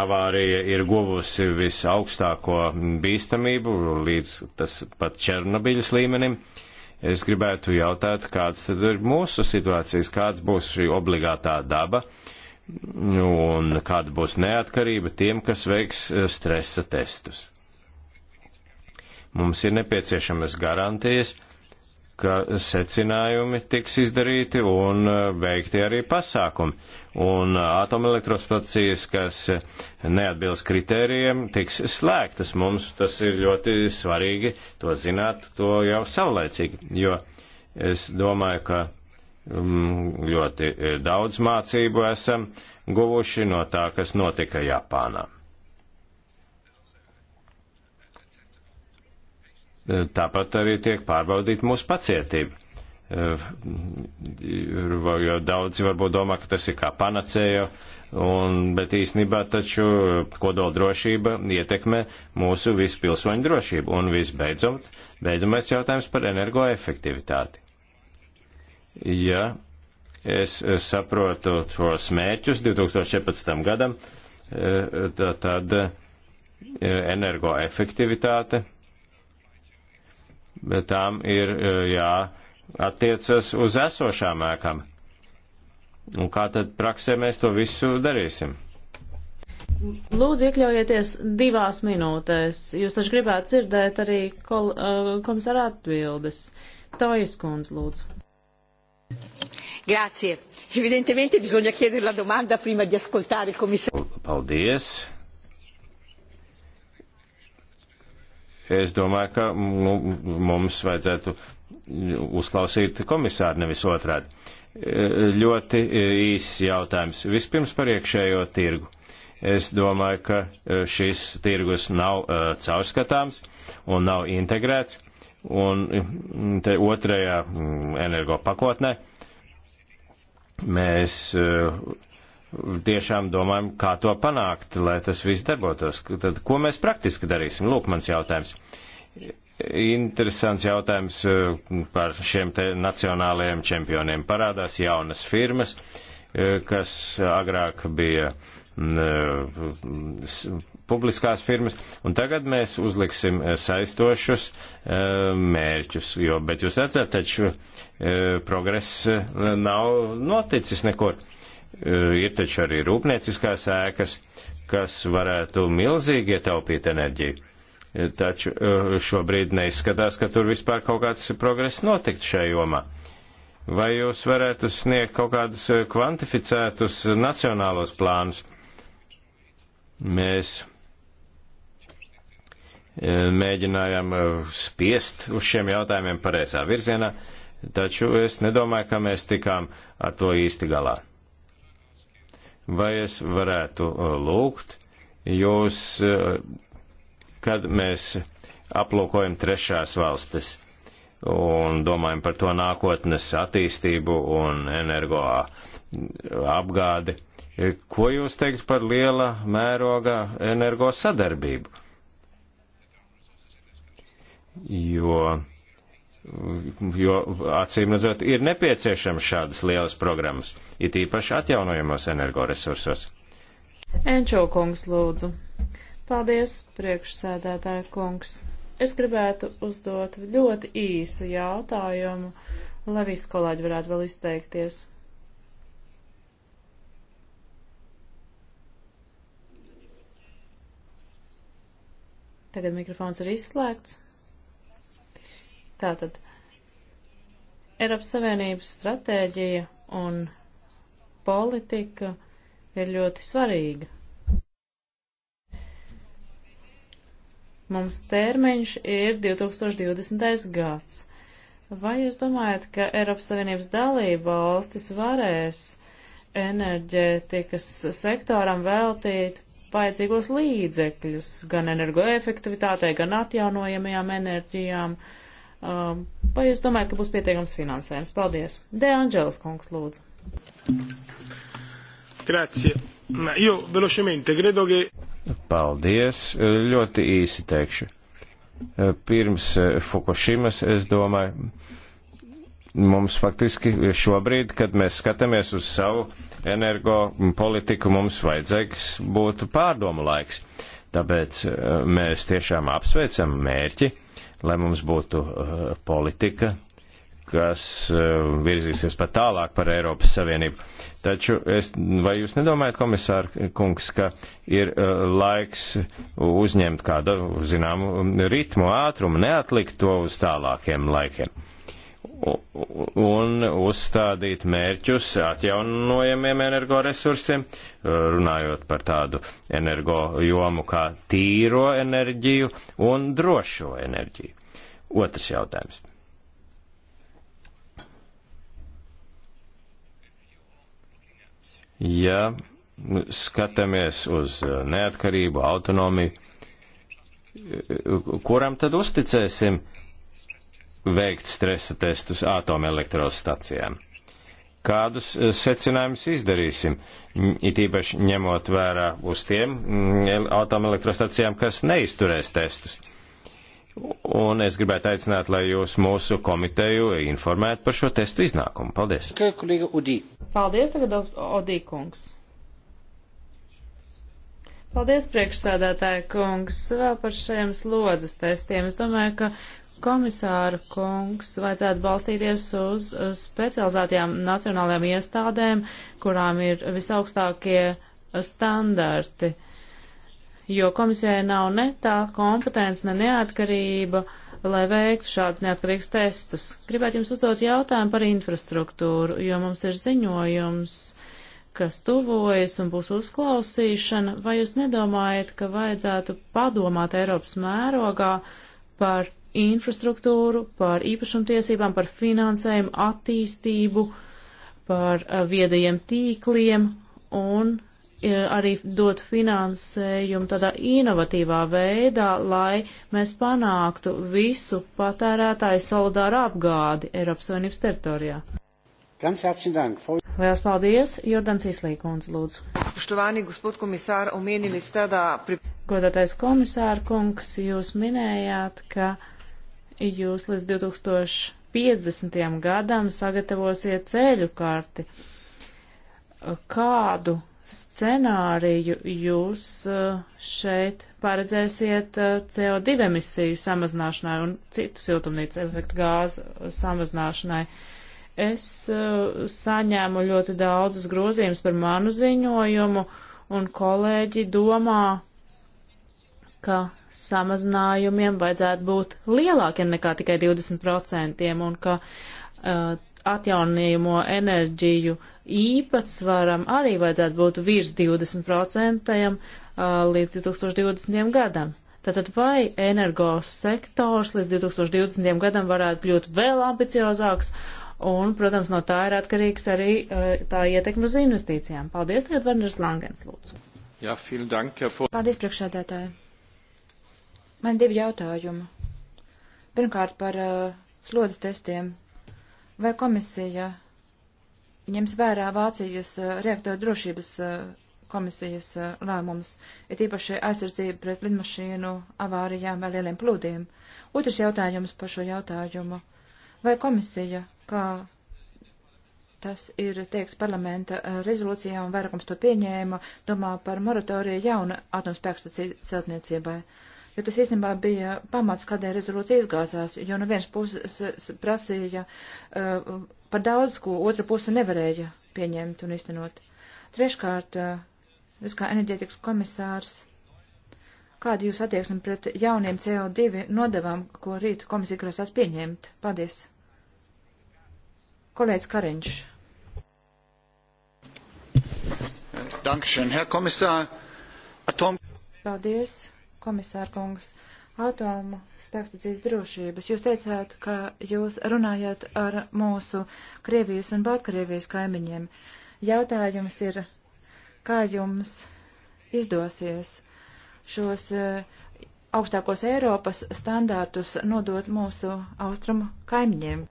avārija ir guvusi visaugstāko bīstamību līdz tas pat Černobiļas līmenim. Es gribētu jautāt, kāds tad ir mūsu situācijas, kāds būs šī obligātā daba un kāda būs neatkarība tiem, kas veiks eh, stresa testus. Mums ir nepieciešamas garantijas, ka secinājumi tiks izdarīti un e, veikti arī pasākumi. Un e, atomelektrostacijas, kas e, neatbilst kritērijiem, tiks slēgtas. Mums tas ir ļoti svarīgi to zināt, to jau savlaicīgi, jo es domāju, ka mm, ļoti daudz mācību esam guvuši no tā, kas notika Japānā. Tāpat arī tiek pārbaudīta mūsu pacietība. Jo daudzi varbūt domā, ka tas ir kā panacēja, un, bet īstenībā taču kodola drošība ietekmē mūsu visu pilsoņu drošību. Un visbeidzot, beidzamais jautājums par energoefektivitāti. Ja es saprotu šos mērķus 2014. gadam, tad energoefektivitāte tām ir e, jāattiecas uz esošām ēkām. Un kā tad praksē mēs to visu darīsim? Lūdzu, iekļaujieties divās minūtēs. Jūs taču gribētu dzirdēt arī kol, uh, komisāra atbildes. Tojas kundze, lūdzu. Grazie. Evidentemente bisogna chiedere la domanda prima di ascoltare il commissario. Paldies. Es domāju, ka mums vajadzētu uzklausīt komisāru nevis otrādi. Ļoti īss jautājums. Vispirms par iekšējo tirgu. Es domāju, ka šis tirgus nav uh, caurskatāms un nav integrēts. Un te otrajā energo pakotnē mēs uh, tiešām domājam, kā to panākt, lai tas viss darbotos. Tad ko mēs praktiski darīsim? Lūk, mans jautājums. Interesants jautājums eh, par šiem te nacionālajiem čempioniem. Parādās jaunas firmas, eh, kas agrāk bija mm, eh, publiskās firmas, un tagad mēs uzliksim saistošus mērķus, jo, bet jūs redzat, taču progress nav noticis nekur. Eh, ir taču arī rūpnieciskās ēkas, kas varētu milzīgi ietaupīt enerģiju. Eh, taču eh, šobrīd neizskatās, ka tur vispār kaut kāds progress notikt šajā jomā. Vai jūs varētu sniegt kaut kādus kvantificētus nacionālos plānus? Mēs mēģinājām spiest uz šiem jautājumiem pareizā virzienā, taču es nedomāju, ka mēs tikām ar to īsti galā. Vai es varētu uh, lūgt jūs, uh, kad mēs aplūkojam trešās valstis un domājam par to nākotnes attīstību un energo apgādi, ko jūs teikt par liela mēroga energo sadarbību? Jo jo acīm redzot ir nepieciešams šādas lielas programmas, it īpaši atjaunojamos energoresursos. Enčo kungs lūdzu. Paldies, priekšsēdētāja kungs. Es gribētu uzdot ļoti īsu jautājumu, lai visi kolēģi varētu vēl izteikties. Tagad mikrofons ir izslēgts. Tātad Eiropas Savienības stratēģija un politika ir ļoti svarīga. Mums termiņš ir 2020. gads. Vai jūs domājat, ka Eiropas Savienības dalība valstis varēs enerģētikas sektoram veltīt vajadzīgos līdzekļus gan energoefektivitātei, gan atjaunojamajām enerģijām? Uh, Um, vai jūs domājat, ka būs pietiekams finansējums? Paldies. De Angelis kungs, lūdzu. Grazie. Jo, velošamente, credo che... Paldies. Ļoti īsi teikšu. Pirms eh, Fukushimas, es domāju, mums faktiski šobrīd, kad mēs skatāmies uz savu energo politiku, mums vajadzīgs būtu pārdomu laiks. Tāpēc eh, mēs tiešām apsveicam mērķi lai mums būtu uh, politika, kas uh, virzīsies pat tālāk par Eiropas Savienību. Taču es, vai jūs nedomājat, komisāra kungs, ka ir uh, laiks uzņemt kādu zināmu ritmu, ātrumu, neatlikt to uz tālākiem laikiem? un uzstādīt mērķus atjaunojamiem energoresursiem, runājot par tādu energo jomu kā tīro enerģiju un drošo enerģiju. Otrs jautājums. Ja skatāmies uz neatkarību, autonomiju, kuram tad uzticēsim uh, veikt stresa testus atomelektrostacijām. Kādus eh, secinājumus izdarīsim, it īpaši ņemot vērā uz tiem atomelektrostacijām, kas neizturēs testus? Un es gribētu aicināt, lai jūs mūsu komiteju informētu par šo testu iznākumu. Paldies. Paldies, tagad Odī kungs. Paldies, priekšsēdētāja kungs, vēl par šiem slodzes testiem. Es domāju, ka komisāra kungs, vajadzētu balstīties uz specializētajām nacionālajām iestādēm, kurām ir visaugstākie standarti, jo komisijai nav ne tā kompetence, ne neatkarība, lai veiktu šādus neatkarīgus testus. Gribētu jums uzdot jautājumu par infrastruktūru, jo mums ir ziņojums, kas tuvojas un būs uzklausīšana. Vai jūs nedomājat, ka vajadzētu padomāt Eiropas mērogā par infrastruktūru, par īpašumtiesībām, par finansējumu, attīstību, par eh, viedajiem tīkliem un eh, arī dot finansējumu tādā inovatīvā veidā, lai mēs panāktu visu patērētāju solidāru apgādi Eiropas Savienības teritorijā. Lielas paldies, Jordans Islīkons, lūdzu. Štovāni, gospod komisār, omienili stādā... Godātais komisāra kungs, jūs minējāt, ka jūs līdz 2050. gadam sagatavosiet ceļu karti. Kādu scenāriju jūs eh, šeit paredzēsiet eh, CO2 emisiju samazināšanai un citu siltumnīca efektu gāzu samazināšanai? Es eh, saņēmu ļoti daudzas grozījumus par manu ziņojumu, un kolēģi domā, ka samazinājumiem vajadzētu būt lielākiem nekā tikai 20% un ka uh, atjaunījumo enerģiju īpatsvaram arī vajadzētu būt virs 20% uh, līdz 2020. gadam. Tātad vai energos sektors līdz 2020. gadam varētu kļūt vēl ambiciozāks un, protams, no tā ir atkarīgs arī uh, tā ietekme uz investīcijām. Paldies, Lietvarners Langens, lūdzu. Jā, ja, vielen dank, Herr for... Paldies, priekšsēdētāji. Man divi jautājumi. Pirmkārt par uh, slodzes testiem. Vai komisija ņems vērā Vācijas uh, reaktoru drošības uh, komisijas uh, lēmums, ir īpaši aizsardzība pret lidmašīnu avārijām vai lieliem plūdiem. Otrs jautājums par šo jautājumu. Vai komisija, kā tas ir teiks parlamenta uh, rezolūcijā un vairākums to pieņēma, domā par moratoriju jauna atomspēkstaciju celtniecībai? Uh, jo tas īstenībā bija pamats, kādēļ rezolūcija izgāzās, jo no vienas puses prasīja uh, par daudz, ko otra puse nevarēja pieņemt un iztenot. Treškārt, uh, jūs kā enerģētikas komisārs, kāda jūs attieksme pret jauniem CO2 nodevām, ko rīt komisija grasās pieņemt? Paldies! Kolēģis Kariņš. Dankšen, Herr Kommissar. Atom... Paldies komisārkungs, atomu spēkstacijas drošības. Jūs teicāt, ka jūs runājat ar mūsu Krievijas un Baltkrievijas kaimiņiem. Jautājums ir, kā jums izdosies šos eh, augstākos Eiropas standārtus nodot mūsu austrumu kaimiņiem?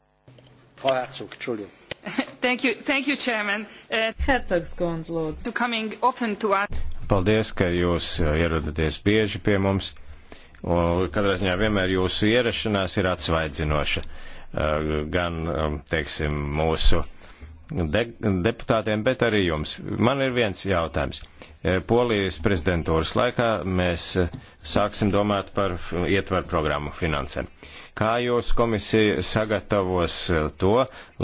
Pārcuk, čuļu. [LAUGHS] Thank you, thank you, Chairman. Uh, Hercogs kundz, lūdzu. To coming often to us. Paldies, ka jūs uh, ierodaties bieži pie mums. Katrā ziņā vienmēr jūsu ierašanās ir atsvaidzinoša. Uh, gan, um, teiksim, mūsu de deputātiem, bet arī jums. Man ir viens jautājums. Uh, Polijas prezidentūras laikā mēs sāksim domāt par ietvaru programmu finansēm. Kā jūs komisija sagatavos to,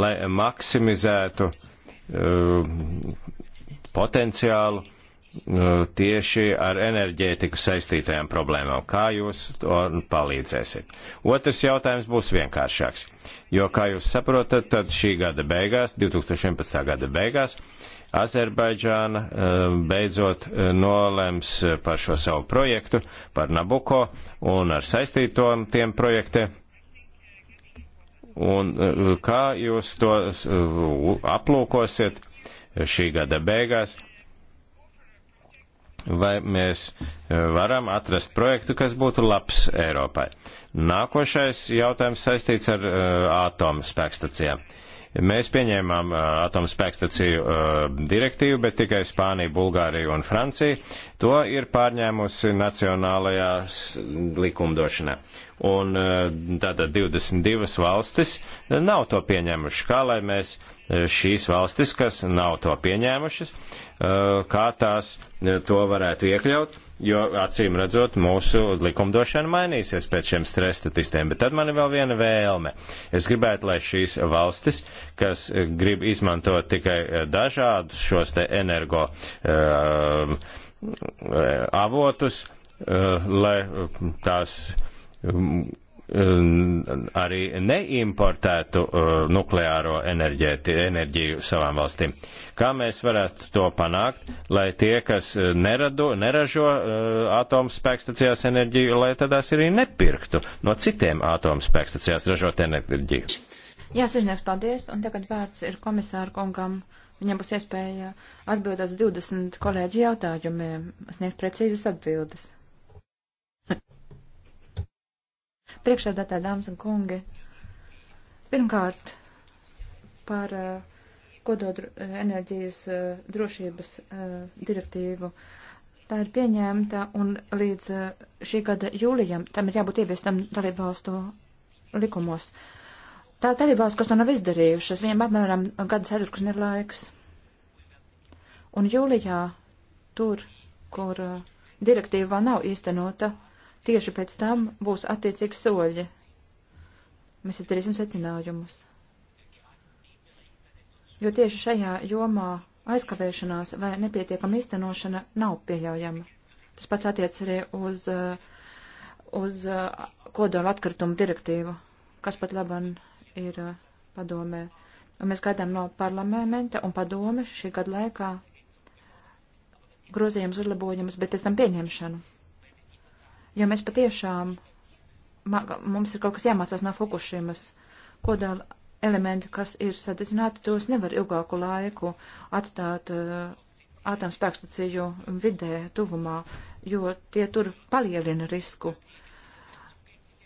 lai maksimizētu uh, potenciālu uh, tieši ar enerģētiku saistītajām problēmām. Kā jūs to palīdzēsiet? Otrs jautājums būs vienkāršāks, jo, kā jūs saprotat, tad šī gada beigās, 2011. gada beigās, Azerbaidžāna beidzot nolems par šo savu projektu, par Nabuko un ar saistīto tiem projektiem. Un kā jūs to aplūkosiet šī gada beigās? vai mēs e, varam atrast projektu, kas būtu labs Eiropai. Nākošais jautājums saistīts ar uh, atomu spēkstacijām. Uh, Mēs pieņēmām uh, atomspēkstaciju uh, direktīvu, bet tikai Spānija, Bulgārija un Francija to ir pārņēmusi nacionālajā likumdošanā. Un uh, tātad 22 valstis nav to pieņēmuši. Kā lai mēs šīs valstis, kas nav to pieņēmušas, kā tās to varētu iekļaut? jo acīm redzot mūsu likumdošana mainīsies pēc šiem stresa statistiem. Bet tad man ir vēl viena vēlme. Es gribētu, lai šīs valstis, kas grib izmantot tikai eh, dažādus šos te energo uh, avotus, uh, lai tās arī neimportētu uh, nukleāro enerģēti, enerģiju savām valstīm. Kā mēs varētu to panākt, lai tie, kas uh, neradu, neražo uh, atomspēkstacijās enerģiju, lai tādās arī nepirktu no citiem atomspēkstacijās ražot enerģiju? Jā, sižnieks, paldies. Un tagad vārds ir komisāra kungam. Viņam būs iespēja atbildēt uz 20 kolēģu jautājumiem, sniegt precīzas atbildes priekšsēdētāji, dāmas un kungi. Pirmkārt, par eh, kododru eh, enerģijas eh, drošības direktīvu. Tā ir pieņemta un līdz šī gada jūlijam tam ir jābūt ieviestam dalībvalstu likumos. Tās dalībās, kas to nav izdarījušas, viņiem apmēram gada ceturks ir laiks. Un jūlijā, tur, kur direktīva vēl nav īstenota, tieši pēc tam būs attiecīgi soļi. Mēs izdarīsim secinājumus. Jo tieši šajā jomā aizkavēšanās vai nepietiekama iztenošana nav pieļaujama. Tas pats attiec arī uz, uz uh, kodola atkritumu direktīvu, kas pat laban ir uh, padomē. Un mēs gaidām no parlamenta un padomes šī gada laikā grozījums uzlabojumus, bet pēc tam pieņemšanu jo mēs patiešām, mums ir kaut kas jāmācās no Fukushimas, kodola elementi, kas ir sadedzināti, tos nevar ilgāku laiku atstāt eh, atomspēkstaciju vidē, tuvumā, jo tie tur palielina risku.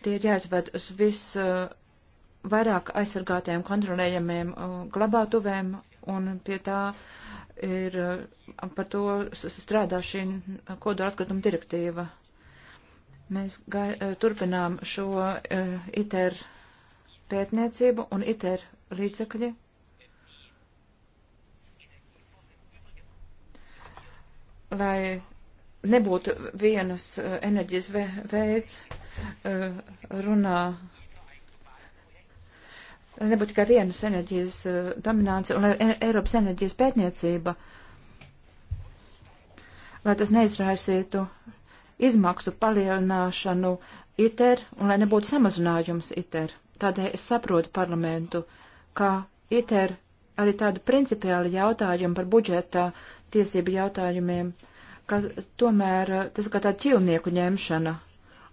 Tie ir jāizved uz visvairāk eh, aizsargātajiem, kontrolējamiem eh, glabātuvēm, un pie tā ir par to strādā šī kodola atkrituma direktīva. Mēs gai, eh, turpinām šo uh, ITER pētniecību un ITER līdzekļi. Lai nebūtu vienas uh, enerģijas ve veids, uh, runā, lai nebūtu tikai vienas enerģijas uh, dominance un lai e Eiropas enerģijas pētniecība, lai tas neizraisītu izmaksu palielināšanu ITER un lai nebūtu samazinājums ITER. Tādēļ es saprotu parlamentu, ka ITER arī tādu principiāli jautājumu par budžeta tiesību jautājumiem, ka tomēr eh, tas kā tā ķilnieku ņemšana.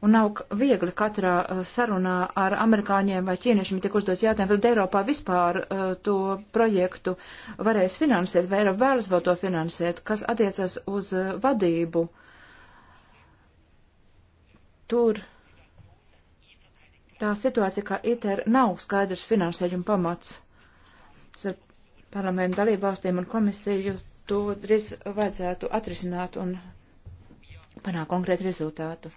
Un nav viegli katrā eh, sarunā ar amerikāņiem vai ķīniešiem tiek uzdots jautājums, tad Eiropā vispār uh, to projektu varēs finansēt, vai Eiropa vēlas vēl to finansēt, kas attiecas uz vadību. Uh, tur tā situācija, kā ITER, nav skaidrs finansējuma pamats. Ar parlamentu dalībvalstīm un komisiju to drīz vajadzētu atrisināt un panākt konkrētu rezultātu.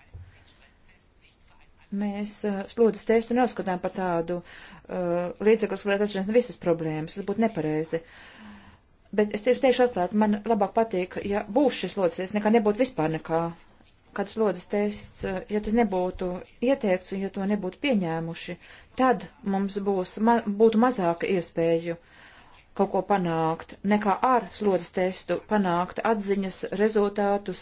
Mēs uh, slodzes testu neuzskatām par tādu uh, līdzekli, kas varētu atrisināt visas problēmas. Tas būtu nepareizi. Bet es tieši teikšu atklāt, man labāk patīk, ja būs šis slodzes tests, nekā nebūtu vispār nekā. Uh, kāds lodas tests, eh, ja tas nebūtu ieteikts un ja to nebūtu pieņēmuši, tad mums būs, ma, būtu mazāka iespēju kaut ko panākt, nekā ar slodas testu panākt atziņas, rezultātus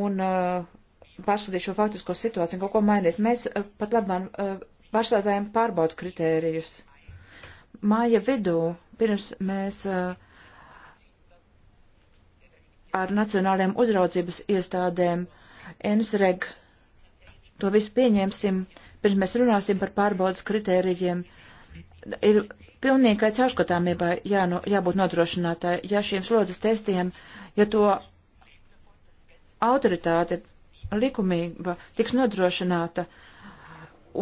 un uh, pārskatīt šo faktisko situāciju un kaut ko mainīt. Mēs uh, pat labāk uh, pārstādājam pārbaudas kritērijus. Māja vidū, pirms mēs uh, ar nacionālajiem uzraudzības iestādēm uh, NSREG. To visu pieņemsim, pirms mēs runāsim par pārbaudas kritērijiem. Ir pilnīgai caurskatāmībai jā, no, jābūt nodrošinātai, ja šiem slodzes testiem, ja to autoritāte, likumība tiks nodrošināta,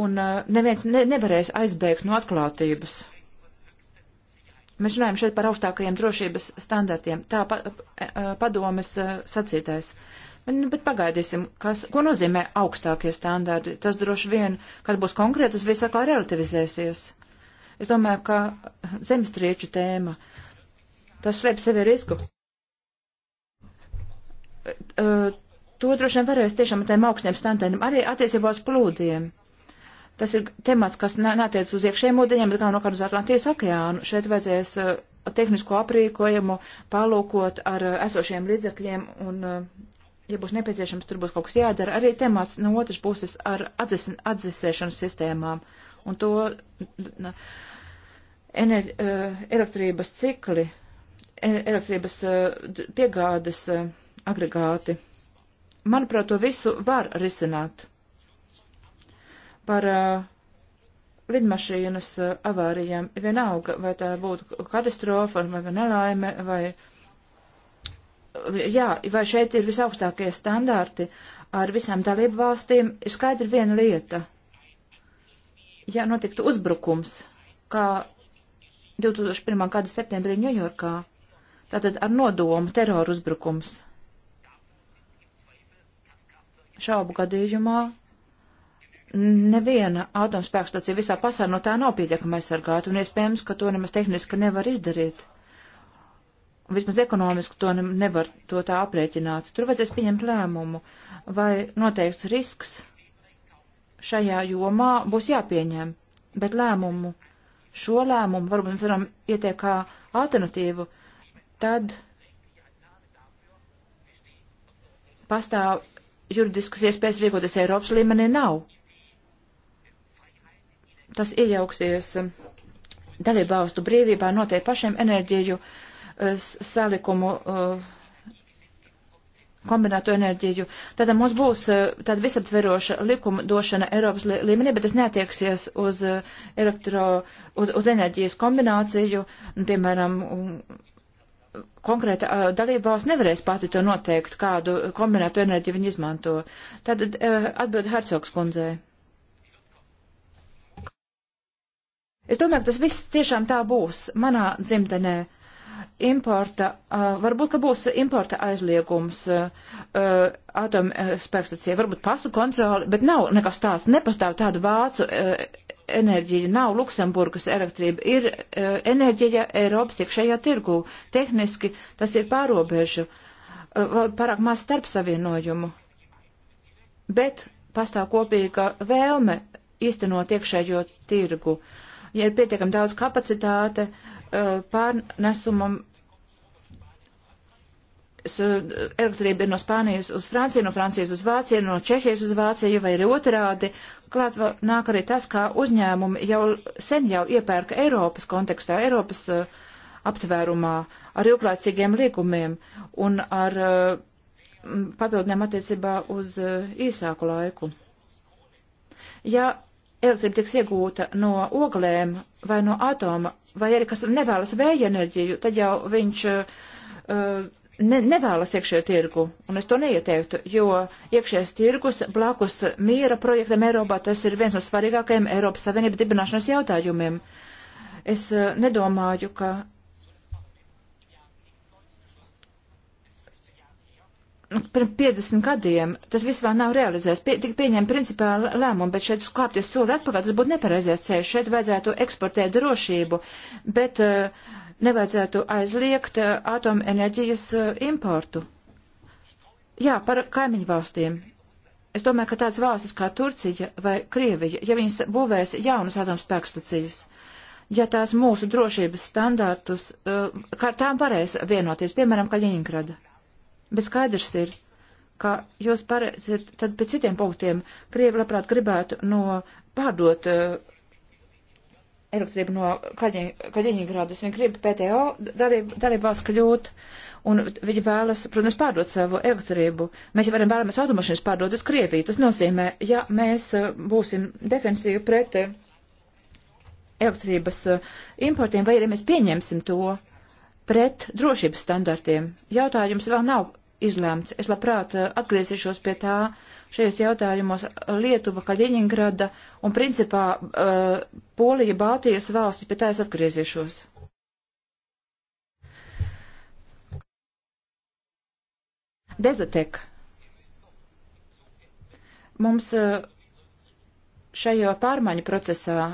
un uh, neviens ne, nevarēs aizbēgt no atklātības. Mēs runājam šeit par augstākajiem drošības standartiem. Tā pa, uh, padomes uh, sacītais. Nu, bet pagaidīsim, kas, ko nozīmē augstākie standarti. Tas droši vien, kad būs konkrēti, tas viss atkal relativizēsies. Es domāju, ka zemestrieču tēma, tas slēp sevi risku. Uh, to droši vien varēs tiešām ar tiem augstiem standartiem, arī attiecībā uz plūdiem. Tas ir temats, kas netiec uz iekšējiem ūdeņiem, bet galvenokārt uz Atlantijas okeānu. Šeit vajadzēs uh, tehnisko aprīkojumu palūkot ar uh, esošiem līdzekļiem un uh, ja būs nepieciešams, tur būs kaut kas jādara. Arī temats no otras puses ar atdzis, atdzisēšanas sistēmām un to ener, eh, elektrības cikli, e, elektrības eh, piegādes eh, agregāti. Manuprāt, to visu var risināt. Par uh, lidmašīnas avārijām vienalga, vai tā būtu katastrofa, vai nelaime, vai uh, jā, vai šeit ir visaugstākie standarti ar visām dalību valstīm, ir skaidri viena lieta. Ja notiktu uzbrukums, kā 2001. gada septembrī Ņujorkā, tātad ar nodomu teroru uzbrukums, šaubu gadījumā neviena atomspēkstacija visā pasaulē no tā nav pietiekama aizsargāta, un iespējams, ka to nemaz tehniski nevar izdarīt vismaz ekonomiski to ne, nevar to tā aprēķināt. Tur vajadzēs pieņemt lēmumu, vai noteikts risks šajā jomā būs jāpieņem, bet lēmumu, šo lēmumu varbūt mēs varam ieteikt kā alternatīvu, tad pastāv juridiskas iespējas rīkoties Eiropas līmenī nav. Tas iejauksies eh, dalībvalstu brīvībā noteikt pašiem enerģiju uh, salikumu eh, kombinēto enerģiju. Tātad mums būs eh, tāda visaptveroša likuma došana Eiropas līmenī, bet tas netieksies uz eh, elektro, uz, uz enerģijas kombināciju, piemēram, konkrēta dalība valsts nevarēs pati to noteikt, kādu kombinēto enerģiju viņi izmanto. Tad atbild Hercogs kundzē. Es domāju, ka tas viss tiešām tā būs manā dzimtenē importa, varbūt, ka būs importa aizliegums atomspēkstacijai, varbūt pasu kontroli, bet nav nekas tāds, nepastāv tāda vācu enerģija, nav Luksemburgas elektrība, ir enerģija Eiropas iekšējā tirgū. Tehniski tas ir pārobežu, pārāk maz starpsavienojumu. Bet pastāv kopīga vēlme īstenot iekšējo tirgu. Ja ir pietiekami daudz kapacitāte, uh, Uh, pārnesumam elektrība ir no Spānijas uz Franciju, no Francijas uz Vāciju, no Čehijas uz Vāciju vai arī otrādi. Klāt nāk arī tas, kā uzņēmumi jau sen jau iepērka Eiropas kontekstā, Eiropas uh, aptvērumā ar ilglaicīgiem līgumiem un ar uh, papildinēm attiecībā uz uh, īsāku laiku. Ja elektrība tiks iegūta no oglēm vai no atoma vai arī kas nevēlas vēja enerģiju, tad jau viņš uh, ne, nevēlas iekšējo tirgu, un es to neieteiktu, jo iekšējais tirgus blakus miera projektam Eiropā tas ir viens no svarīgākajiem Eiropas Savienības dibināšanas jautājumiem. Es uh, nedomāju, ka Nu, pirms 50 gadiem tas viss vēl nav realizēts. Pie, tik pieņem principāli lēmumu, bet šeit skāpties soli atpakaļ, tas būtu nepareizais ceļš. Šeit vajadzētu eksportēt drošību, bet uh, nevajadzētu aizliegt uh, atomenerģijas uh, importu. Jā, par kaimiņu valstīm. Es domāju, ka tāds valstis kā Turcija vai Krievija, ja viņas būvēs jaunas atomspēkstacijas, ja tās mūsu drošības standārtus, kā tām varēs vienoties, piemēram, Kaļiņingrada Bet skaidrs ir, ka jūs pārēsiet tad pēc citiem punktiem. Krievi labprāt gribētu no pārdot uh, elektrību no Kaļiņigrādas. Viņi grib PTO darībās kļūt, un viņi vēlas, protams, pārdot savu elektrību. Mēs jau varam vēlamies automašīnas pārdot uz Krieviju. Tas nozīmē, ja mēs uh, būsim defensīvi pret uh, elektrības importiem, vai arī mēs pieņemsim to pret drošības standartiem. Jautājums vēl nav izlēmts. Es labprāt eh, atgriezīšos pie tā šajos jautājumos Lietuva, Kaļiņingrada un principā eh, Polija, Baltijas valsts, pie tā es atgriezīšos. Dezatek. Mums eh, šajā pārmaiņu procesā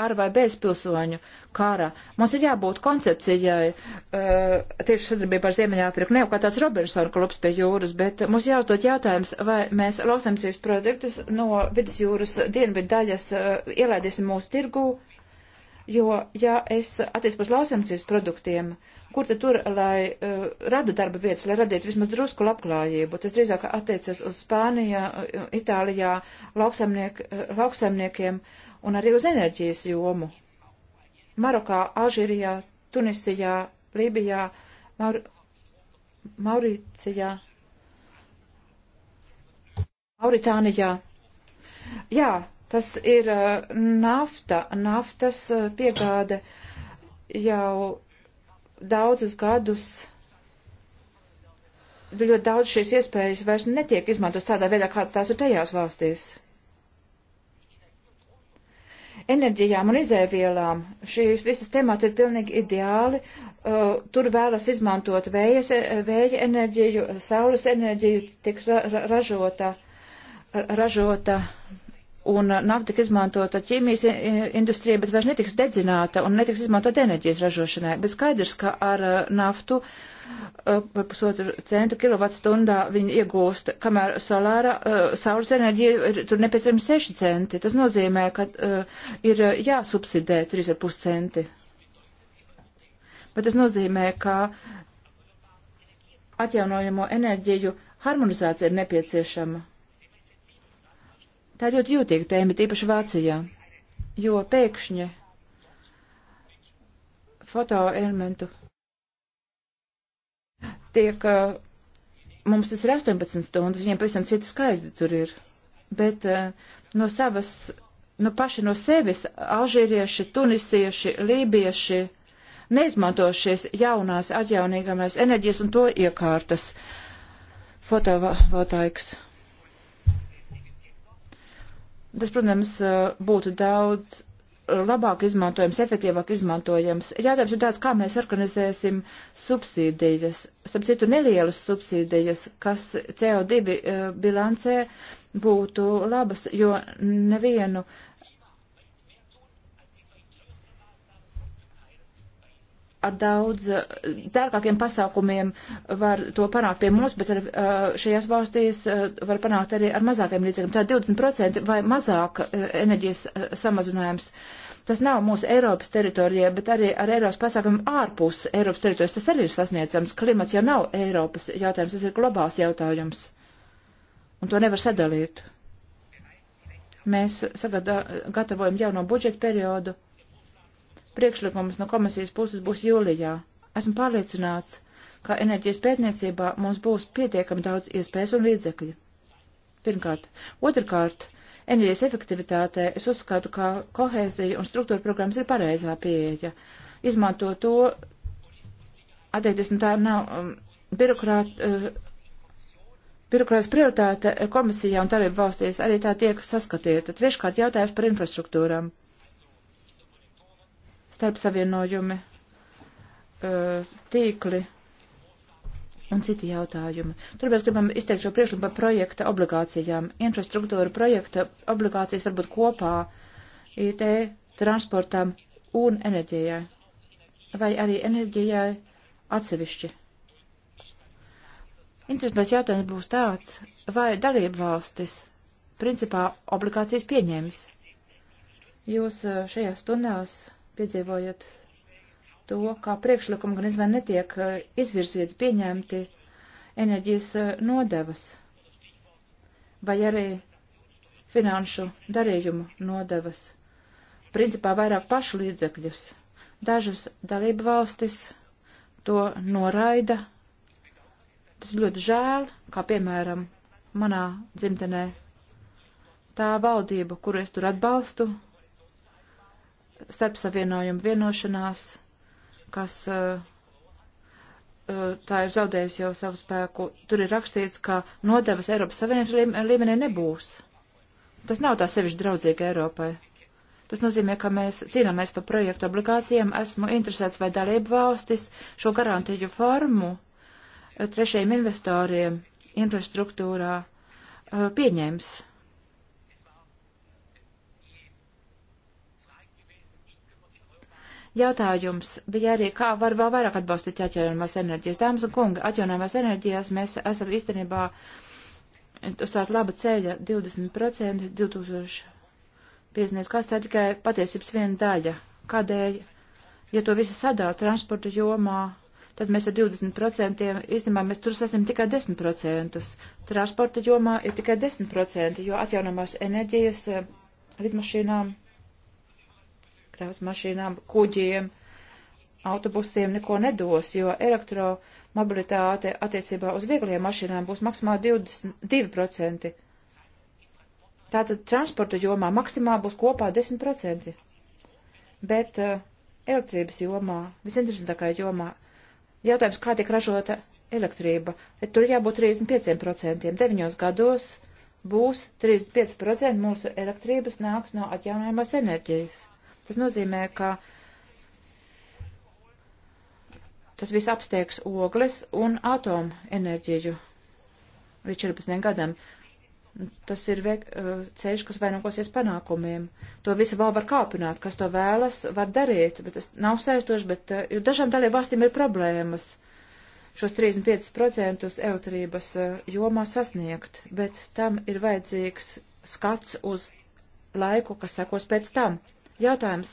ar vai bez pilsoņu kara. Mums ir jābūt koncepcijai uh, tieši sadarbībā ar Ziemeļāfriku, ne jau kā tāds Robinsona klubs pie jūras, bet mums jāuzdod jautājums, vai mēs lauksaimniecības produktus no vidusjūras dienvidu daļas uh, ielaidīsim mūsu tirgū, jo, ja es attiecos lauksaimniecības produktiem, kur tad tur, lai uh, rada darba vietas, lai radītu vismaz drusku labklājību, tas drīzāk attiecas uz Spānijā, Itālijā, lauksaimniekiem, un arī uz enerģijas jomu. Marokā, Alžīrijā, Tunisijā, Lībijā, Maur Mauricijā, Mauritānijā. Jā, tas ir uh, nafta, naftas uh, piegāde jau daudzus gadus ļoti daudz šīs iespējas vairs netiek izmantotas tādā veidā, kāds tās ir tajās valstīs enerģijām un izēvielām. Šīs visas temati ir pilnīgi ideāli. Uh, tur vēlas izmantot vējas, vēja enerģiju, saules enerģiju, tik ra ražota, ražota un nafta tika izmantota ķīmijas industrijai, bet vairs netiks dedzināta un netiks izmantot enerģijas ražošanai. Bet skaidrs, ka ar uh, naftu uh, par pusotru centu kilovatu stundā viņi iegūst, kamēr solāra, uh, saules enerģija ir tur nepieciešams 6 centi. Tas nozīmē, ka ir jāsubsidē 3,5 centi. Bet tas nozīmē, ka atjaunojamo enerģiju harmonizācija ir nepieciešama Tā ir ļoti jūtīga tēma, tīpaši Vācijā, jo pēkšņi fotoelementu tiek, mums tas ir 18 stundas, viņiem pavisam citi skaidri tur ir, bet no savas, no nu, paši no sevis alžīrieši, tunisieši, lībieši neizmanto šīs jaunās atjaunīgamās enerģijas un to iekārtas fotovoltaikas. Foto Tas, protams, būtu daudz labāk izmantojams, efektīvāk izmantojams. Jautājums ir tāds, kā mēs organizēsim subsīdijas, starp citu nelielas subsīdijas, kas CO2 bilancē būtu labas, jo nevienu uh, ar daudz dārgākiem pasākumiem var to panākt pie mums, bet ar, šajās valstīs var panākt arī ar mazākiem līdzekļiem. Tā 20% vai mazāk enerģijas samazinājums. Tas nav mūsu Eiropas teritorijā, bet arī ar Eiropas pasākumiem ārpus Eiropas teritorijas. Tas arī ir sasniedzams. Klimats jau nav Eiropas jautājums, tas ir globāls jautājums. Un to nevar sadalīt. Mēs sagadā, gatavojam jauno budžetu periodu priekšlikums no komisijas puses būs jūlijā. Esmu pārliecināts, ka enerģijas pētniecībā mums būs pietiekami daudz iespējas un līdzekļu. Pirmkārt. Otrkārt, enerģijas efektivitātē es uzskatu, ka kohēzija un struktūra programmas ir pareizā pieeja. Izmanto to, atteikties no tā nav um, birokrāt, uh, birokrātas prioritāte komisijā un tarību valstīs arī tā tiek saskatīta. Treškārt jautājums par infrastruktūrām starpsavienojumi, e, tīkli un citi jautājumi. Tur mēs gribam izteikt šo priekšlikumu par projekta obligācijām. Infrastruktūra projekta obligācijas varbūt kopā IT, transportam un enerģijai. Vai arī enerģijai atsevišķi. Interesants jautājums būs tāds, vai dalību valstis principā obligācijas pieņēmis. Jūs e, šajās stundās piedzīvojot to, kā priekšlikumi gan izvēl netiek eh, izvirzīti, pieņemti enerģijas eh, nodevas vai arī finanšu darījumu nodevas. Principā vairāk pašu līdzekļus. Dažas dalību valstis to noraida. Tas ļoti žēl, kā piemēram manā dzimtenē. Tā valdība, kuru es tur atbalstu, starpsavienojuma vienošanās, kas eh, eh, tā ir zaudējusi jau savu spēku. Tur ir rakstīts, ka nodevas Eiropas Savienības līmenī nebūs. Tas nav tā sevišķi draudzīgi Eiropai. Tas nozīmē, ka mēs cīnāmies par projektu obligācijām. Esmu interesēts, vai dalību valstis šo garantiju formu eh, trešajiem investoriem infrastruktūrā pieņems. Jautājums bija arī, kā var vēl vairāk atbalstīt atjaunojumās enerģijas. Dāmas un kungi, atjaunojumās enerģijās mēs esam īstenībā uz tāda laba ceļa 20% 2050. Kas tā tikai patiesības viena daļa? Kādēļ? Ja to visu sadala transporta jomā, tad mēs ar 20% īstenībā mēs tur esam tikai 10%. Transporta jomā ir tikai 10%, jo atjaunamās enerģijas eh, lidmašīnām kravas mašīnām, kuģiem, autobusiem neko nedos, jo elektromobilitāte attiecībā uz viegliem mašīnām būs maksimāli 22%. Tātad transporta jomā maksimāli būs kopā 10%. Bet uh, elektrības jomā, visinteresantākā jomā, jautājums, kā tiek ražota elektrība, bet tur jābūt 35%. Deviņos gados būs 35% mūsu elektrības nāks no atjaunojamās enerģijas. Tas nozīmē, ka tas viss apstiegs ogles un atomu enerģiju līdz 14 gadam. Tas ir veik, uh, ceļš, kas vainokosies panākumiem. To visu vēl var kāpināt, kas to vēlas, var darīt, bet tas nav saistoši, bet uh, jo dažām dalību valstīm ir problēmas šos 35% elektrības uh, jomā sasniegt, bet tam ir vajadzīgs skats uz laiku, kas sekos pēc tam. Jautājums,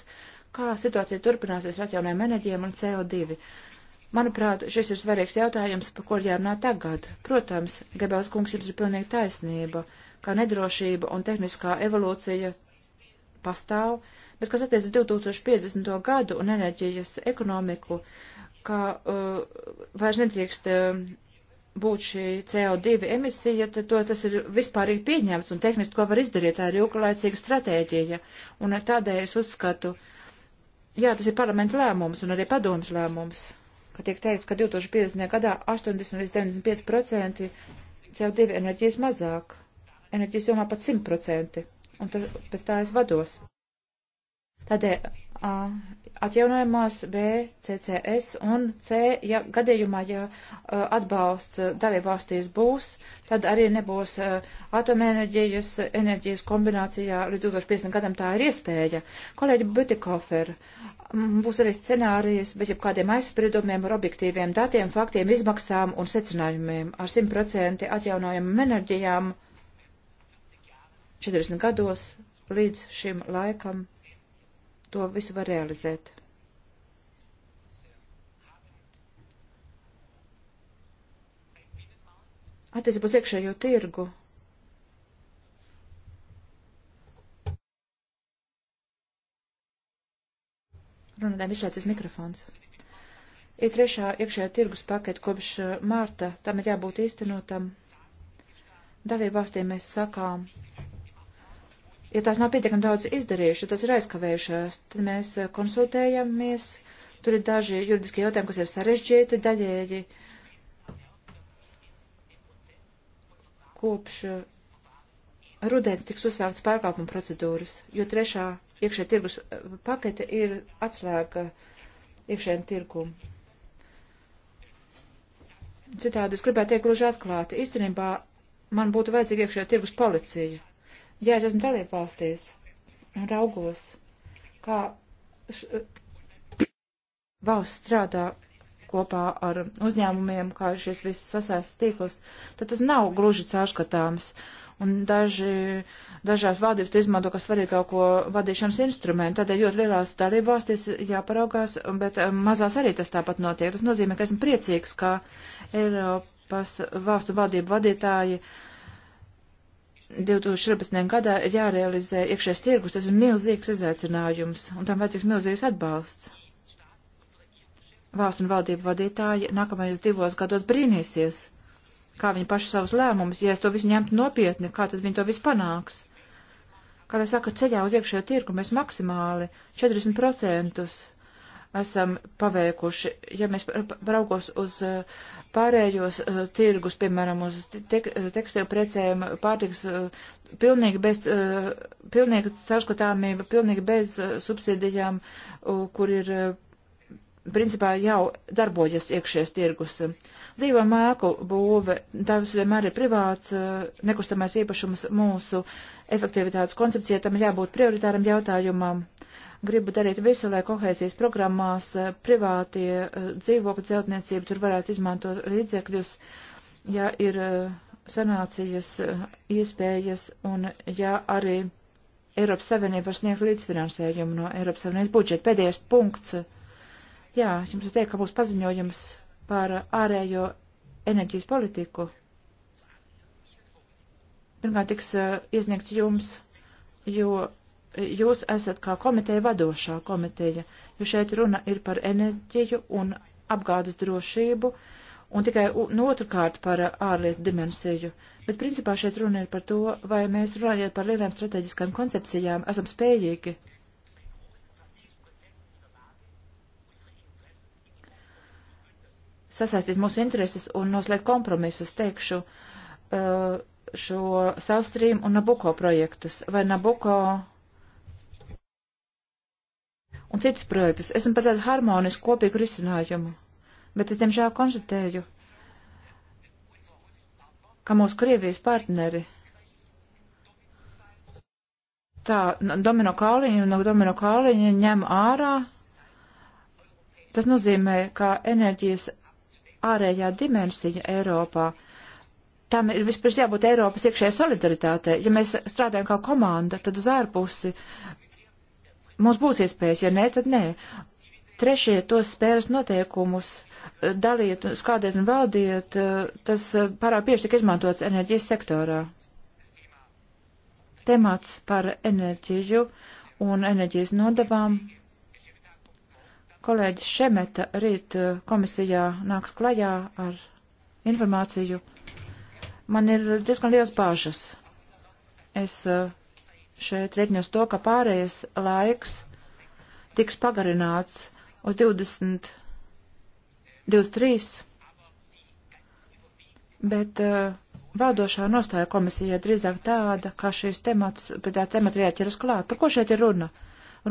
kā situācija turpināsies ar atjaunēm enerģiem un CO2? Manuprāt, šis ir svarīgs jautājums, par ko jārunā tagad. Protams, Gebels kungs jums ir pilnīgi taisnība, kā nedrošība un tehniskā evolūcija pastāv, bet kas attiecas 2050. gadu un enerģijas ekonomiku, kā uh, vairs nedrīkst uh, būt šī CO2 emisija, tad to, tas ir vispārīgi pieņemts un tehniski, ko var izdarīt, tā ir ilglaicīga stratēģija. Un tādēļ es uzskatu, jā, tas ir parlamenta lēmums un arī padomas lēmums, ka tiek teikts, ka 2050. gadā 80 līdz 95% CO2 enerģijas mazāk, enerģijas jomā pat 100%, un tad pēc tā es vados. Tādēļ atjaunojumos B, CCS un C, ja gadījumā, ja atbalsts dalībvalstīs būs, tad arī nebūs atomenerģijas enerģijas kombinācijā līdz 2050 gadam tā ir iespēja. Kolēģi Butikofer, būs arī scenārijas bez jebkādiem aizspriedumiem ar objektīviem datiem, faktiem, izmaksām un secinājumiem ar 100% atjaunojumam enerģijām 40 gados līdz šim laikam to visu var realizēt. Attiecībā uz iekšējo tirgu. Runātājiem ir šāds mikrofons. Ir trešā iekšējā tirgus paketa kopš eh, mārta, tam ir jābūt īstenotam. Dalību valstīm mēs sakām, ja tās nav pietiekami daudz izdarījuši, tas ir aizkavējušās, tad mēs eh, konsultējamies. Tur ir daži juridiski jautājumi, kas ir sarežģīti daļēji. Kopš eh, rudens tiks uzsākts pārkāpuma procedūras, jo trešā iekšē tirgus eh, pakete ir atslēga iekšējiem tirgum. Citādi es gribētu teikt gluži atklāti. Īstenībā man būtu vajadzīga iekšējā tirgus policija Ja es esmu dalībvalstīs un raugos, kā š, eh, valsts strādā kopā ar uzņēmumiem, kā šis viss sasaistas tīkls, tad tas nav gluži cārskatāms. Un daži, dažās valdības izmanto kā svarīgāko vadīšanas instrumentu, tādēļ ļoti lielās dalību valstīs jāparaugās, bet eh, mazās arī tas tāpat notiek. Tas nozīmē, ka esmu priecīgs, ka Eiropas valstu valdību vadītāji uh, 2014. gadā ir jārealizē iekšējais tirgus, tas ir milzīgs izaicinājums, un tam vajadzīgs milzīgs atbalsts. Valsts un valdību vadītāji nākamajos divos gados brīnīsies, kā viņi paši savus lēmumus, ja es to visu ņemtu nopietni, kā tad viņi to visu panāks. Kā lai saka, ceļā uz iekšējo tirgu mēs maksimāli 40% esam paveikuši. Ja mēs braukos uz eh, pārējos eh, tirgus, piemēram, uz tek, eh, tekstilu precēm, pārtiks pilnīgi bez, pilnīgi saškatāmība, pilnīgi bez subsīdijām, kur ir principā jau darbojas iekšies tirgus. Dzīvo mēku būve, tas vienmēr ir privāts nekustamais īpašums mūsu efektivitātes koncepcijai, tam jābūt prioritāram jautājumam. Uh, gribu darīt visu, lai kohēzijas programmās eh, privātie eh, dzīvokļu celtniecība tur varētu izmantot līdzekļus, ja ir eh, sanācijas iespējas un ja arī Eiropas Savienība var sniegt līdzfinansējumu no Eiropas Savienības budžeta. Pēdējais punkts. Jā, jums ir teikt, ka būs paziņojums par ārējo enerģijas politiku. Pirmkārt tiks iesniegts jums, jo jūs esat kā komiteja vadošā komiteja, jo šeit runa ir par enerģiju un apgādes drošību un tikai nu, otrkārt par ārlietu dimensiju. Bet principā šeit runa ir par to, vai mēs runājot par lielām strateģiskām koncepcijām, esam spējīgi. Sasaistīt mūsu intereses un noslēgt kompromisus, teikšu, uh, šo South Stream un Nabuko projektus, vai Nabuko un citus projektus. Esam par tādu harmonisku kopīgu risinājumu. Bet es, diemžēl, konstatēju, ka mūsu Krievijas partneri tā domino kāliņu, no domino kāliņa ņem ārā. Tas nozīmē, ka enerģijas ārējā dimensija Eiropā tam ir vispirms jābūt Eiropas iekšējai solidaritātei. Ja mēs strādājam kā komanda, tad uz ārpusi Mums būs iespējas, ja nē, tad nē. Trešie tos spēras noteikumus eh, daliet, skādiet un valdiet, eh, tas eh, pārāk bieži tik izmantots enerģijas sektorā. Temats par enerģiju un enerģijas nodavām. Kolēģis Šemeta rīt komisijā nāks klajā ar informāciju. Man ir diezgan liels bāžas. Es uh, šeit rēķinos to, ka pārējais laiks tiks pagarināts uz 20, 23, bet uh, valdošā nostāja komisija drīzāk tāda, ka šīs temats, pie tā temata jāķeras klāt. Par ko šeit ir runa?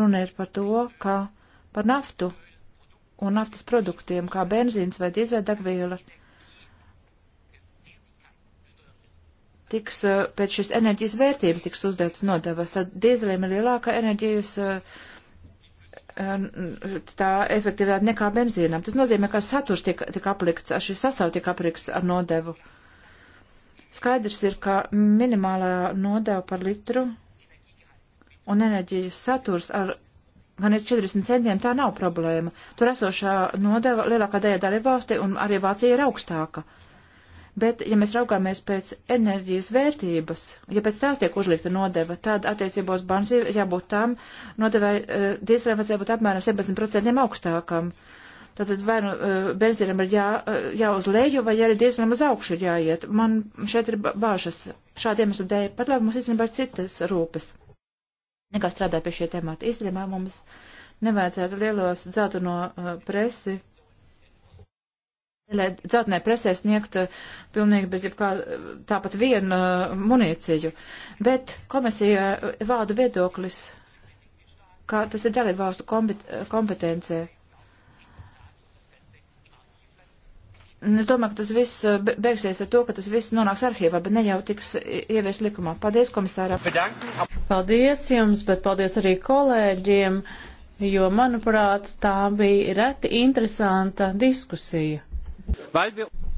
Runa ir par to, ka par naftu un naftas produktiem, kā benzīns vai dīzeļdegviela, uh, tiks eh, pēc šīs enerģijas vērtības tiks uzdotas nodevas, tad dīzelim ir lielāka enerģijas eh, tā efektivitāte nekā benzīnam. Tas nozīmē, ka saturs tiek, tiek aplikts, šis sastāv tiek aplikts ar nodevu. Skaidrs ir, ka minimālā nodeva par litru un enerģijas saturs ar gan es 40 centiem tā nav problēma. Tur esošā nodeva lielākā daļa dalībvalstī un arī Vācija ir augstāka. Uh, Bet, ja mēs raugāmies pēc enerģijas vērtības, ja pēc tās tiek uzlikta nodeva, tad attiecībos banks ir jābūt tam nodevai, uh, eh, dīzelim vajadzēja būt apmēram 17% augstākam. Tātad vai nu uh, benzīnam ir jā, uh, eh, jāuz leju, vai arī dīzelim uz augšu ir jāiet. Man šeit ir bāžas šādiem iemeslu dēļ. Pat labi, mums īstenībā ir citas rūpes. Nekā strādā pie šie temati. Īstenībā mums nevajadzētu lielos dzelteno uh, presi lai dzeltenē presē sniegt eh, pilnīgi bez jebkā eh, tāpat vienu eh, munīciju. Bet komisija vāda viedoklis, ka tas ir dalībvalstu kompetencē. Es domāju, ka tas viss beigsies ar to, ka tas viss nonāks arhīvā, bet ne jau tiks ievies likumā. Paldies, komisārā. Paldies jums, bet paldies arī kolēģiem, jo, manuprāt, tā bija reti interesanta diskusija.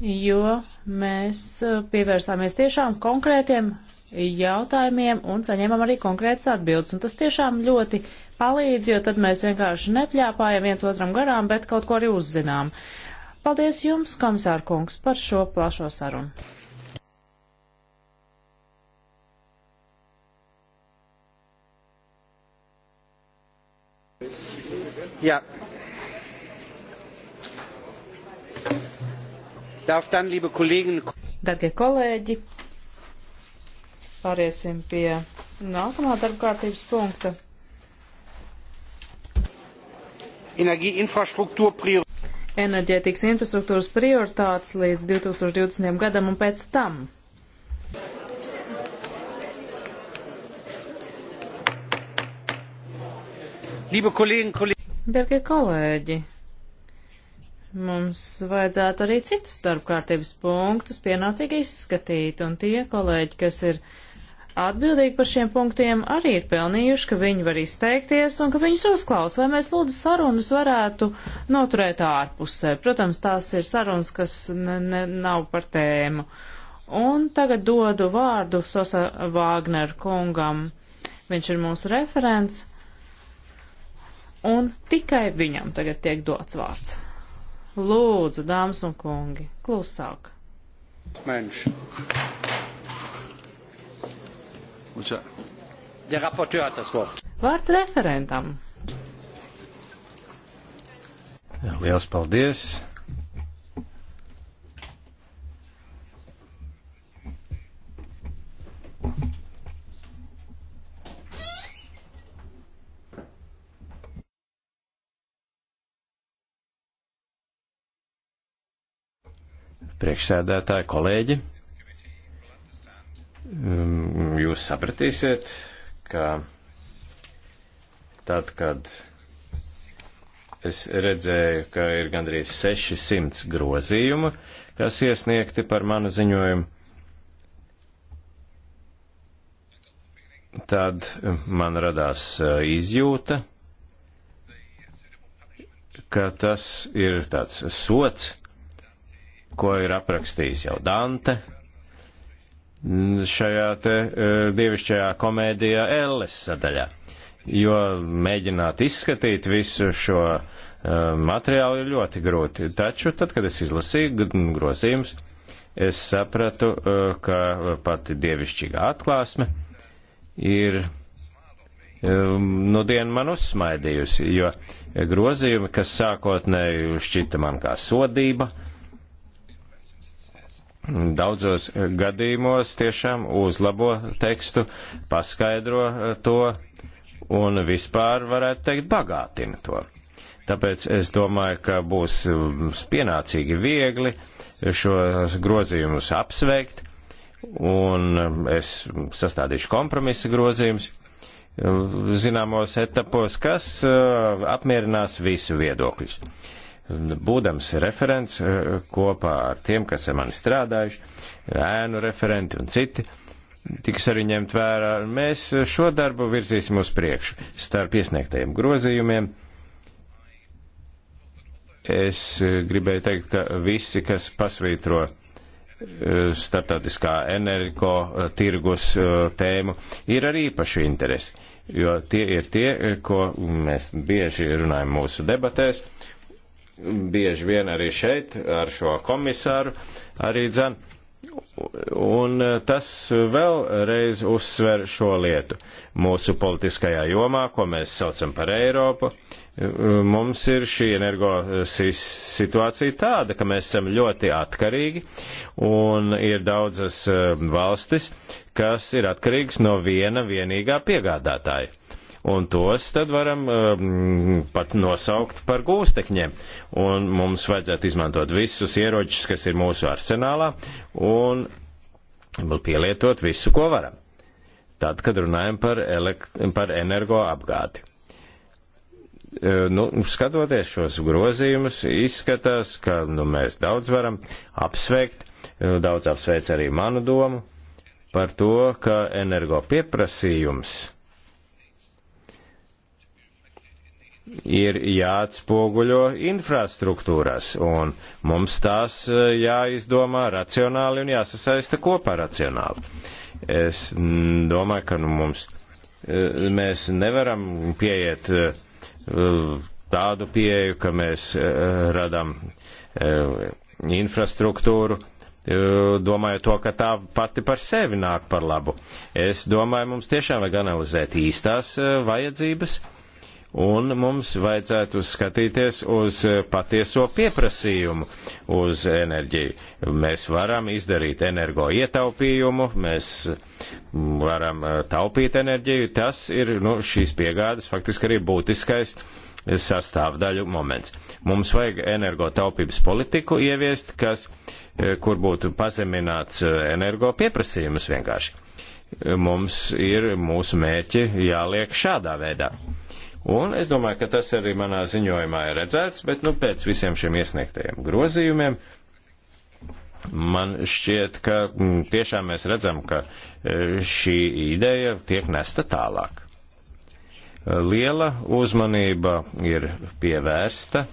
Jo mēs eh, pievērsāmies tiešām konkrētiem jautājumiem un saņēmām arī konkrētas atbildes. Un tas tiešām ļoti palīdz, jo tad mēs vienkārši nepļāpājam viens otram garām, bet kaut ko arī uzzinām. Paldies jums, komisārkungs, par šo plašo sarunu. Jā, Darbie kolēģi, pāriesim pie nākamā darba kārtības punkta. Enerģētikas infrastruktūras prioritātes līdz 2020. gadam un pēc tam. Darbie kolēģi, mums vajadzētu arī citus darbkārtības punktus pienācīgi izskatīt, un tie kolēģi, kas ir atbildīgi par šiem punktiem, arī ir pelnījuši, ka viņi var izteikties un ka viņus uzklaus, vai mēs lūdzu sarunas varētu noturēt ārpusē. Protams, tās ir sarunas, kas ne, ne, nav par tēmu. Un tagad dodu vārdu Sosa Vāgner kungam. Viņš ir mūsu referents. Un tikai viņam tagad tiek dots vārds. Lūdzu, dāmas un kungi, klusāk. Mensch. Der Rapporteur hat das Wort. Vārds referentam. Liels paldies! priekšsēdētāji, kolēģi. Um, jūs sapratīsiet, ka tad, kad es redzēju, ka ir gandrīz 600 grozījumu, kas iesniegti par manu ziņojumu, tad man radās uh, izjūta, ka tas ir tāds sots, ko ir aprakstījis jau Dante šajā te e, dievišķajā komēdijā Elles sadaļā. Jo mēģināt izskatīt visu šo e, materiālu ir ļoti grūti. Taču tad, kad es izlasīju grozījumus, es sapratu, e, ka pati dievišķīgā atklāsme ir nu dienu man uzsmaidījusi, jo grozījumi, kas sākotnēji šķita man kā sodība, uh, daudzos gadījumos tiešām uzlabo tekstu, paskaidro eh, to un vispār varētu teikt bagātina to. Tāpēc es domāju, ka būs mm, pienācīgi viegli šos grozījumus apsveikt, un mm, es sastādīšu kompromisa grozījumus mm, zināmos etapos, kas eh, apmierinās visu viedokļus būdams referents eh, kopā ar tiem, kas ar mani strādājuši, ēnu referenti un citi, tiks arī ņemt vērā. Mēs šo darbu virzīsim uz priekšu starp iesniegtajiem grozījumiem. Es eh, gribēju teikt, ka visi, kas pasvītro eh, starptautiskā energo tirgus tēmu, ir arī īpaši interesi, jo tie ir tie, ko mēs bieži runājam mūsu debatēs bieži vien arī šeit ar šo komisāru arī dzen. Un e, tas vēlreiz uzsver šo lietu. Mūsu politiskajā jomā, ko mēs saucam par Eiropu, e, mums ir šī energo situācija tāda, ka mēs esam ļoti atkarīgi un ir daudzas e, valstis, kas ir atkarīgas no viena vienīgā piegādātāja un tos tad varam um, pat nosaukt par gūstekņiem. Un mums vajadzētu izmantot visus ieročus, kas ir mūsu arsenālā, un pielietot visu, ko varam. Tad, kad runājam par, elekt, par energoapgādi. Ehm, nu, skatoties šos grozījumus, izskatās, ka nu, mēs daudz varam apsveikt, ehm, daudz apsveic arī manu domu par to, ka energo pieprasījums ir jāatspoguļo infrastruktūras, un mums tās e, jāizdomā racionāli un jāsasaista kopā racionāli. Es domāju, ka nu, mums, e, mēs nevaram pieiet e, tādu pieeju, ka mēs radam infrastruktūru, domāju to, ka tā pati par sevi nāk par labu. Es domāju, mums tiešām vajag analizēt īstās vajadzības, uh, un mums vajadzētu skatīties uz eh, patieso pieprasījumu uz enerģiju. Mēs varam izdarīt energo ietaupījumu, mēs mm, varam eh, taupīt enerģiju. Tas ir nu, šīs piegādes faktiski arī būtiskais sastāvdaļu moments. Mums vajag energotaupības politiku ieviest, kas, eh, kur būtu pazemināts energo pieprasījums vienkārši. Mums ir mūsu mērķi jāliek šādā veidā. Uh, Un es domāju, ka tas arī manā ziņojumā ir redzēts, bet nu, pēc visiem šiem iesniegtajiem grozījumiem man šķiet, ka mm, tiešām mēs redzam, ka e, šī ideja tiek nesta tālāk. Liela uzmanība ir pievērsta e,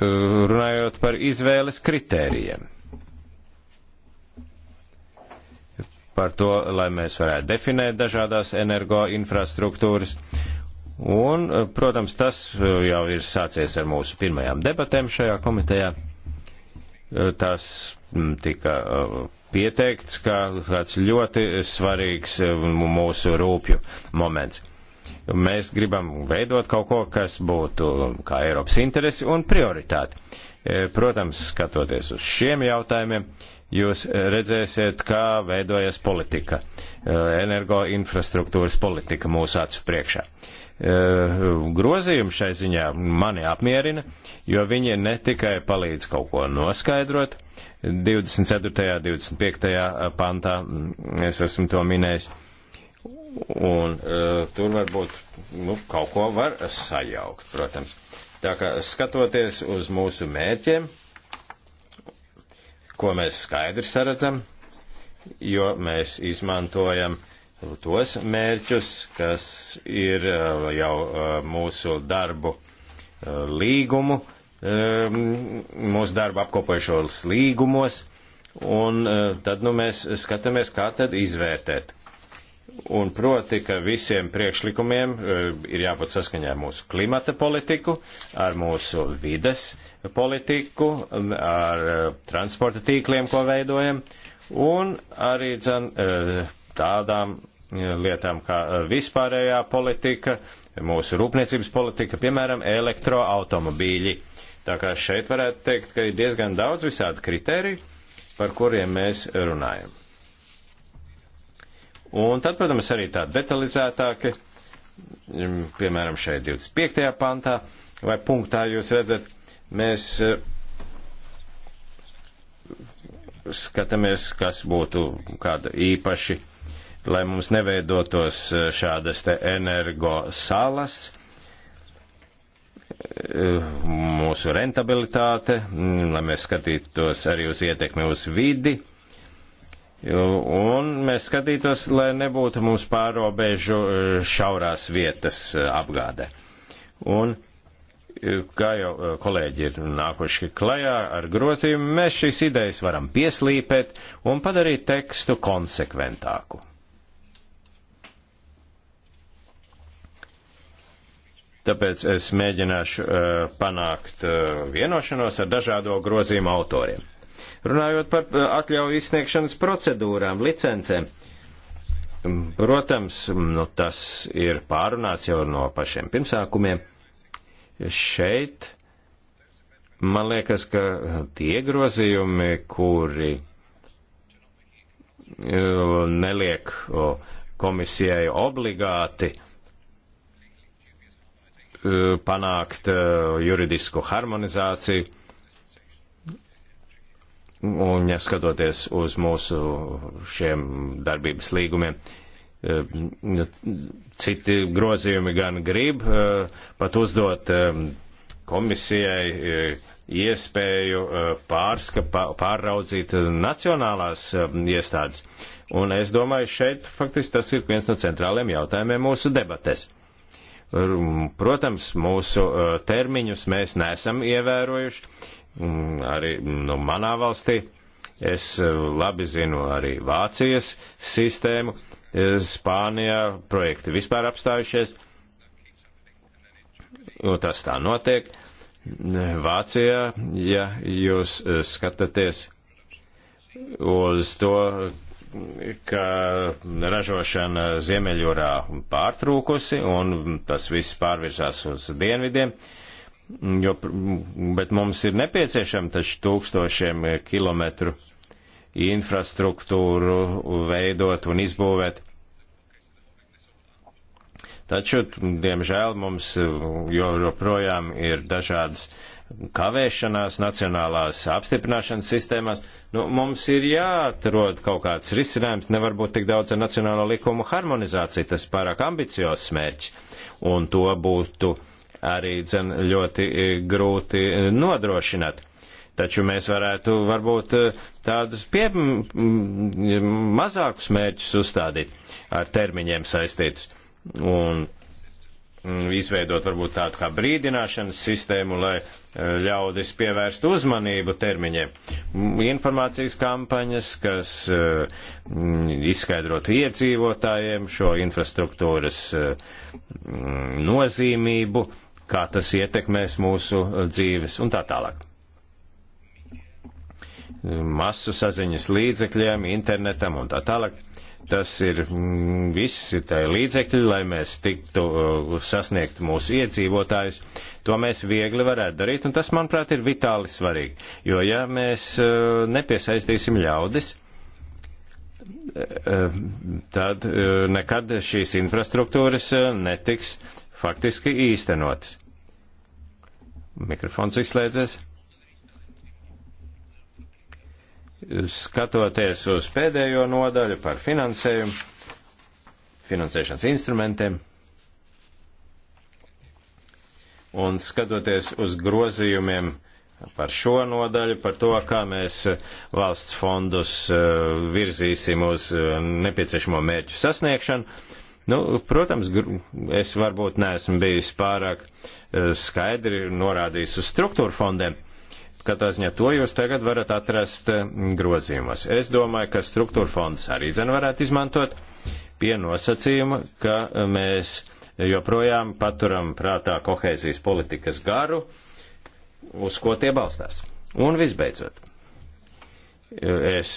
runājot par izvēles kritērijiem. par to, lai mēs varētu definēt dažādās energoinfrastruktūras. Un, eh, protams, tas eh, jau ir sācies ar mūsu pirmajām debatēm šajā komitejā. Eh, tas mm, tika pieteikts kā kāds ļoti svarīgs mūsu rūpju moments. Mēs gribam veidot kaut ko, kas būtu kā Eiropas interesi un prioritāti. E, protams, skatoties uz šiem jautājumiem, jūs redzēsiet, kā veidojas politika, e, energoinfrastruktūras politika mūsu acu priekšā. E, grozījumi šai ziņā mani apmierina, jo viņi ne tikai palīdz kaut ko noskaidrot, 24. un 25. pantā mm, es esmu to minējis, un tur varbūt nu, kaut ko var sajaukt, protams Tā kā skatoties uz mūsu mērķiem, ko mēs skaidri saredzam, jo mēs izmantojam tos mērķus, kas ir uh, jau uh, mūsu darbu uh, līgumu, um, mūsu darbu apkopojušos līgumos, un tad nu, mēs skatāmies, kā tad izvērtēt un proti, ka visiem priekšlikumiem e, ir jābūt saskaņā ar mūsu klimata politiku, ar mūsu vides politiku, ar e, transporta tīkliem, ko veidojam, un arī dzen, e, tādām lietām kā vispārējā politika, mūsu rūpniecības politika, piemēram, elektroautomobīļi. Tā kā šeit varētu teikt, ka ir diezgan daudz visādi kriteriju, par kuriem mēs runājam. Un tad, protams, arī tā detalizētāki, mm, piemēram, šeit 25. pantā vai punktā jūs redzat, mēs eh, skatāmies, kas būtu kāda īpaši, lai mums neveidotos eh, šādas te energo salas, eh, mūsu rentabilitāte, mm, lai mēs skatītos arī uz ietekmi uz vidi Un mēs skatītos, lai nebūtu mums pārobežu e, šaurās vietas e, apgāde. Un, e, kā jau kolēģi ir nākuši klajā ar grozījumu, mēs šīs idejas varam pieslīpēt un padarīt tekstu konsekventāku. Tāpēc es mēģināšu uh, panākt uh, vienošanos ar dažādo grozījumu autoriem. Runājot par eh, atļauju izsniegšanas procedūrām, licencēm. Protams, nu, tas ir pārunāts jau no pašiem pirmsākumiem. Šeit man liekas, ka eh, tie grozījumi, kuri eh, neliek komisijai obligāti panākt juridisku harmonizāciju, Un, ja skatoties uz mūsu šiem darbības līgumiem, eh, citi grozījumi gan grib eh, pat uzdot eh, komisijai iespēju pārska, pārraudzīt nacionālās iestādes. Un es domāju, šeit faktiski tas ir viens no centrāliem jautājumiem mūsu debatēs. Protams, mūsu termiņus mēs nesam ievērojuši, Mm, arī nu, manā valstī. Es eh, labi zinu arī Vācijas sistēmu. Eh, Spānijā projekti vispār apstājušies. Tas tā notiek. Eh, Vācijā, ja jūs skatāties uz to, ka ražošana Ziemeļjūrā pārtrūkusi un tas viss pārvirzās uz dienvidiem, uh, jo, bet mums ir nepieciešami taču tūkstošiem eh, kilometru infrastruktūru veidot un izbūvēt. Taču, diemžēl, mums eh, joprojām ir dažādas kavēšanās nacionālās apstiprināšanas sistēmās. Nu, mums ir jāatrod kaut kāds risinājums, nevar būt tik daudz ar nacionālo likumu harmonizāciju, tas pārāk ambiciozs mērķis, un to būtu uh, arī dzen, ļoti e, grūti e, nodrošināt. Taču mēs varētu varbūt e, tādus pie, mazākus mērķus uzstādīt ar termiņiem saistītus un izveidot varbūt tādu kā brīdināšanas sistēmu, lai ļaudis pievērst uzmanību termiņiem. Informācijas kampaņas, kas izskaidrotu iedzīvotājiem šo infrastruktūras nozīmību, kā tas ietekmēs mūsu uh, dzīves un tā tālāk. Masu saziņas līdzekļiem, internetam un tā tālāk. Tas ir mm, viss ir tā līdzekļi, lai mēs tiktu uh, sasniegt mūsu iedzīvotājus. To mēs viegli varētu darīt, un tas, manuprāt, ir vitāli svarīgi. Jo ja mēs uh, nepiesaistīsim ļaudis, tad nekad šīs infrastruktūras netiks faktiski īstenotas. Mikrofons izslēdzies. Skatoties uz pēdējo nodaļu par finansējumu, finansēšanas instrumentiem, un skatoties uz grozījumiem par šo nodaļu, par to, kā mēs valsts fondus eh, virzīsim uz eh, nepieciešamo mērķu sasniegšanu, Nu, protams, es varbūt neesmu bijis pārāk eh, skaidri norādījis uz struktūru fondiem. Katrā ziņā to jūs tagad varat atrast eh, grozījumos. Es domāju, ka struktūra fonds arī dzen varētu izmantot pie nosacījuma, ka eh, mēs joprojām paturam prātā kohēzijas politikas garu, uz ko tie balstās. Un visbeidzot, es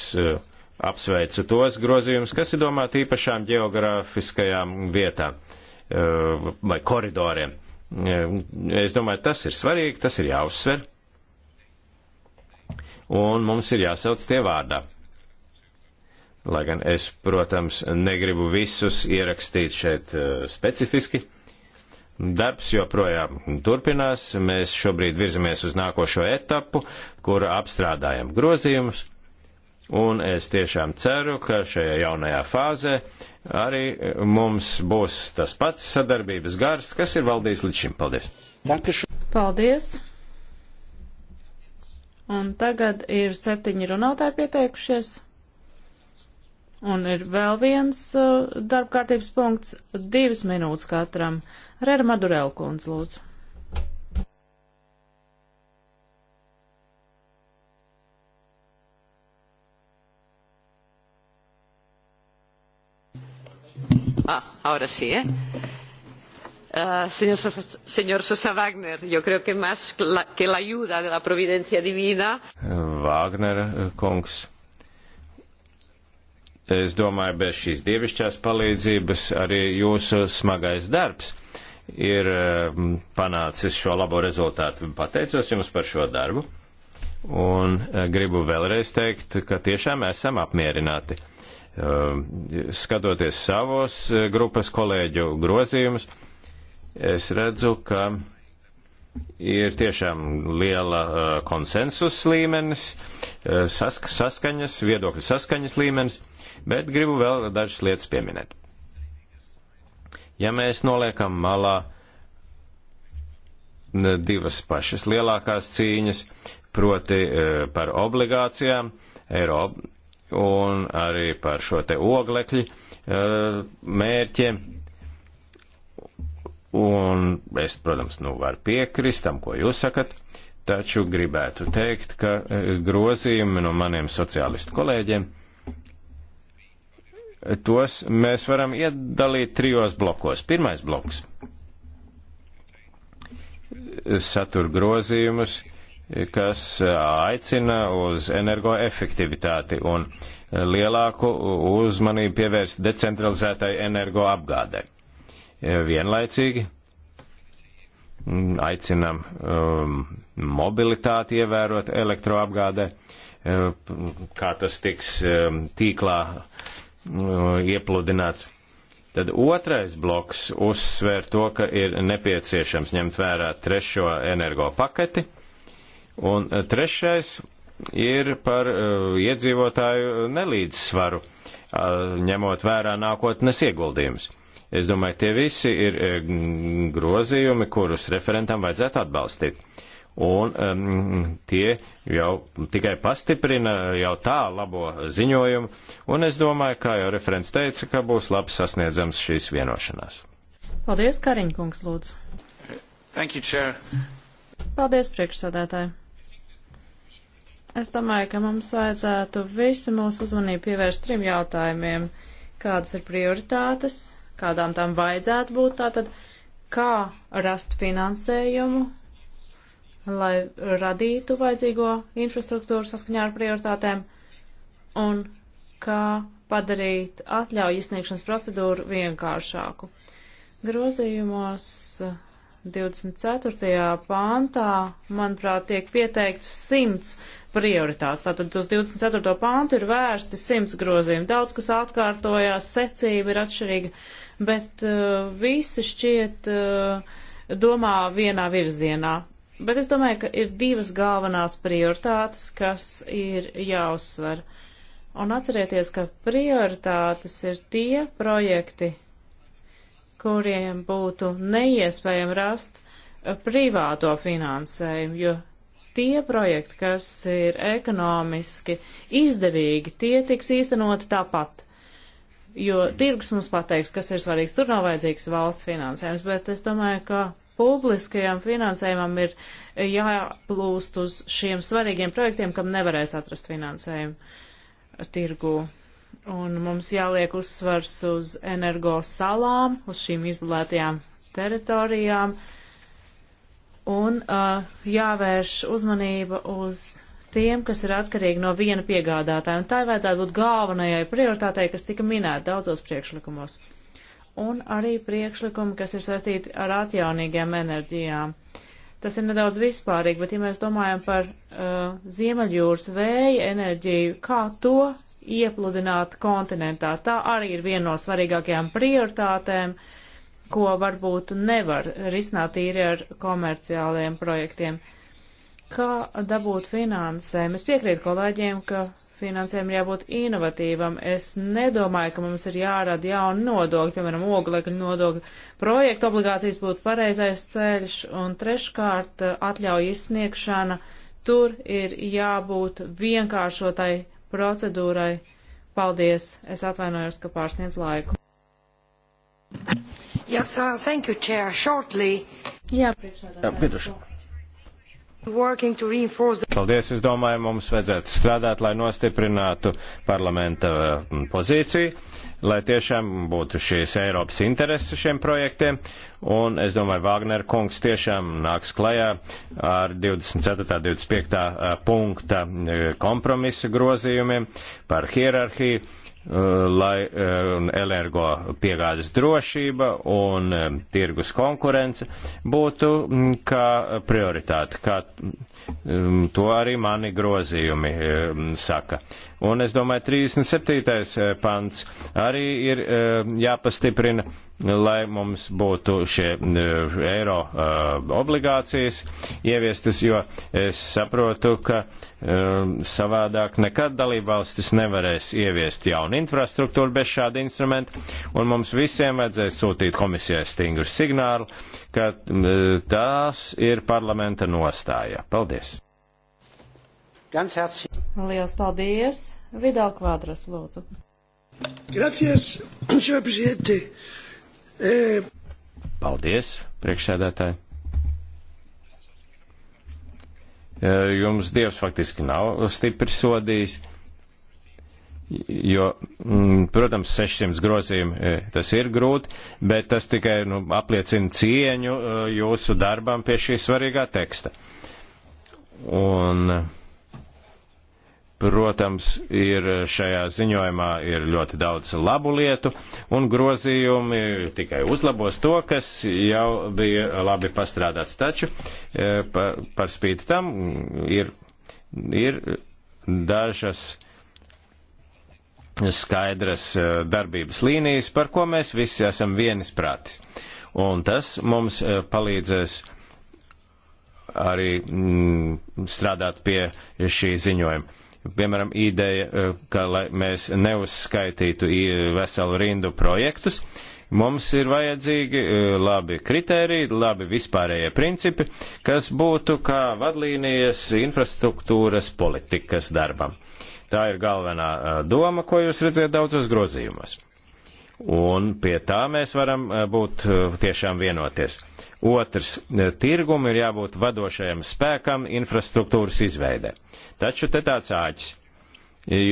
Apsveicu tos grozījumus, kas ir domāti īpašām geogrāfiskajām vietām e, vai koridoriem. E, es domāju, tas ir svarīgi, tas ir jāuzsver. Un mums ir jāsauc tie vārdā. Lai gan es, protams, negribu visus ierakstīt šeit e, specifiski. Darbs joprojām turpinās, mēs šobrīd virzamies uz nākošo etapu, kur apstrādājam grozījumus Un es tiešām ceru, ka šajā jaunajā fāzē arī mums būs tas pats sadarbības gars, kas ir valdījis līdz šim. Paldies! Paldies! Un tagad ir septiņi runātāji pieteikušies. Un ir vēl viens uh, darbkārtības punkts, divas minūtes katram. Rēra Madurēlkundz, lūdzu. Ah, ahora sí, ¿eh? Uh, señor, señor Sosa Wagner, yo creo que más la, que la ayuda de la providencia divina. Wagner eh, kungs. Es domāju, bez šīs dievišķās palīdzības arī jūsu smagais darbs ir eh, panācis šo labo rezultātu. Pateicos jums par šo darbu un eh, gribu vēlreiz teikt, ka tiešām esam apmierināti. Um, skatoties savos eh, grupas kolēģu grozījumus, es redzu, ka ir tiešām liela eh, konsensus līmenis, eh, sask saskaņas, viedokļu saskaņas līmenis, bet gribu vēl dažas lietas pieminēt. Ja mēs noliekam malā divas pašas lielākās cīņas, proti par obligācijām, eiro un arī par šo te oglekļu eh, mērķiem. Un es, protams, nu varu piekrist tam, ko jūs sakat, taču gribētu teikt, ka eh, grozījumi no maniem sociālistu kolēģiem, eh, tos mēs varam iedalīt trijos blokos. Pirmais bloks satur grozījumus, kas aicina uz energoefektivitāti un lielāku uzmanību pievērst decentralizētai energoapgādē. Vienlaicīgi aicinam um, mobilitāti ievērot elektroapgādē, kā tas tiks um, tīklā um, iepludināts. Tad otrais bloks uzsver to, ka ir nepieciešams ņemt vērā trešo energo paketi – Un eh, trešais ir par eh, iedzīvotāju nelīdzsvaru, eh, ņemot vērā nākotnes ieguldījumus. Es domāju, tie visi ir grozījumi, kurus referentam vajadzētu atbalstīt. Un um, tie jau tikai pastiprina jau tā labo ziņojumu, un es domāju, kā jau referents teica, ka būs labi sasniedzams šīs vienošanās. Paldies, Kariņkungs, lūdzu. Thank you, Chair. Paldies, priekšsādātāji. Es domāju, ka mums vajadzētu visu mūsu uzmanību pievērst trim jautājumiem. Kādas ir prioritātes, kādām tām vajadzētu būt, tātad kā rast finansējumu, lai radītu vajadzīgo infrastruktūru saskaņā ar prioritātēm, un kā padarīt atļauju izsniegšanas procedūru vienkāršāku. Grozījumos 24. pāntā, manuprāt, tiek pieteikts simts prioritātes. Tātad uz 24. pāntu ir vērsti simts grozījumi. Daudz, kas atkārtojās, secība ir atšķirīga, bet uh, visi šķiet uh, domā vienā virzienā. Bet es domāju, ka ir divas galvenās prioritātes, kas ir jāuzsver. Un atcerieties, ka prioritātes ir tie projekti, kuriem būtu neiespējami rast privāto finansējumu, jo tie projekti, kas ir ekonomiski izdevīgi, tie tiks īstenoti tāpat. Jo tirgus mums pateiks, kas ir svarīgs. Tur nav vajadzīgs valsts finansējums, bet es domāju, ka publiskajam finansējumam ir jāplūst uz šiem svarīgiem projektiem, kam nevarēs atrast finansējumu tirgu. Un mums jāliek uzsvars uz energo salām, uz šīm izolētajām teritorijām. Uh, un uh, jāvērš uzmanība uz tiem, kas ir atkarīgi no viena piegādātāja, un tā vajadzētu būt galvenajai prioritātei, kas tika minēta daudzos priekšlikumos. Un arī priekšlikumi, kas ir saistīti ar atjaunīgiem enerģijām. Tas ir nedaudz vispārīgi, bet ja mēs domājam par uh, Ziemeļjūras vēja enerģiju, kā to iepludināt kontinentā, tā arī ir viena no svarīgākajām prioritātēm uh, ko varbūt nevar risināt īri ar komerciāliem projektiem. Kā dabūt finansēm? Es piekrītu kolēģiem, ka finansēm jābūt inovatīvam. Es nedomāju, ka mums ir jārada jauna nodokļa, piemēram, oglekļa nodokļa. Projekta obligācijas būtu pareizais ceļš, un treškārt atļauja izsniegšana. Tur ir jābūt vienkāršotai procedūrai. Paldies! Es atvainojos, ka pārsniedz laiku. Yes, uh, thank you, Chair. Shortly. Jā, priekšsēdētāji. Paldies, es domāju, mums vajadzētu strādāt, lai nostiprinātu parlamenta uh, pozīciju, lai tiešām būtu šīs Eiropas intereses šiem projektiem, un es domāju, Vāgner kungs tiešām nāks klajā ar 24. 25. Uh, punkta uh, kompromisa grozījumiem par hierarhiju Eh, lai eh, energo piegādes drošība un eh, tirgus konkurence būtu mm, kā prioritāte, kā mm, to arī mani grozījumi saka. Un es domāju, 37. Eh, pants arī ir eh, jāpastiprina, lai mums būtu šie eh, eiro obligācijas ieviestas, jo es saprotu, ka savādāk nekad dalībvalstis nevarēs ieviest jaunu infrastruktūru bez šāda instrumenta, un mums visiem vajadzēs sūtīt komisijai stingru signālu, ka tās ir parlamenta nostāja. Paldies! Ganz herzlichen. Liels paldies. Vidal Kvadras, lūdzu. Gracias, senhor presidente. E... Paldies, priekšsēdētāji. Eh, jums Dievs faktiski nav stipri sodījis, jo, mm, protams, 600 grozījumi eh, tas ir grūti, bet tas tikai nu, apliecina cieņu jūsu darbam pie šī svarīgā teksta. Un, uh, Protams, ir šajā ziņojumā ir ļoti daudz labu lietu, un grozījumi tikai uzlabos to, kas jau bija labi pastrādāts. Taču e, par, par spīti tam ir, ir dažas skaidras e, darbības līnijas, par ko mēs visi esam vienisprātis. Un tas mums e, palīdzēs arī mm, strādāt pie šī ziņojuma piemēram, ideja, e, ka lai mēs neuzskaitītu veselu rindu projektus, Mums ir vajadzīgi e, labi kriteriji, labi vispārējie principi, kas būtu kā vadlīnijas infrastruktūras politikas darbam. Tā ir galvenā e, doma, ko jūs redzat daudzos grozījumos. Un pie tā mēs varam eh, būt eh, tiešām vienoties. Otrs, eh, tirgumu ir jābūt vadošajam spēkam infrastruktūras izveidē. Taču te tāds āķis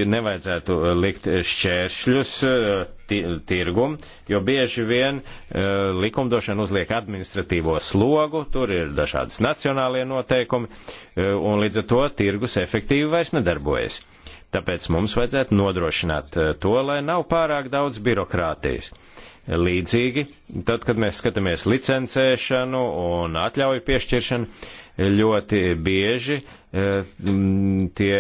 nevajadzētu eh, likt šķēršļus eh, tirgum, jo bieži vien eh, likumdošana uzliek administratīvo slogu, tur ir dažādas nacionālie noteikumi, un līdz ar to tirgus efektīvi vairs nedarbojas. Tāpēc mums vajadzētu nodrošināt to, lai nav pārāk daudz birokrātijas. Līdzīgi, tad, kad mēs skatāmies licencēšanu un atļauju piešķiršanu, ļoti bieži e, tie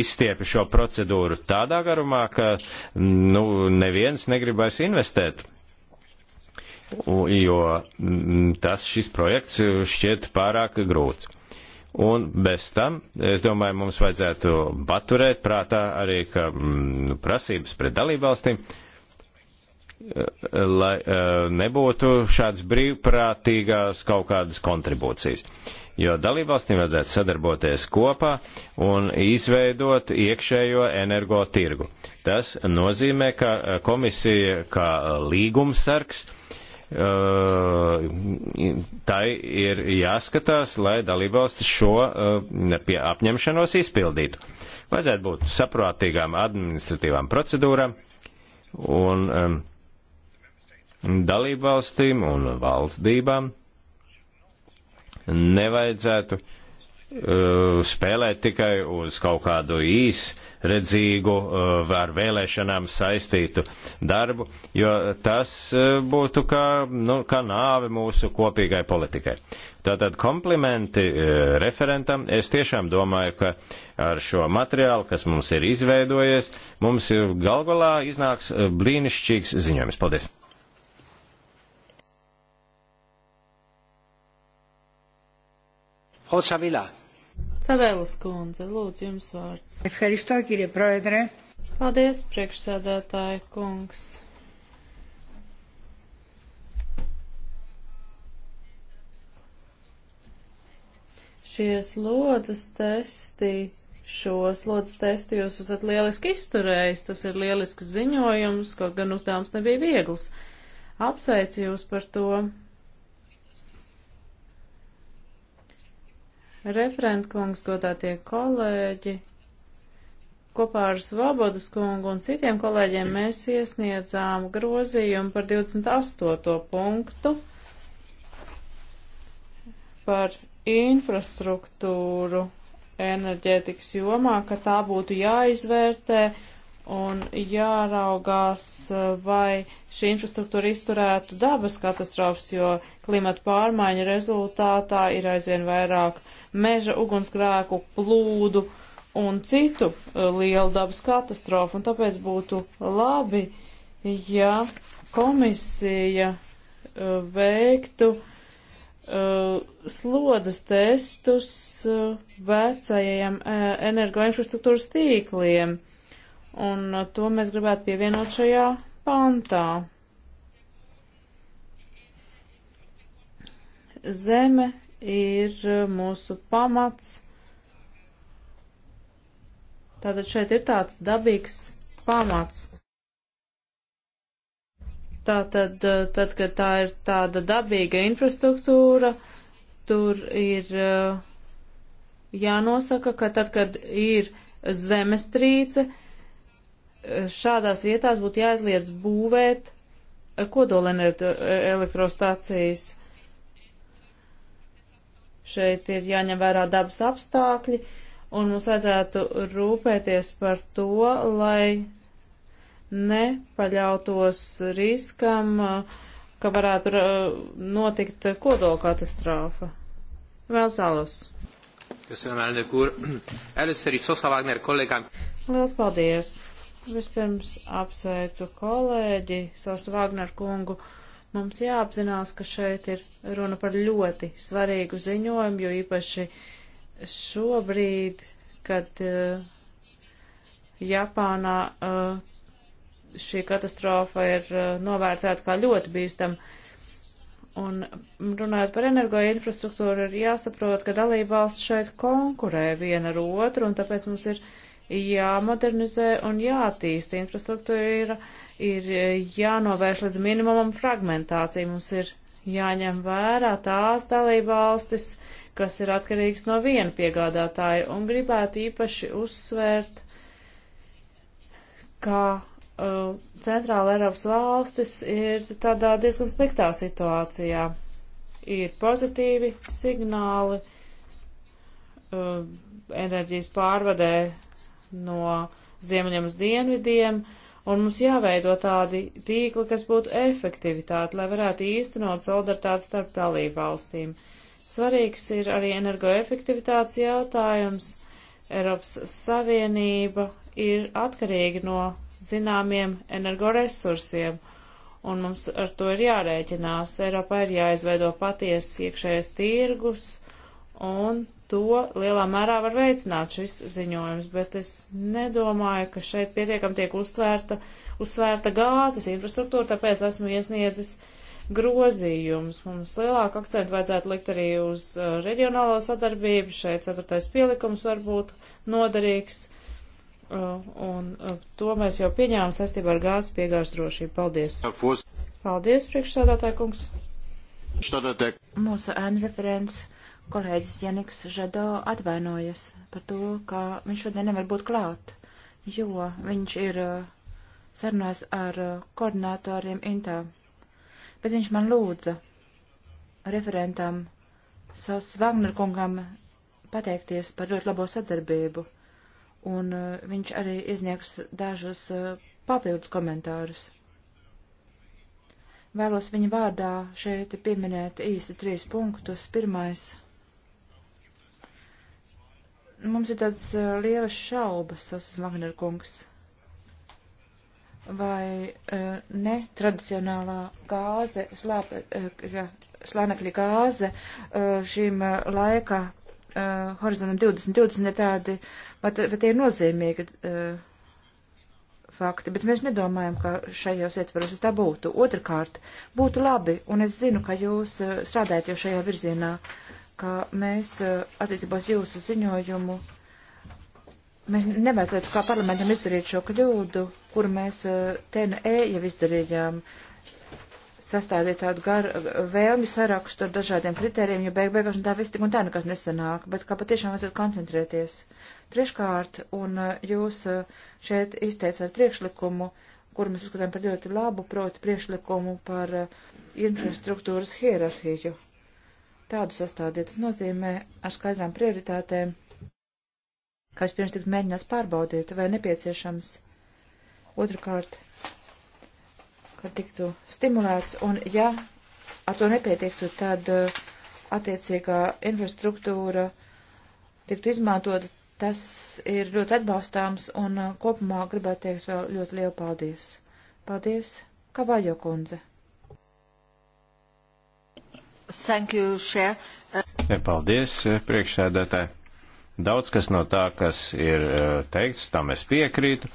izstiepi šo procedūru tādā garumā, ka nu, neviens negrib vairs investēt. Jo tas šis projekts šķiet pārāk grūts. Un bez tam, es domāju, mums vajadzētu paturēt prātā arī, ka prasības pret dalībvalstīm valstīm lai e, nebūtu šāds brīvprātīgās kaut kādas kontribūcijas. Jo dalībvalstīm vajadzētu sadarboties kopā un izveidot iekšējo energo tirgu. Tas nozīmē, ka e, komisija kā līgumsargs e, tai ir jāskatās, lai dalībvalstis šo apņemšanos izpildītu. Vajadzētu būt saprātīgām administratīvām procedūrām un um, dalībvalstīm un valstībām nevajadzētu uh, spēlēt tikai uz kaut kādu īsu redzīgu, uh, ar vēlēšanām saistītu darbu, jo tas uh, būtu kā, nu, kā nāve mūsu kopīgai politikai. Tātad komplimenti uh, referentam. Es tiešām domāju, ka ar šo materiālu, kas mums ir izveidojies, mums galgolā iznāks brīnišķīgs ziņojums. Paldies! Frau Savila. Savēlas kundze, lūdzu, jums vārds. Efharisto, kirie proedre. Paldies, priekšsēdētāja kungs. Šie slodzes testi, šo slodzes testu jūs esat lieliski izturējis, tas ir lielisks ziņojums, kaut gan uzdevums nebija viegls. Apsveicu jūs par to. referentkungs, godātie kolēģi, kopā ar Svobodas kungu un citiem kolēģiem mēs iesniedzām grozījumu par 28. punktu par infrastruktūru enerģētikas jomā, ka tā būtu jāizvērtē un jāraugās, eh, vai šī infrastruktūra izturētu dabas katastrofas, jo klimata pārmaiņa rezultātā ir aizvien vairāk meža ugunsgrēku, plūdu un citu eh, lielu dabas katastrofu, un tāpēc būtu labi, ja komisija eh, veiktu slodzes testus vecajiem energoinfrastruktūras tīkliem un to mēs gribētu pievienot šajā pantā. Zeme ir uh, mūsu pamats. Tātad šeit ir tāds dabīgs pamats. Tātad, uh, tad, kad tā ir tāda dabīga infrastruktūra, tur ir uh, jānosaka, ka tad, kad ir zemestrīce, uh, šādās vietās būtu jāizliedz būvēt kodolenerģijas. Šeit ir jāņem vērā dabas apstākļi, un mums vajadzētu rūpēties par to, lai nepaļautos riskam, ka varētu uh, notikt kodola katastrofa. Vēl salus. Köszönöm, elnök úr. Először is Szosza Wagner kollégám. Liels paldies! Vispirms apsveicu kolēģi Sosa Vāgner kungu. Mums jāapzinās, ka šeit ir runa par ļoti svarīgu ziņojumu, jo īpaši šobrīd, kad uh, Japānā uh, šī katastrofa ir uh, novērtēta kā ļoti bīstama. Un runājot par energoinfrastruktūru, ir jāsaprot, ka dalībvalsts šeit konkurē viena ar otru, un tāpēc mums ir uh, jāmodernizē un jātīsta. Infrastruktūra ir, ir jānovērš līdz minimumam fragmentācija. Mums ir jāņem vērā tās dalībvalstis, kas ir atkarīgs no viena piegādātāja, un gribētu īpaši uzsvērt, ka uh, Centrāla Eiropas valstis ir tādā diezgan sliktā situācijā. Ir pozitīvi signāli uh, enerģijas pārvadē no ziemeļiem uz dienvidiem, un mums jāveido tādi tīkli, kas būtu efektivitāti, lai varētu īstenot solidaritāti starp dalību valstīm. Svarīgs ir arī energoefektivitātes jautājums. Eiropas Savienība ir atkarīga no zināmiem energoresursiem, un mums ar to ir jārēķinās. Eiropā ir jāizveido paties iekšējais tirgus, un to lielā mērā var veicināt šis ziņojums, bet es nedomāju, ka šeit pietiekam tiek uztvērta, uzsvērta gāzes infrastruktūra, tāpēc esmu iesniedzis grozījums. Mums lielāku akcentu vajadzētu likt arī uz uh, reģionālo sadarbību, šeit ceturtais pielikums var būt noderīgs, uh, un uh, to mēs jau pieņēmām saistībā ar gāzes piegāžu drošību. Paldies! Paldies, priekšsādātāj kungs! Mūsu ēnu referents kolēģis Janiks Žado atvainojas par to, ka viņš šodien nevar būt klāt, jo viņš ir uh, sarunās ar uh, koordinatoriem Intā. Bet viņš man lūdza referentam Sas Vagner kungam pateikties par ļoti labo sadarbību, un uh, viņš arī izniegs dažus papildus komentārus. Vēlos viņa vārdā šeit pieminēt īsti trīs punktus. Pirmais. Mums ir tāds eh, lielas šaubas, Sosas Vagner kungs, vai eh, netradicionālā gāze, eh, slānekļa gāze šīm laika horizontam 2020 ir tādi, vai tie ir nozīmīgi fakti, bet mēs nedomājam, ka šajos ietvaros tas tā būtu. Otrakārt, būtu labi, un es zinu, ka jūs strādājat jau šajā virzienā, uh, ka mēs eh, attiecībās jūsu ziņojumu, mēs nevajadzētu kā parlamentam izdarīt šo kļūdu, kuru mēs eh, TNE jau izdarījām, sastādīt tādu garu eh, vēlmi sarakstu ar dažādiem kritērijiem, jo beig beigās tā viss tik un tā nekas nesanāk, bet kā patiešām vajadzētu koncentrēties. Treškārt, un jūs šeit izteicāt priekšlikumu, kuru mēs uzskatām par ļoti labu, proti priekšlikumu par infrastruktūras hierarhiju tādu sastādīt. Tas nozīmē ar skaidrām prioritātēm, kā es pirms tikt mēģinās pārbaudīt, vai nepieciešams. Otrakārt, kad tiktu stimulēts, un ja ar to nepietiktu, tad uh, attiecīgā infrastruktūra tiktu izmantota. Tas ir ļoti atbalstāms, un uh, kopumā gribētu teikt vēl ļoti lielu paldies. Paldies, Kavaļo kundze! Thank you, Chair. Paldies, priekšsēdētāji. Daudz kas no tā, kas ir eh, teikts, tam es piekrītu.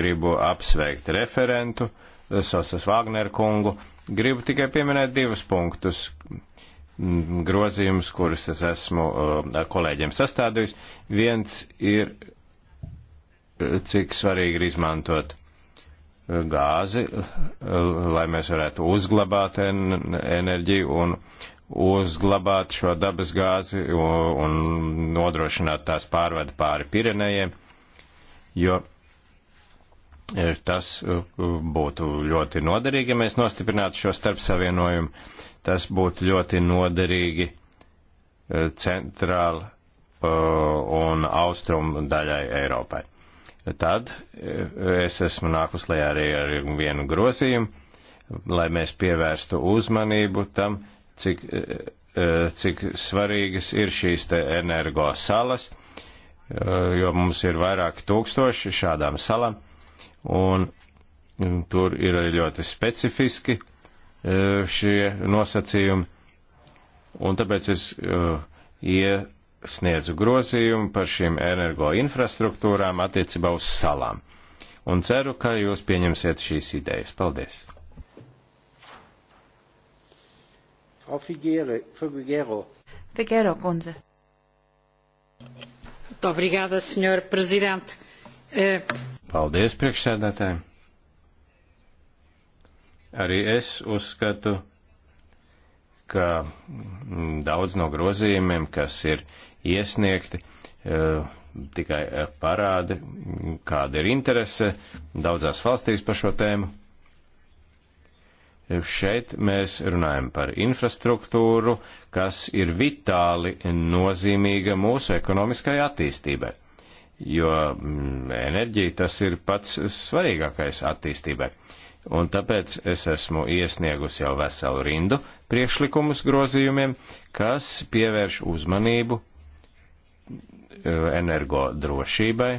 Gribu apsveikt referentu, eh, Sosas Vāgneru kungu. Gribu tikai pieminēt divus punktus mm, grozījumus, kurus es esmu eh, ar kolēģiem sastādījis. Viens ir, cik svarīgi ir izmantot gāzi, lai mēs varētu uzglabāt enerģiju un uzglabāt šo dabas gāzi un nodrošināt tās pārvadu pāri Pirenejiem, jo tas būtu ļoti noderīgi, ja mēs nostiprinātu šo starpsavienojumu. Tas būtu ļoti noderīgi e, centrāla e, un austrumu daļai Eiropai. Tad e, es esmu nākus lejā arī ar vienu grozījumu, lai mēs pievērstu uzmanību tam, cik, eh, eh, cik svarīgas ir šīs te energo salas, eh, jo mums ir vairāki tūkstoši šādām salām, un tur ir ļoti specifiski šie nosacījumi, un tāpēc es iesniedzu grozījumu par šīm energo infrastruktūrām attiecībā uz salām. Un ceru, ka jūs pieņemsiet šīs idejas. Paldies! Frau Figuero. Figuero kundze. Obrigada, senjor prezident. Eh, Paldies, priekšsēdētāji. Arī es uzskatu, ka mm, daudz no grozījumiem, kas ir iesniegti, eh, tikai parāda, mm, kāda ir interese daudzās valstīs par šo tēmu. Šeit mēs runājam par infrastruktūru, kas ir vitāli nozīmīga mūsu ekonomiskai attīstībai, jo mm, enerģija tas ir pats svarīgākais attīstībai. Un tāpēc es esmu iesniegusi jau veselu rindu priekšlikumus grozījumiem, kas pievērš uzmanību e, energodrošībai.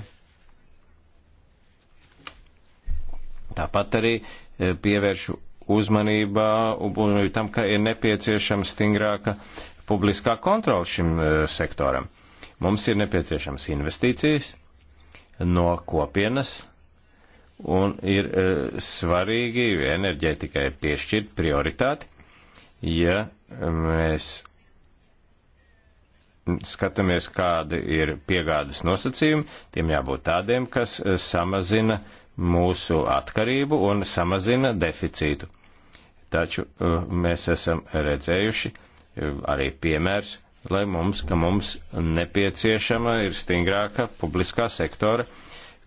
Tāpat arī e, pievēršu uzmanībā un tam, ka ir nepieciešama stingrāka publiskā kontrola šim e, sektoram. Mums ir nepieciešams investīcijas no kopienas un ir e, svarīgi enerģētikai piešķirt prioritāti, ja e, mēs skatāmies, kādi ir piegādes nosacījumi, tiem jābūt tādiem, kas samazina mūsu atkarību un samazina deficītu. Taču eh, mēs esam redzējuši eh, arī piemērs, lai mums, ka mums nepieciešama ir stingrāka publiskā sektora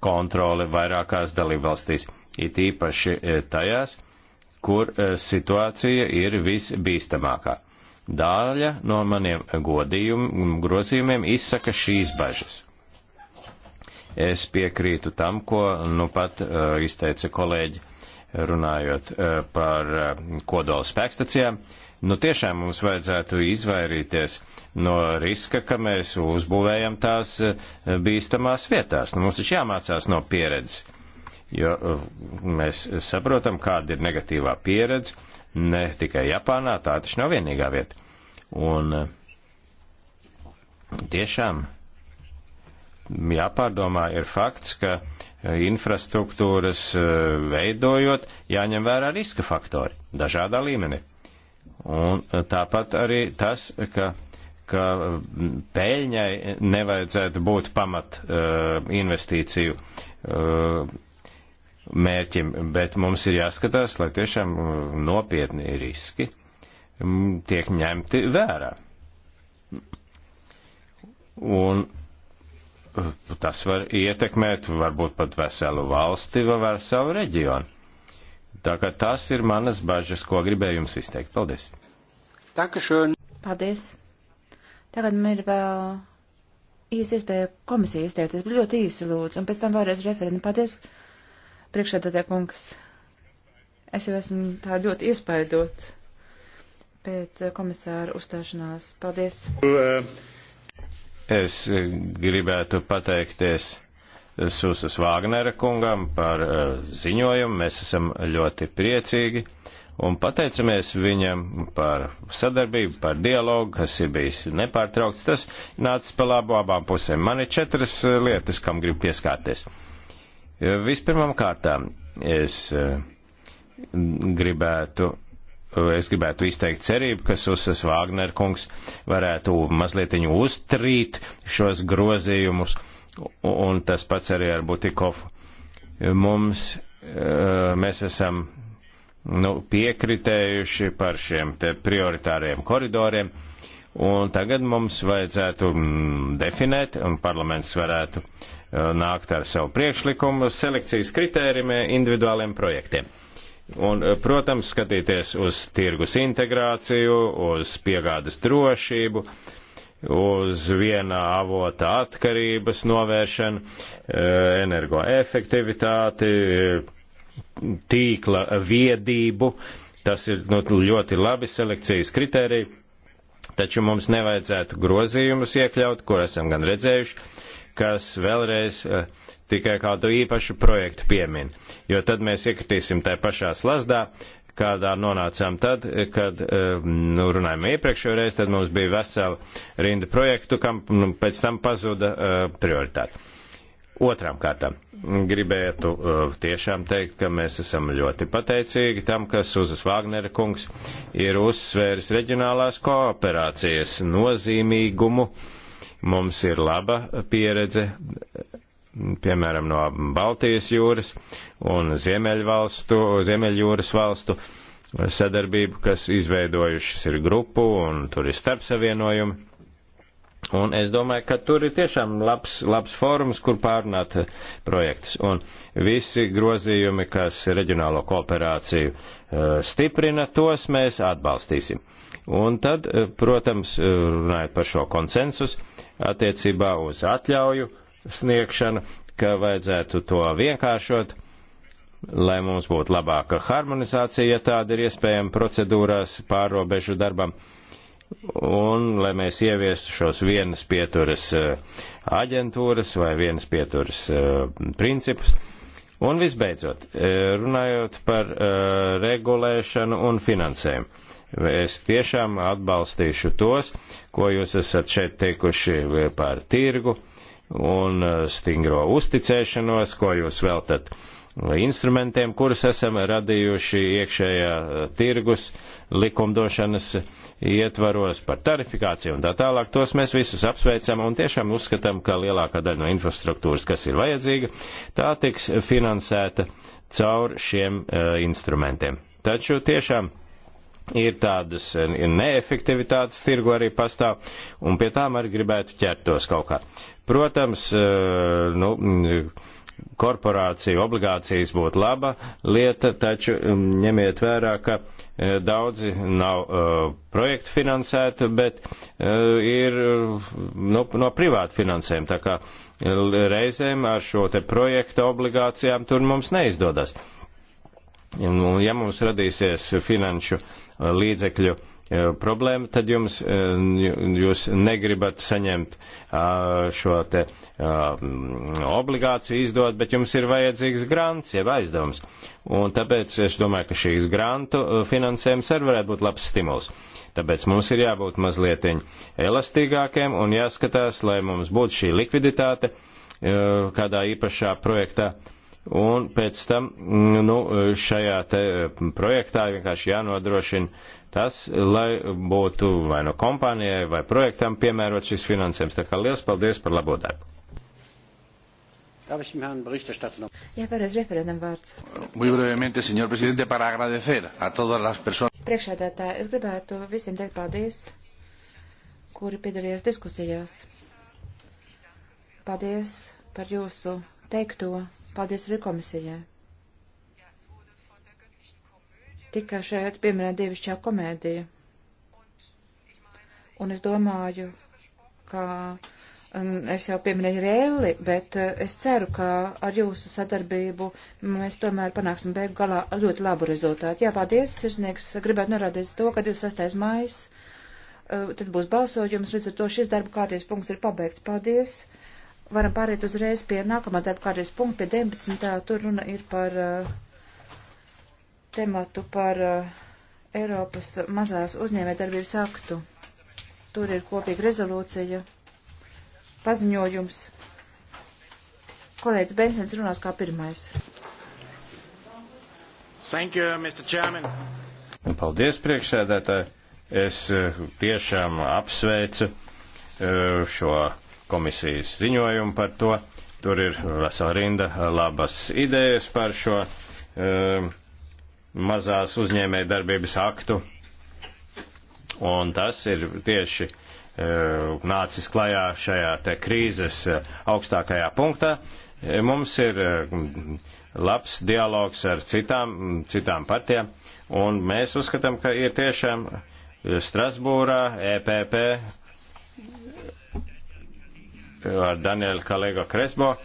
kontrole vairākās dalībvalstīs, it īpaši eh, tajās, kur situācija ir visbīstamākā. Dāļa no maniem godījumiem, grozījumiem izsaka šīs bažas. Es piekrītu tam, ko nu pat uh, izteica kolēģi runājot eh, par eh, kodola spēkstacijām, nu tiešām mums vajadzētu izvairīties no riska, ka mēs uzbūvējam tās eh, bīstamās vietās. Nu, mums taču jāmācās no pieredzes, jo mēs saprotam, kāda ir negatīvā pieredze, ne tikai Japānā, tā taču nav vienīgā vieta. Un tiešām jāpārdomā ir fakts, ka eh, infrastruktūras eh, veidojot jāņem vērā riska faktori dažādā līmenī. Un eh, tāpat arī tas, ka, ka mm, peļņai nevajadzētu būt pamat uh, investīciju uh, mērķim, bet mums ir jāskatās, lai tiešām mm, nopietni riski mm, tiek ņemti vērā. Un Nu, tas var ietekmēt varbūt pat veselu valsti vai veselu reģionu. Tā kā tas ir manas bažas, ko gribēju jums izteikt. Paldies! Dankeschön! Paldies! Tagad man ir vēl īsi iespēja komisija izteikties, bet ļoti īsi lūdzu, un pēc tam vēlreiz referenti. Paldies, priekšādātē kungs! Es jau esmu tā ļoti iespaidots pēc komisāra uzstāšanās. Paldies! Uh, Es eh, gribētu pateikties Susas Vāgnera kungam par eh, ziņojumu. Mēs esam ļoti priecīgi un pateicamies viņam par sadarbību, par dialogu, kas ir bijis nepārtraukts. Tas nācis pa labu abām pusēm. Man ir četras eh, lietas, kam gribu pieskārties. Vispirmām kārtām es gribētu es gribētu izteikt cerību, ka Susas Vāgner kungs varētu mazlietiņu uztrīt šos grozījumus, un tas pats arī ar Butikofu. Mums, eh, mēs esam nu, piekritējuši par šiem te prioritāriem koridoriem, un tagad mums vajadzētu mm, definēt, un parlaments varētu eh, nākt ar savu priekšlikumu selekcijas kritērijiem individuāliem projektiem. Un, eh, protams, skatīties uz tirgus integrāciju, uz piegādes drošību, uz viena avota atkarības novēršanu, eh, energoefektivitāti, eh, tīkla viedību. Tas ir nu, ļoti labi selekcijas kritērija, taču mums nevajadzētu grozījumus iekļaut, kur esam gan redzējuši kas vēlreiz eh, tikai kādu īpašu projektu piemin, jo tad mēs iekritīsim tajā pašā slazdā, kādā nonācām tad, kad eh, nu, runājām iepriekšējo reizi, tad mums bija vesela rinda projektu, kam nu, pēc tam pazuda uh, prioritāte. Otrām kārtām gribētu uh, tiešām teikt, ka mēs esam ļoti pateicīgi tam, ka Suzas Vāgnera kungs ir uzsvēris reģionālās kooperācijas nozīmīgumu uh, Mums ir laba pieredze, piemēram, no Baltijas jūras un Ziemeļvalstu, Ziemeļjūras valstu sadarbību, kas izveidojušas ir grupu un tur ir starpsavienojumi. Un es domāju, ka tur ir tiešām labs, labs fórums, kur pārunāt projektus. Un visi grozījumi, kas reģionālo kooperāciju eh, stiprina, tos mēs atbalstīsim. Un tad, eh, protams, eh, runājot par šo konsensus attiecībā uz atļauju sniegšanu, ka vajadzētu to vienkāršot, lai mums būtu labāka harmonizācija, ja tāda ir iespējama procedūrās pārobežu darbam un lai mēs ieviestu šos vienas pieturas eh, aģentūras vai vienas pieturas principus. Un visbeidzot, runājot par regulēšanu un finansējumu. Es tiešām atbalstīšu tos, ko jūs esat šeit teikuši par tirgu un eh, stingro uzticēšanos, ko jūs veltat instrumentiem, kurus esam radījuši iekšējā eh, tirgus likumdošanas ietvaros par tarifikāciju un tā tālāk. Tos mēs visus apsveicam un tiešām uzskatām, ka lielākā daļa no infrastruktūras, kas ir vajadzīga, tā tiks finansēta caur šiem uh, instrumentiem. Taču tiešām ir tādas eh, ir neefektivitātes tirgu arī pastāv, un pie tām arī gribētu ķertos kaut kā. Protams, eh, nu, mm, korporāciju obligācijas būtu laba lieta, taču mm, ņemiet vērā, ka eh, daudzi nav projektu finansēti, bet ir no, nu, no privātu finansēm, tā kā reizēm ar šo te projektu obligācijām tur mums neizdodas. Ja mums radīsies finanšu eh, līdzekļu eh, problēma, tad jums, eh, jūs negribat saņemt šo te obligāciju izdot, bet jums ir vajadzīgs grants, jeb aizdevums. Un tāpēc es domāju, ka šīs grantu finansējums arī varētu būt labs stimuls. Tāpēc mums ir jābūt mazliet elastīgākiem un jāskatās, lai mums būtu šī likviditāte kādā īpašā projektā. Uh, Un pēc tam mm, nu, šajā te mm, projektā vienkārši jānodrošina tas, lai būtu vai no nu kompānijai, vai projektam piemērot šis finansējums. Tā kā liels paldies par labo darbu. Jā, pareiz referendam vārds. Muy brevemente, señor presidente, para agradecer a todas las personas. Priekšādātāji, es gribētu visiem teikt paldies, kuri piedalījās diskusijās. Paldies par jūsu teikto. Paldies arī komisijai. Tikai šeit pieminēja dievišķā komēdija. Un es domāju, ka um, es jau pieminēju Rēli, bet uh, es ceru, ka ar jūsu sadarbību mēs tomēr panāksim beigu galā ļoti labu rezultātu. Jā, paldies, sirsnieks, gribētu norādīt to, ka 26. maijs, uh, tad būs balsojums, līdz ar to šis darba kārties punkts ir pabeigts. Paldies! varam pāriet uzreiz pie nākamā darba kārtības punkta, pie 19. Tur runa ir par uh, tematu par uh, Eiropas mazās uzņēmējdarbības aktu. Tur ir kopīga rezolūcija, paziņojums. Kolēģis Bensens runās kā pirmais. Thank you, Mr. Chairman. Paldies, priekšsēdētāji. Es eh, tiešām apsveicu šo komisijas ziņojumu par to. Tur ir vesela rinda labas idejas par šo um, mazās uzņēmēja darbības aktu. Un tas ir tieši uh, nācis klajā šajā te krīzes eh, augstākajā punktā. Mums ir uh, labs dialogs ar citām, citām partijām, un mēs uzskatām, ka ir tiešām Strasbūrā EPP ar Danielu Kalego Kresbo e,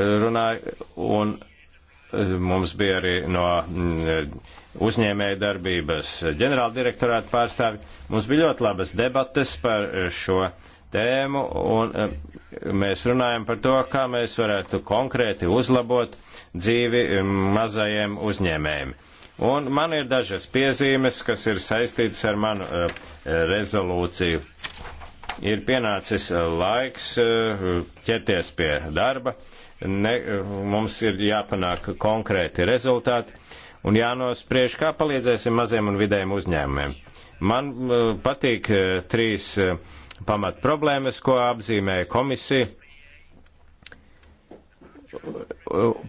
runāju, un e, mums bija arī no mm, uzņēmēja darbības ģenerāldirektorāta pārstāvi. Mums bija ļoti labas debates par šo tēmu, un e, mēs runājam par to, kā mēs varētu konkrēti uzlabot dzīvi mazajiem uzņēmējiem. Un man ir dažas piezīmes, kas ir saistītas ar manu rezolūciju ir pienācis eh, laiks eh, ķerties pie darba, ne, eh, mums ir jāpanāk konkrēti rezultāti un jānospriež, kā palīdzēsim maziem un vidējiem uzņēmumiem. Man patīk trīs pamat problēmas, ko apzīmē komisija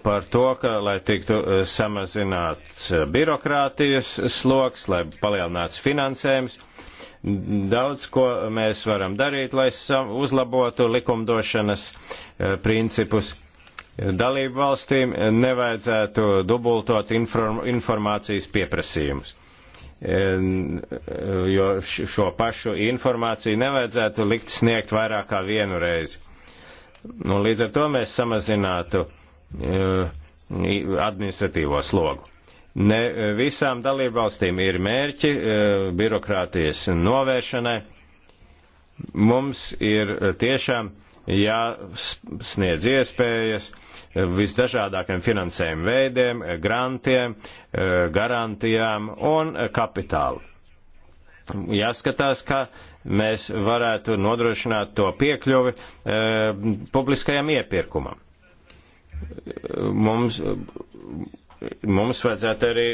par to, ka, lai tiktu samazināts birokrātijas sloks, lai palielināts finansējums Daudz ko mēs varam darīt, lai uzlabotu likumdošanas e, principus. Dalību valstīm nevajadzētu dubultot informācijas pieprasījumus, e, jo šo pašu informāciju nevajadzētu likt sniegt vairāk kā vienu reizi. Un līdz ar to mēs samazinātu e, administratīvo slogu. Ne e, visām dalībvalstīm ir mērķi e, birokrātijas novēršanai. Mums ir e, tiešām jāsniedz iespējas visdažādākiem finansējuma veidiem, grantiem, garantijām un kapitālu. Jāskatās, ka mēs varētu nodrošināt to piekļuvi publiskajam iepirkumam. Mums mums vajadzētu arī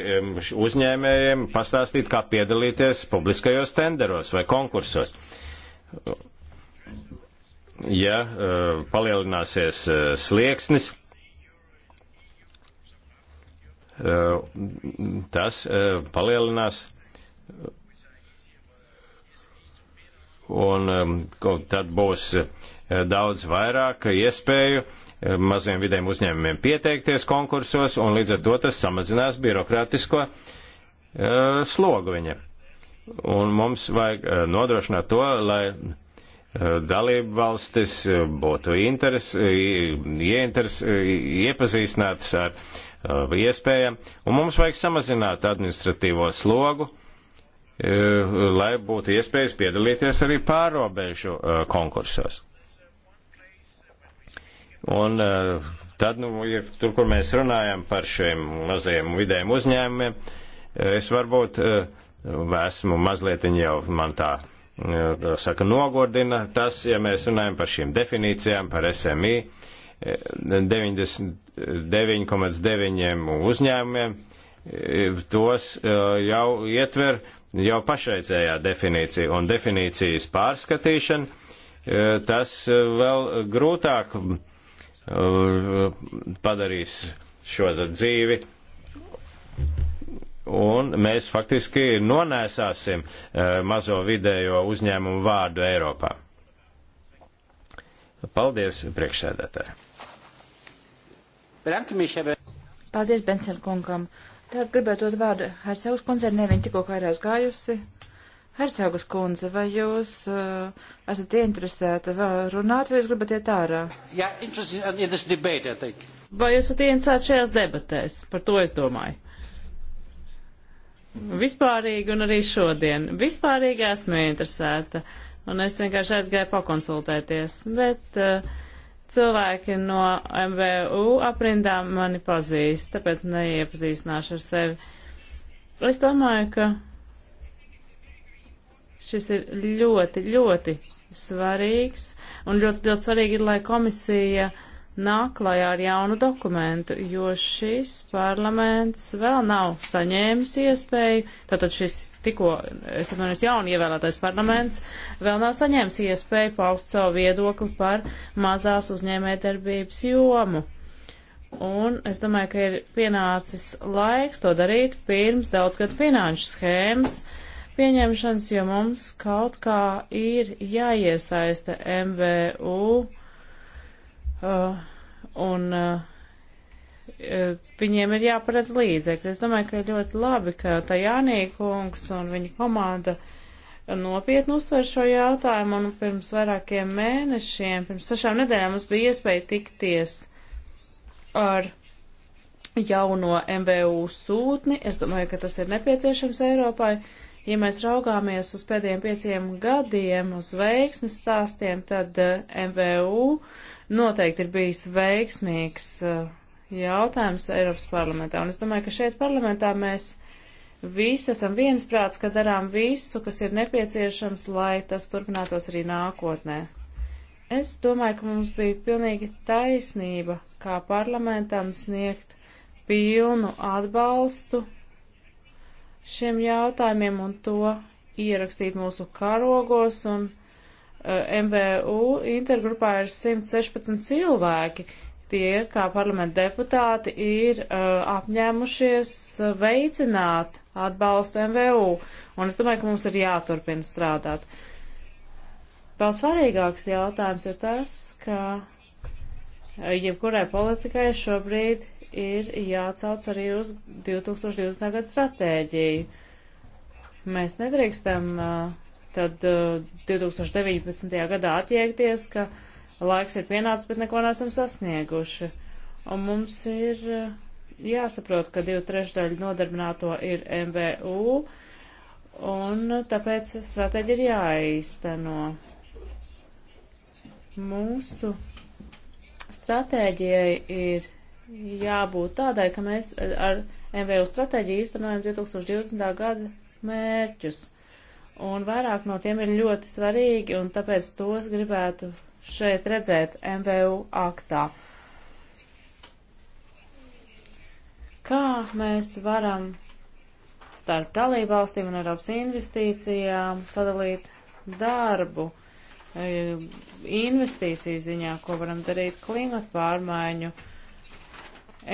uzņēmējiem pastāstīt, kā piedalīties publiskajos tenderos vai konkursos. Ja e, palielināsies e, slieksnis, e, tas palielinās. Un tad būs daudz vairāk iespēju maziem vidiem uzņēmumiem pieteikties konkursos, un līdz ar to tas samazinās birokrātisko eh, slogu viņiem. Un mums vajag eh, nodrošināt to, lai eh, dalību valstis būtu interes, ieinteres, iepazīstinātas ar iespējām, un mums vajag samazināt administratīvo slogu, lai būtu iespējas piedalīties arī pārobežu konkursos. Un e, tad, nu, ja tur, kur mēs runājam par šiem mazajiem vidējiem uzņēmumiem, e, es varbūt e, esmu mazliet jau man tā saka, nogurdina tas, ja mēs runājam par šīm definīcijām, par SMI, 99,9 uzņēmumiem, tos jau ietver jau pašreizējā definīcija un definīcijas pārskatīšana, tas vēl grūtāk Uh, padarīs šo dzīvi. Un mēs faktiski nonēsāsim uh, mazo vidējo uzņēmumu vārdu Eiropā. Paldies, priekšsēdētāji. Paldies, Bensen kungam. Tad gribētu dot vārdu Hercegs koncerni, viņa tikko kā ir aizgājusi. Hercogas kundze, vai jūs uh, esat interesēta vēl runāt, vai jūs gribat iet ārā? Jā, yeah, interesanti, in this debate, I think. Vai jūs esat interesēti šajās debatēs? Par to es domāju. Vispārīgi un arī šodien. Vispārīgi esmu interesēta, un es vienkārši aizgāju pakonsultēties, bet uh, cilvēki no MVU aprindām mani pazīst, tāpēc neiepazīstināšu ar sevi. Es domāju, ka Šis ir ļoti, ļoti svarīgs, un ļoti, ļoti svarīgi ir, lai komisija nāk klajā ar jaunu dokumentu, jo šis parlaments vēl nav saņēmis iespēju, tātad šis tikko, es atvainojos, jauni ievēlētais parlaments vēl nav saņēmis iespēju paust savu viedokli par mazās uzņēmētarbības jomu. Un es domāju, ka ir pienācis laiks to darīt pirms daudzgadu finanšu schēmas pieņemšanas, jo mums kaut kā ir jāiesaista MVU uh, un uh, viņiem ir jāparedz līdzekļi. Es domāju, ka ļoti labi, ka tā Jānīkungs un viņa komanda nopietni uztver šo jautājumu, un pirms vairākiem mēnešiem, pirms sešām nedēļām mums bija iespēja tikties ar jauno MVU sūtni. Es domāju, ka tas ir nepieciešams Eiropai. Uh, Ja mēs raugāmies uz pēdējiem pieciem gadiem, uz veiksmes stāstiem, tad eh, MVU noteikti ir bijis veiksmīgs eh, jautājums Eiropas parlamentā. Un es domāju, ka šeit parlamentā mēs visi esam viensprāts, ka darām visu, kas ir nepieciešams, lai tas turpinātos arī nākotnē. Es domāju, ka mums bija pilnīgi taisnība kā parlamentam sniegt pilnu atbalstu šiem jautājumiem un to ierakstīt mūsu karogos. Un, uh, eh, MVU intergrupā ir 116 cilvēki. Tie, kā parlamenta deputāti, ir uh, apņēmušies eh, veicināt atbalstu MVU. Un es domāju, ka mums ir jāturpina strādāt. Vēl svarīgāks jautājums ir tas, ka jebkurai politikai šobrīd ir jācauc arī uz 2020. gadu stratēģiju. Mēs nedrīkstam tad 2019. gadā attiekties, ka laiks ir pienācis, bet neko nesam sasnieguši. Un mums ir jāsaprot, ka divu trešdaļu nodarbināto ir MBU, un tāpēc stratēģi ir jāīsteno. Mūsu stratēģijai ir jābūt tādai, ka mēs ar MVU stratēģiju īstenojam 2020. gada mērķus. Un vairāk no tiem ir ļoti svarīgi, un tāpēc tos gribētu šeit redzēt MVU aktā. Kā mēs varam starp dalībvalstīm un Eiropas investīcijām sadalīt darbu investīciju ziņā, ko varam darīt klimata pārmaiņu uh,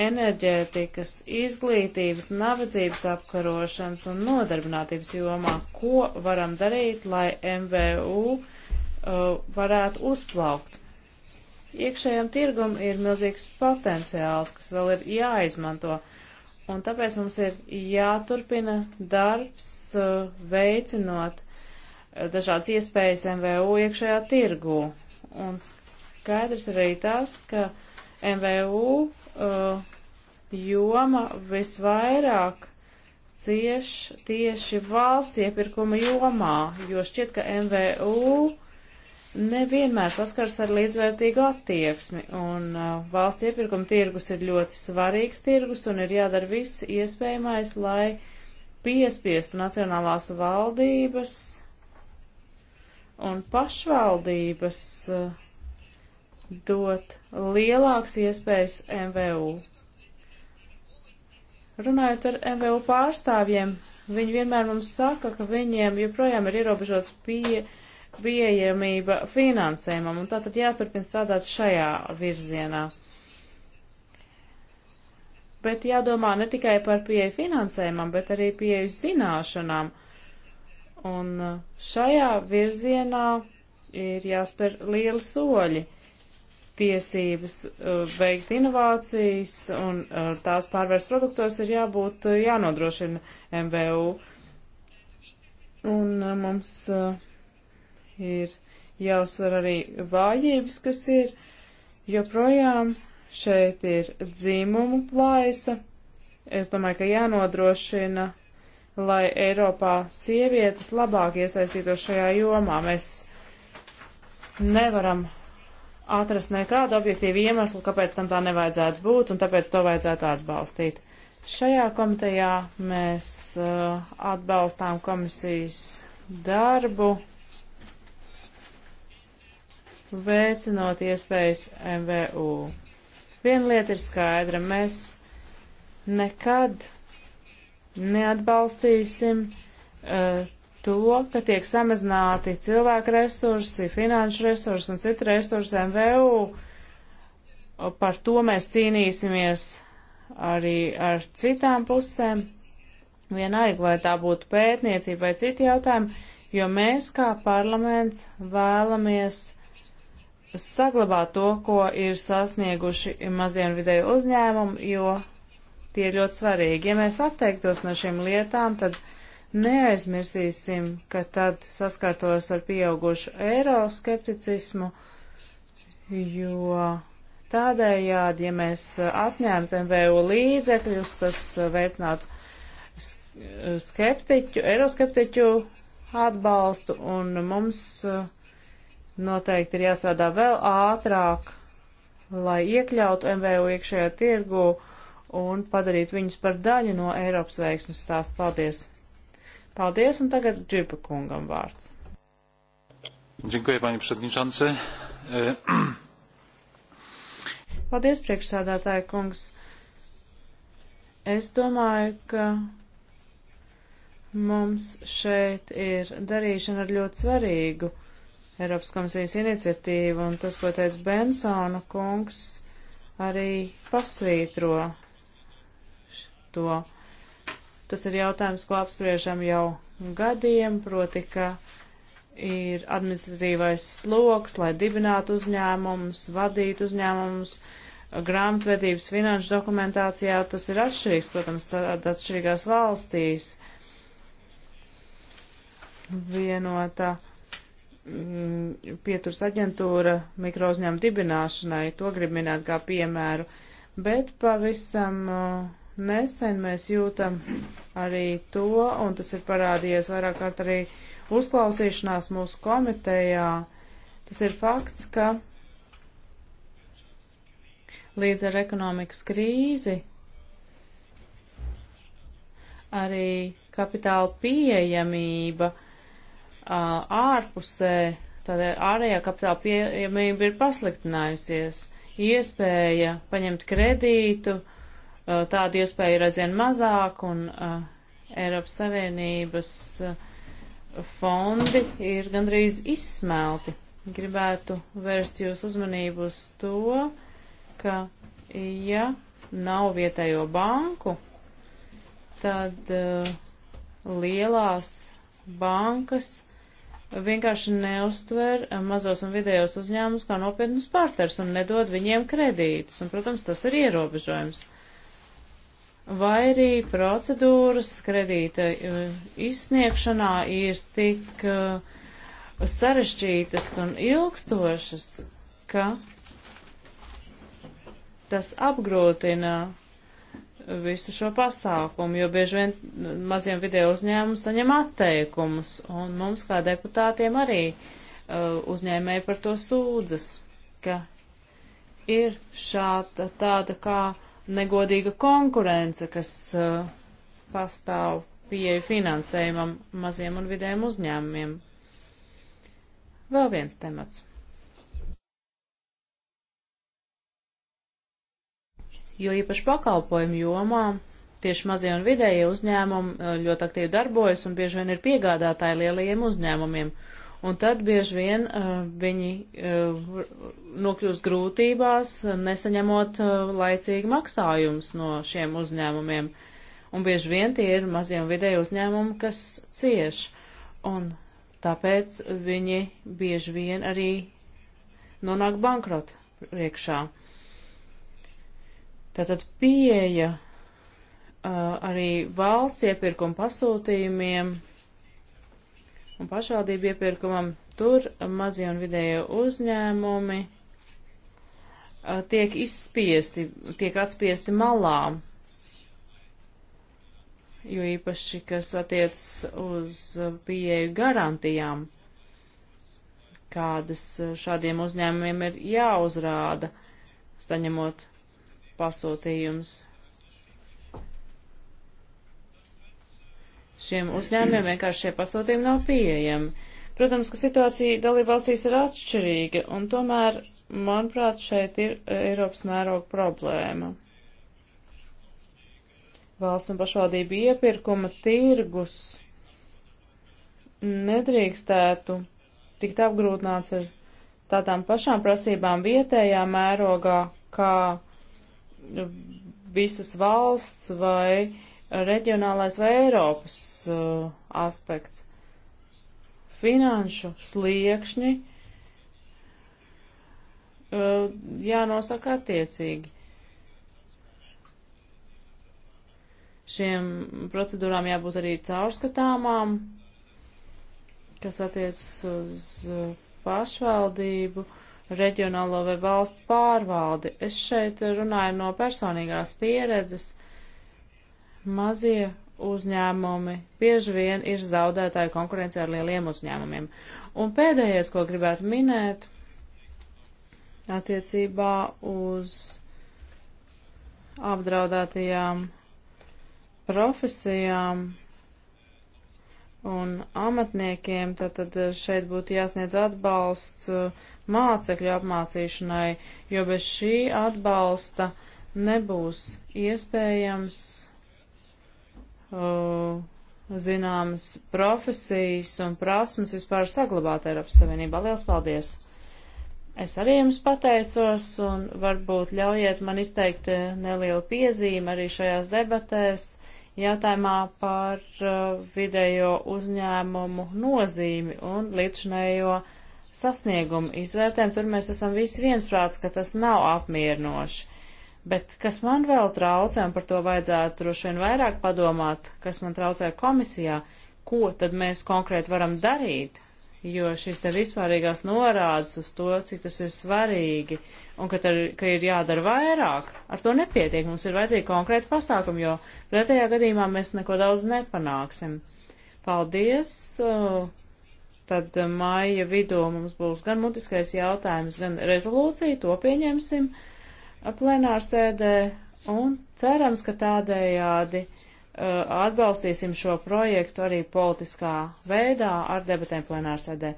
enerģētikas, izglītības, nabadzības apkarošanas un nodarbinātības jomā, ko varam darīt, lai MVU uh, varētu uzplaukt. Iekšējam tirgum ir milzīgs potenciāls, kas vēl ir jāizmanto, un tāpēc mums ir jāturpina darbs, uh, veicinot uh, dažādas iespējas MVU iekšējā tirgū. Un skaidrs arī tas, ka MVU uh, joma visvairāk cieš tieši valsts iepirkuma jomā, jo šķiet, ka MVU nevienmēr saskars ar līdzvērtīgu attieksmi, un uh, valsts iepirkuma tirgus ir ļoti svarīgs tirgus, un ir jādara viss iespējamais, lai piespiestu nacionālās valdības un pašvaldības uh, dot lielāks iespējas MVU. Runājot ar MVU pārstāvjiem, viņi vienmēr mums saka, ka viņiem joprojām ir ierobežots pie, pieejamība finansējumam, un tātad jāturpina strādāt šajā virzienā. Bet jādomā ne tikai par pieeju finansējumam, bet arī pieeju zināšanām. Un šajā virzienā ir jāspēr lieli soļi. Uh, tiesības uh, veikt inovācijas un uh, tās pārvērst produktos ir jābūt uh, jānodrošina MVU. Un mums ir jāuzsver arī vājības, kas ir joprojām šeit ir dzīmumu plaisa. Es domāju, ka jānodrošina, lai Eiropā sievietes labāk iesaistītos šajā jomā. Mēs nevaram atrast nekādu objektīvu iemeslu, kāpēc tam tā nevajadzētu būt, un tāpēc to vajadzētu atbalstīt. Šajā komitejā mēs uh, atbalstām komisijas darbu, veicinot iespējas MVU. Viena lieta ir skaidra, mēs nekad neatbalstīsim uh, to, ka tiek samazināti cilvēku resursi, finanšu resursi un citu resursu MVU. Par to mēs cīnīsimies arī ar citām pusēm, vienalga vai tā būtu pētniecība vai citi jautājumi, jo mēs kā parlaments vēlamies saglabāt to, ko ir sasnieguši mazie un vidēji uzņēmumi, jo tie ir ļoti svarīgi. Ja mēs atteiktos no šīm lietām, tad Neaizmirsīsim, ka tad saskārtos ar pieaugušu eiroskepticismu, jo tādējādi, ja mēs atņemtu MVU līdzekļus, tas veicinātu skeptiķu, eiroskeptiķu atbalstu, un mums eh, noteikti ir jāstrādā vēl ātrāk, lai iekļautu MVU iekšējā tirgu un padarītu viņus par daļu no Eiropas veiksmes stāsta. Paldies! Paldies, un tagad Džipa kungam vārds. Dziękuję, panie przewodniczący. E, [CLEARS THROAT] Paldies, priekšsādātāja kungs. Es domāju, ka mums šeit ir darīšana ar ļoti svarīgu Eiropas komisijas iniciatīvu, un tas, ko teica Bensona kungs, arī pasvītro to. Tas ir jautājums, ko apspriežam jau gadiem, proti, ka ir administratīvais sloks, lai dibinātu uzņēmumus, vadītu uzņēmumus, grāmatvedības, finanšu dokumentācijā. Tas ir atšķirīgs, protams, atšķirīgās valstīs. Vienota mm, pieturas aģentūra mikrouzņēmuma dibināšanai, to grib minēt kā piemēru, bet pavisam uh, nesen mēs jūtam arī to, un tas ir parādījies vairāk kārt arī uzklausīšanās mūsu komitejā, tas ir fakts, ka līdz ar ekonomikas krīzi arī kapitāla pieejamība ārpusē, tādā ārējā kapitāla pieejamība ir pasliktinājusies. Iespēja paņemt kredītu, uh, Uh, tādu iespēju ir aizvien mazāk, un uh, Eiropas Savienības uh, fondi ir gandrīz izsmelti. Gribētu vērst jūs uzmanību uz to, ka ja nav vietējo banku, tad uh, lielās bankas vienkārši neustver uh, mazos un vidējos uzņēmumus kā nopietnus partners un nedod viņiem kredītus. Un, protams, tas ir ierobežojums vai arī procedūras kredīta uh, izsniegšanā ir tik uh, sarežģītas un ilgstošas, ka tas apgrūtina uh, visu šo pasākumu, jo bieži vien maziem video uzņēmumi saņem atteikumus, un mums kā deputātiem arī uh, uzņēmēji par to sūdzas, ka ir šāda tāda kā negodīga konkurence, kas uh, pastāv pieeja finansējumam maziem un vidējiem uzņēmumiem. Vēl viens temats. Jo īpaši pakalpojumu jomā tieši mazie un vidējie uzņēmumi uh, ļoti aktīvi darbojas un bieži vien ir piegādātāji lielajiem uzņēmumiem. Uh, un tad bieži vien uh, viņi uh, nokļūst grūtībās, uh, nesaņemot laicīgi maksājumus no šiem uzņēmumiem. Un bieži vien tie ir mazie un vidēji uzņēmumi, kas cieš. Un tāpēc viņi bieži vien arī nonāk bankrota priekšā. Tātad pieeja uh, arī valsts iepirkuma pasūtījumiem un pašvaldību iepirkumam, tur mazie un vidējie uzņēmumi tiek izspiesti, tiek atspiesti malā, jo īpaši, kas attiec uz pieeju garantijām, kādas šādiem uzņēmumiem ir jāuzrāda, saņemot pasūtījumus šiem uzņēmumiem vienkārši šie pasūtījumi nav pieejami. Protams, ka situācija dalībvalstīs ir atšķirīga, un tomēr, manuprāt, šeit ir e, Eiropas mēroga problēma. Valsts un pašvaldību iepirkuma tirgus nedrīkstētu tikt apgrūtināts ar tādām pašām prasībām vietējā mērogā, kā visas valsts vai uh, reģionālais vai Eiropas uh, aspekts. Finanšu sliekšņi uh, jānosaka attiecīgi. Šiem procedūrām jābūt arī caurskatāmām, kas attiecas uz uh, pašvaldību, reģionālo vai valsts pārvaldi. Es šeit runāju no personīgās pieredzes. Uh, mazie uzņēmumi bieži vien ir zaudētāji konkurencē ar lieliem uzņēmumiem. Un pēdējais, ko gribētu minēt, attiecībā uz apdraudētajām profesijām un amatniekiem, tad, tad šeit būtu jāsniedz atbalsts uh, mācekļu apmācīšanai, jo bez šī atbalsta nebūs iespējams Uh, zināmas profesijas un prasmes vispār saglabāt Eiropas Savienībā. Liels paldies! Es arī jums pateicos un varbūt ļaujiet man izteikt uh, nelielu piezīmi arī šajās debatēs jautājumā par uh, vidējo uzņēmumu nozīmi un līdzinējo sasniegumu izvērtēm. Tur mēs esam visi viensprāts, ka tas nav apmierinoši. Bet kas man vēl traucē, un par to vajadzētu droši vien vairāk padomāt, kas man traucē komisijā, ko tad mēs konkrēti varam darīt, jo šīs te vispārīgās norādes uz to, cik tas ir svarīgi, un ka, tar, ka ir jādara vairāk, ar to nepietiek. Mums ir vajadzīgi konkrēti pasākumi, jo pretējā gadījumā mēs neko daudz nepanāksim. Paldies! Uh, tad maija vidū mums būs gan mutiskais jautājums, gan rezolūcija, to pieņemsim plenārsēdē un cerams, ka tādējādi uh, atbalstīsim šo projektu arī politiskā veidā ar debatēm plenārsēdē.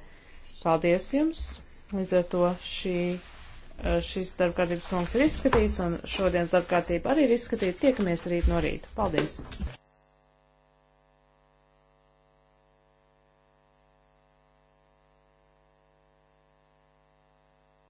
Paldies jums! Līdz ar to šī, uh, šis darbkārtības punkts ir izskatīts un šodienas darbkārtība arī ir izskatīta. Tiekamies rīt no rīta. Paldies!